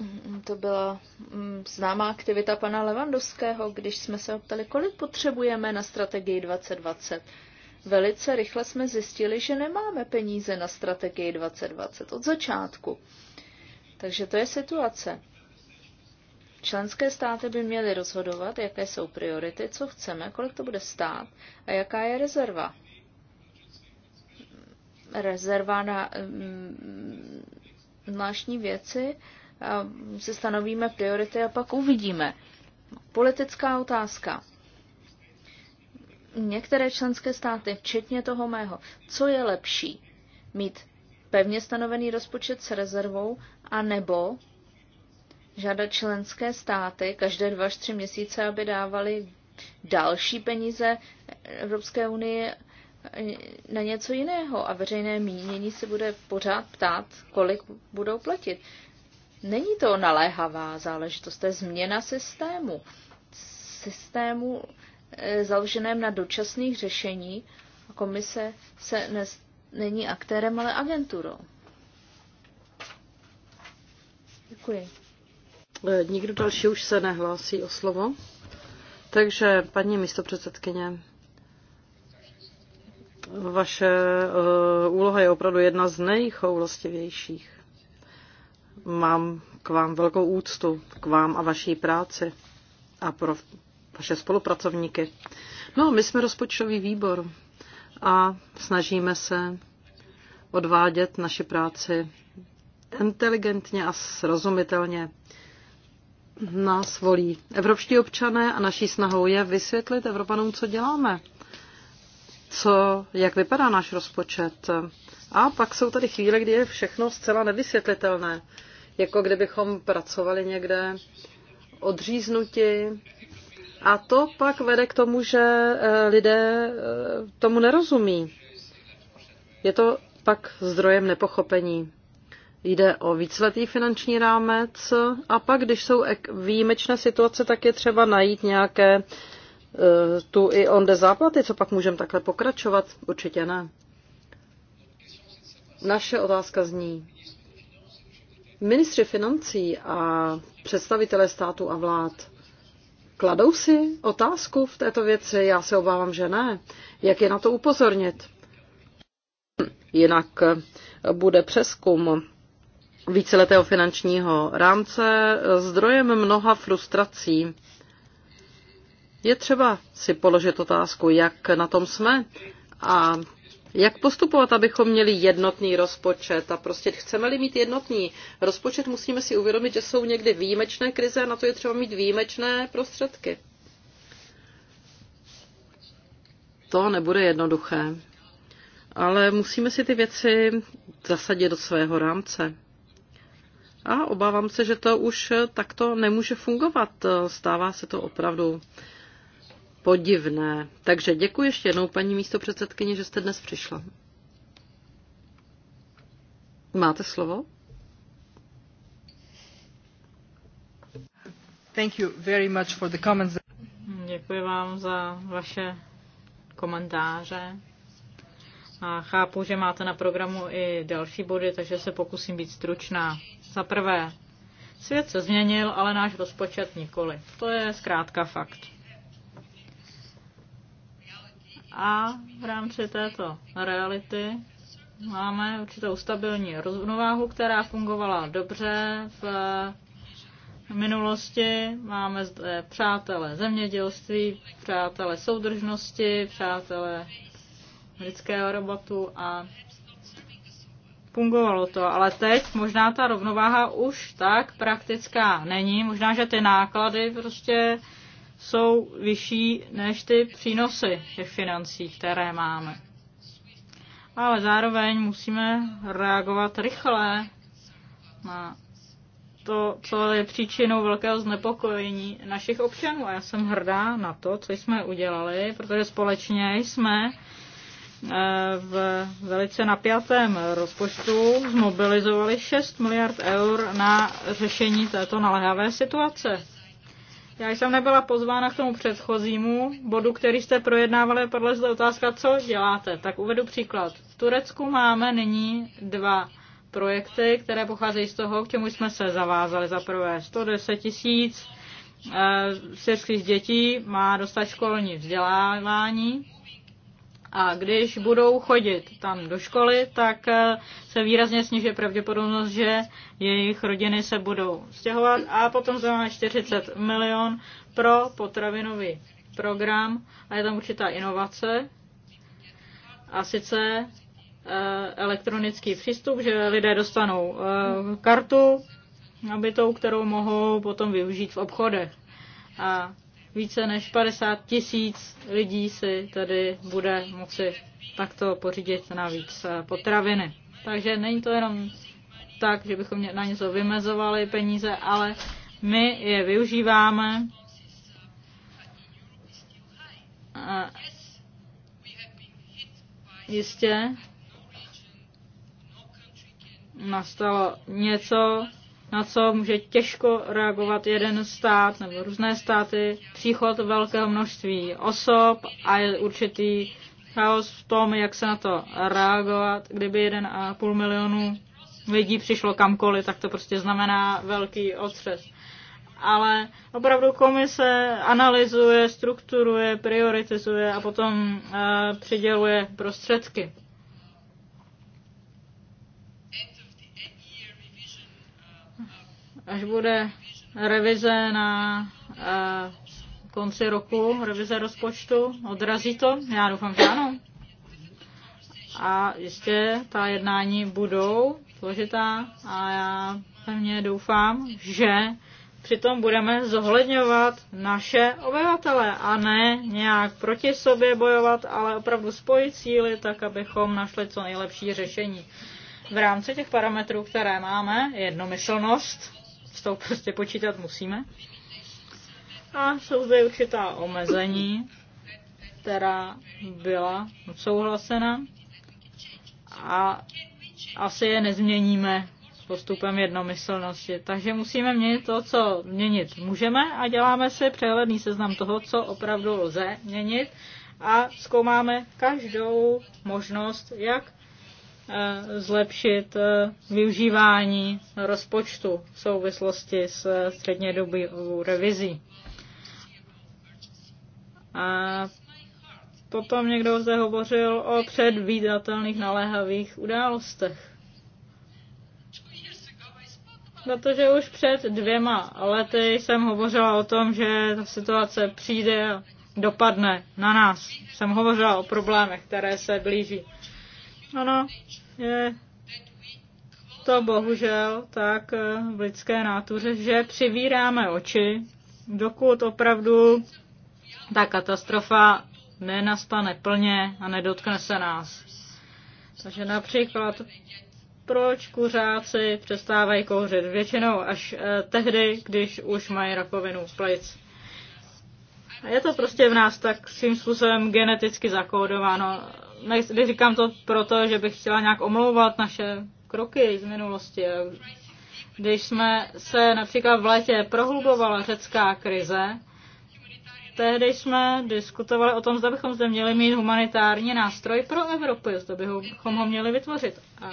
Mm, to byla mm, známá aktivita pana Levandovského, když jsme se optali, kolik potřebujeme na strategii 2020. Velice rychle jsme zjistili, že nemáme peníze na strategii 2020 od začátku. Takže to je situace. Členské státy by měly rozhodovat, jaké jsou priority, co chceme, kolik to bude stát a jaká je rezerva. Rezerva na mm, zvláštní věci, se stanovíme priority a pak uvidíme. Politická otázka. Některé členské státy, včetně toho mého, co je lepší? Mít pevně stanovený rozpočet s rezervou, a nebo žádat členské státy každé dva až tři měsíce, aby dávali další peníze Evropské unii na něco jiného a veřejné mínění se bude pořád ptát, kolik budou platit. Není to naléhavá záležitost, to je změna systému. Systému eh, založeném na dočasných řešení. Komise se není aktérem, ale agenturou. Děkuji. E, nikdo další už se nehlásí o slovo. Takže, paní místopředsedkyně, vaše uh, úloha je opravdu jedna z nejchoulostivějších. Mám k vám velkou úctu, k vám a vaší práci a pro vaše spolupracovníky. No, my jsme rozpočtový výbor a snažíme se odvádět naši práci inteligentně a srozumitelně. Nás volí evropští občané a naší snahou je vysvětlit Evropanům, co děláme, co, jak vypadá náš rozpočet. A pak jsou tady chvíle, kdy je všechno zcela nevysvětlitelné, jako kdybychom pracovali někde odříznuti a to pak vede k tomu, že eh, lidé eh, tomu nerozumí. Je to pak zdrojem nepochopení. Jde o víceletý finanční rámec a pak, když jsou výjimečné situace, tak je třeba najít nějaké eh, tu i onde záplaty, co pak můžeme takhle pokračovat? Určitě ne. Naše otázka zní. Ministři financí a představitelé státu a vlád Kladou si otázku v této věci? Já se obávám, že ne. Jak je na to upozornit? Jinak eh, bude přeskum víceletého finančního rámce zdrojem mnoha frustrací. Je třeba si položit otázku, jak na tom jsme a jak postupovat, abychom měli jednotný rozpočet? A prostě chceme-li mít jednotný rozpočet, musíme si uvědomit, že jsou někdy výjimečné krize a na to je třeba mít výjimečné prostředky. To nebude jednoduché. Ale musíme si ty věci zasadit do svého rámce. A obávám se, že to už takto nemůže fungovat. Stává se to opravdu podivné. Takže děkuji ještě jednou, paní místo předsedkyně, že jste dnes přišla. Máte slovo? Thank you very much for the comments. Děkuji vám za vaše komentáře. A chápu, že máte na programu i další body, takže se pokusím být stručná. Za prvé, svět se změnil, ale náš rozpočet nikoli. To je zkrátka fakt. A v rámci této reality máme určitou stabilní rovnováhu, která fungovala dobře v minulosti. Máme zde přátelé zemědělství, přátelé soudržnosti, přátelé lidského robotu a fungovalo to, ale teď možná ta rovnováha už tak praktická není. Možná, že ty náklady prostě jsou vyšší než ty přínosy těch financí, které máme. Ale zároveň musíme reagovat rychle na to, co je příčinou velkého znepokojení našich občanů. A já jsem hrdá na to, co jsme udělali, protože společně jsme eh, v velice napjatém rozpočtu zmobilizovali 6 miliard eur na řešení této naléhavé situace. Já jsem nebyla pozvána k tomu předchozímu bodu, který jste projednávali, padla zde otázka, co děláte. Tak uvedu příklad. V Turecku máme nyní dva projekty, které pocházejí z toho, k čemu jsme se zavázali. Za prvé 110 tisíc eh, syrských dětí má dostat školní vzdělávání a když budou chodit tam do školy, tak eh, se výrazně snižuje pravděpodobnost, že jejich rodiny se budou stěhovat. A potom se máme 40 milion pro potravinový program a je tam určitá inovace. A sice eh, elektronický přístup, že lidé dostanou eh, kartu nabitou, kterou mohou potom využít v obchodech. A více než 50 tisíc lidí si tady bude moci takto pořídit navíc eh, potraviny. Takže není to jenom tak, že bychom na něco vymezovali peníze, ale my je využíváme. A eh, jistě nastalo něco, na co může těžko reagovat jeden stát nebo různé státy, příchod velkého množství osob a je určitý chaos v tom, jak se na to reagovat. Kdyby 1,5 milionu lidí přišlo kamkoliv, tak to prostě znamená velký otřes. Ale opravdu komise analyzuje, strukturuje, prioritizuje a potom uh, přiděluje prostředky. až bude revize na eh, konci roku, revize rozpočtu, odrazí to? Já doufám, že ano. A jistě ta jednání budou složitá a já pevně doufám, že přitom budeme zohledňovat naše obyvatele a ne nějak proti sobě bojovat, ale opravdu spojit síly tak, abychom našli co nejlepší řešení. V rámci těch parametrů, které máme, jednomyslnost, s tou prostě počítat musíme. A jsou zde určitá omezení, která byla odsouhlasena a asi je nezměníme s postupem jednomyslnosti. Takže musíme měnit to, co měnit můžeme a děláme si přehledný seznam toho, co opravdu lze měnit a zkoumáme každou možnost, jak Eh, zlepšit eh, využívání rozpočtu v souvislosti s střednědobou revizí. A potom někdo zde hovořil o předvídatelných naléhavých událostech. Protože už před dvěma lety jsem hovořila o tom, že ta situace přijde a dopadne na nás. Jsem hovořila o problémech, které se blíží. Ano, je to bohužel tak eh, v lidské nátuře, že přivíráme oči, dokud opravdu ta katastrofa nenastane plně a nedotkne se nás. Takže například proč kuřáci přestávají kouřit? Většinou až eh, tehdy, když už mají rakovinu v plic. A je to prostě v nás tak svým způsobem geneticky zakódováno neříkám to proto, že bych chtěla nějak omlouvat naše kroky z minulosti. Když jsme se například v létě prohlubovala řecká krize, tehdy jsme diskutovali o tom, zda bychom zde měli mít humanitární nástroj pro Evropu, zda bychom ho měli vytvořit. A,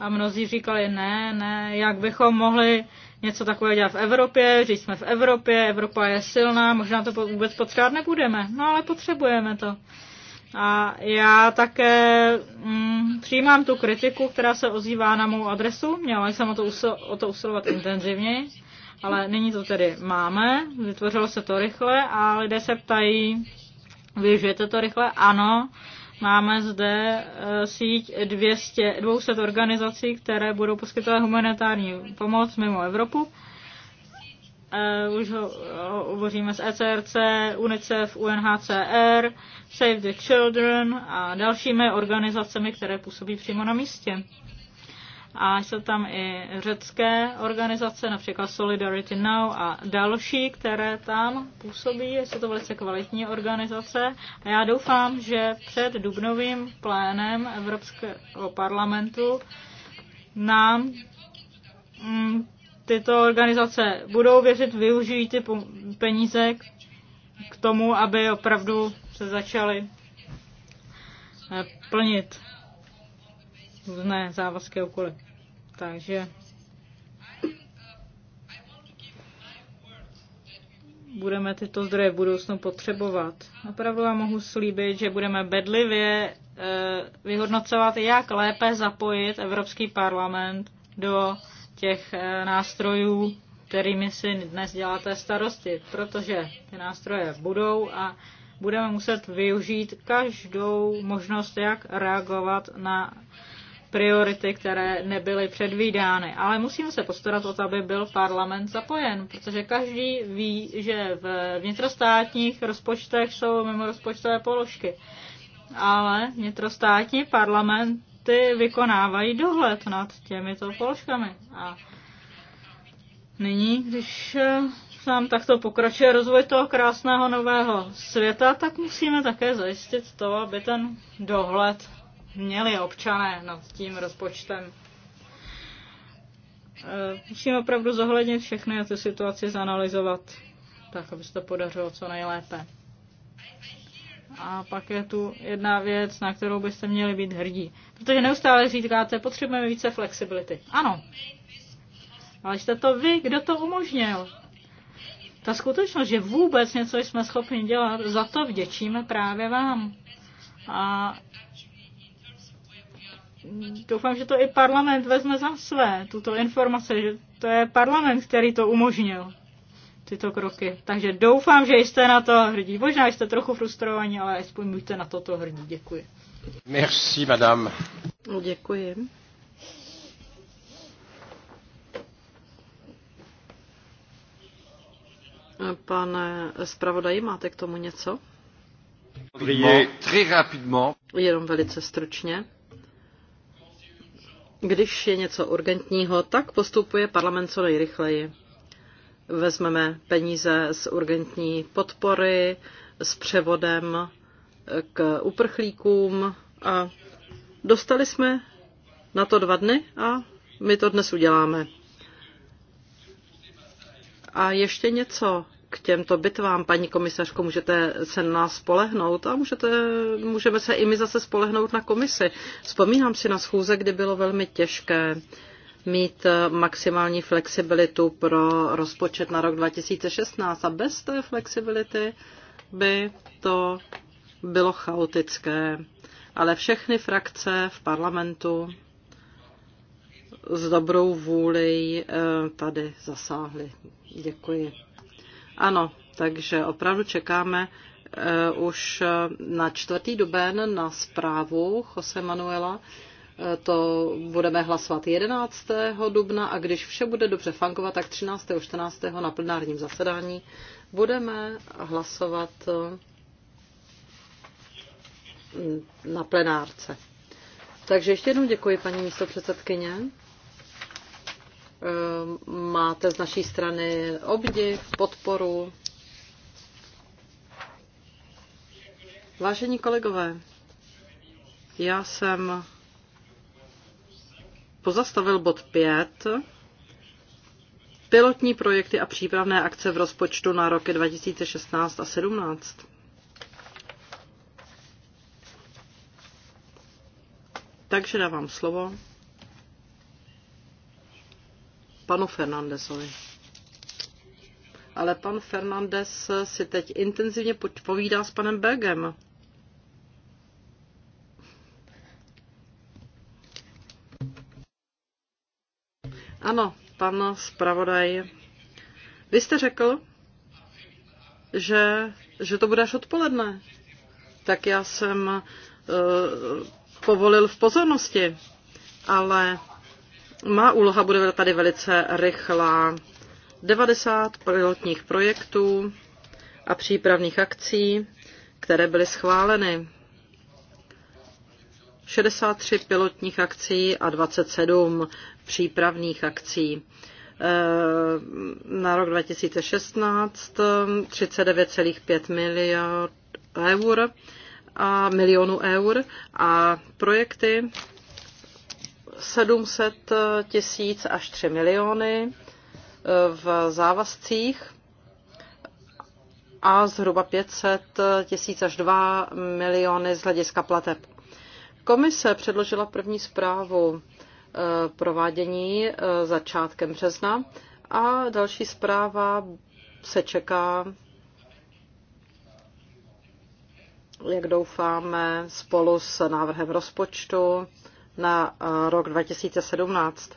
a mnozí říkali, ne, ne, jak bychom mohli něco takového dělat v Evropě, že jsme v Evropě, Evropa je silná, možná to vůbec potřebovat nebudeme, no ale potřebujeme to. A já také mm, přijímám tu kritiku, která se ozývá na mou adresu. Měla jsem o to, usil, o to usilovat intenzivně, ale nyní to tedy máme. Vytvořilo se to rychle a lidé se ptají, využijete to rychle? Ano, máme zde e, síť 200, 200 organizací, které budou poskytovat humanitární pomoc mimo Evropu uh, už ho, hovoříme z ECRC, UNICEF, UNHCR, Save the Children a dalšími organizacemi, které působí přímo na místě. A jsou tam i řecké organizace, například Solidarity Now a další, které tam působí. Jsou to velice kvalitní organizace. A já doufám, že před dubnovým plénem Evropského parlamentu nám mm, tyto organizace budou věřit, využijí ty peníze k tomu, aby opravdu se začaly eh, plnit různé závazky úkoly. Takže budeme tyto zdroje v budoucnu potřebovat. Opravdu vám mohu slíbit, že budeme bedlivě eh, vyhodnocovat, jak lépe zapojit Evropský parlament do těch eh, nástrojů, kterými si dnes děláte starosti, protože ty nástroje budou a budeme muset využít každou možnost, jak reagovat na priority, které nebyly předvídány. Ale musíme se postarat o to, aby byl parlament zapojen, protože každý ví, že v vnitrostátních rozpočtech jsou mimo rozpočtové položky. Ale vnitrostátní parlament ty vykonávají dohled nad těmito položkami. A nyní, když nám takto pokračuje rozvoj toho krásného nového světa, tak musíme také zajistit to, aby ten dohled měli občané nad tím rozpočtem. E, musíme opravdu zohlednit všechny a ty situaci zanalizovat, tak aby se to podařilo co nejlépe. A pak je tu jedna věc, na kterou byste měli být hrdí. Protože neustále říkáte, potřebujeme více flexibility. Ano. Ale jste to vy, kdo to umožnil. Ta skutečnost, že vůbec něco jsme schopni dělat, za to vděčíme právě vám. A doufám, že to i parlament vezme za své, tuto informaci, že to je parlament, který to umožnil tyto kroky. Takže doufám, že jste na to hrdí. Možná jste trochu frustrovaní, ale aspoň buďte na toto hrdí. Děkuji. Merci, madame. No, děkuji. Pane zpravodaji, máte k tomu něco? Jenom velice stručně. Když je něco urgentního, tak postupuje parlament co nejrychleji vezmeme peníze z urgentní podpory, s převodem k uprchlíkům a dostali jsme na to dva dny a my to dnes uděláme. A ještě něco k těmto bitvám, paní komisařko, můžete se na nás spolehnout a můžete, můžeme se i my zase spolehnout na komisi. Vzpomínám si na schůze, kdy bylo velmi těžké mít eh, maximální flexibilitu pro rozpočet na rok 2016 a bez té flexibility by to bylo chaotické. Ale všechny frakce v parlamentu s dobrou vůli eh, tady zasáhly. Děkuji. Ano, takže opravdu čekáme eh, už na čtvrtý duben na zprávu Jose Manuela to budeme hlasovat 11. dubna a když vše bude dobře fungovat, tak 13. 14. na plenárním zasedání budeme hlasovat mm, na plenárce. Takže ještě jednou děkuji, paní místopředsedkyně. Ehm, máte z naší strany obdiv, podporu. Vážení kolegové, já jsem pozastavil bod 5, pilotní projekty a přípravné akce v rozpočtu na roky 2016 a 17. Takže dávám slovo panu Fernandesovi. Ale pan Fernandez si teď intenzivně povídá s panem Bergem. Ano, pan zpravodaj. Vy jste řekl, že, že to bude až odpoledne. Tak já jsem uh, povolil v pozornosti, ale má úloha bude tady velice rychlá. 90 pilotních projektů a přípravných akcí, které byly schváleny 63 pilotních akcí a 27 přípravných akcí. Eh, na rok 2016 39,5 miliard eur a milionů eur a projekty 700 tisíc až 3 miliony eh, v závazcích a zhruba 500 tisíc až 2 miliony z hlediska plateb. Komise předložila první zprávu eh, provádění eh, začátkem března a další zpráva se čeká, jak doufáme, spolu s návrhem rozpočtu na eh, rok 2017.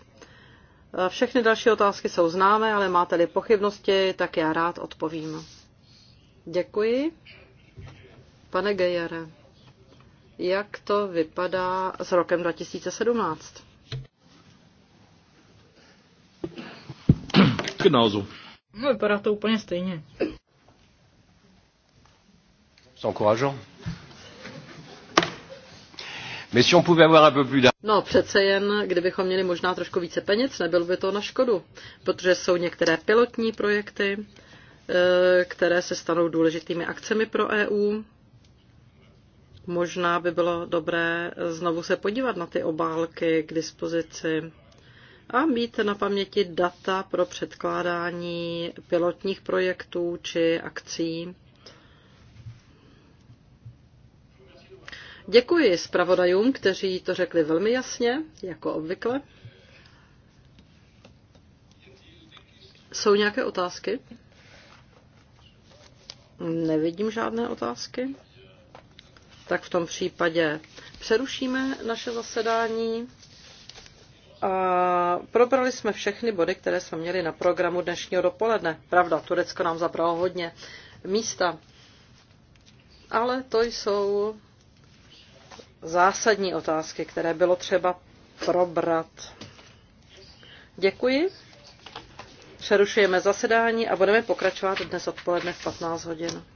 Všechny další otázky jsou známé, ale máte-li pochybnosti, tak já rád odpovím. Děkuji. Pane Gejere jak to vypadá s rokem 2017. Genauso. No, vypadá to úplně stejně. No, přece jen, kdybychom měli možná trošku více peněz, nebylo by to na škodu, protože jsou některé pilotní projekty, eh, které se stanou důležitými akcemi pro EU, Možná by bylo dobré znovu se podívat na ty obálky k dispozici a mít na paměti data pro předkládání pilotních projektů či akcí. Děkuji zpravodajům, kteří to řekli velmi jasně, jako obvykle. Jsou nějaké otázky? Nevidím žádné otázky tak v tom případě přerušíme naše zasedání. A probrali jsme všechny body, které jsme měli na programu dnešního dopoledne. Pravda, Turecko nám zabralo hodně místa. Ale to jsou zásadní otázky, které bylo třeba probrat. Děkuji. Přerušujeme zasedání a budeme pokračovat dnes odpoledne v 15 hodin.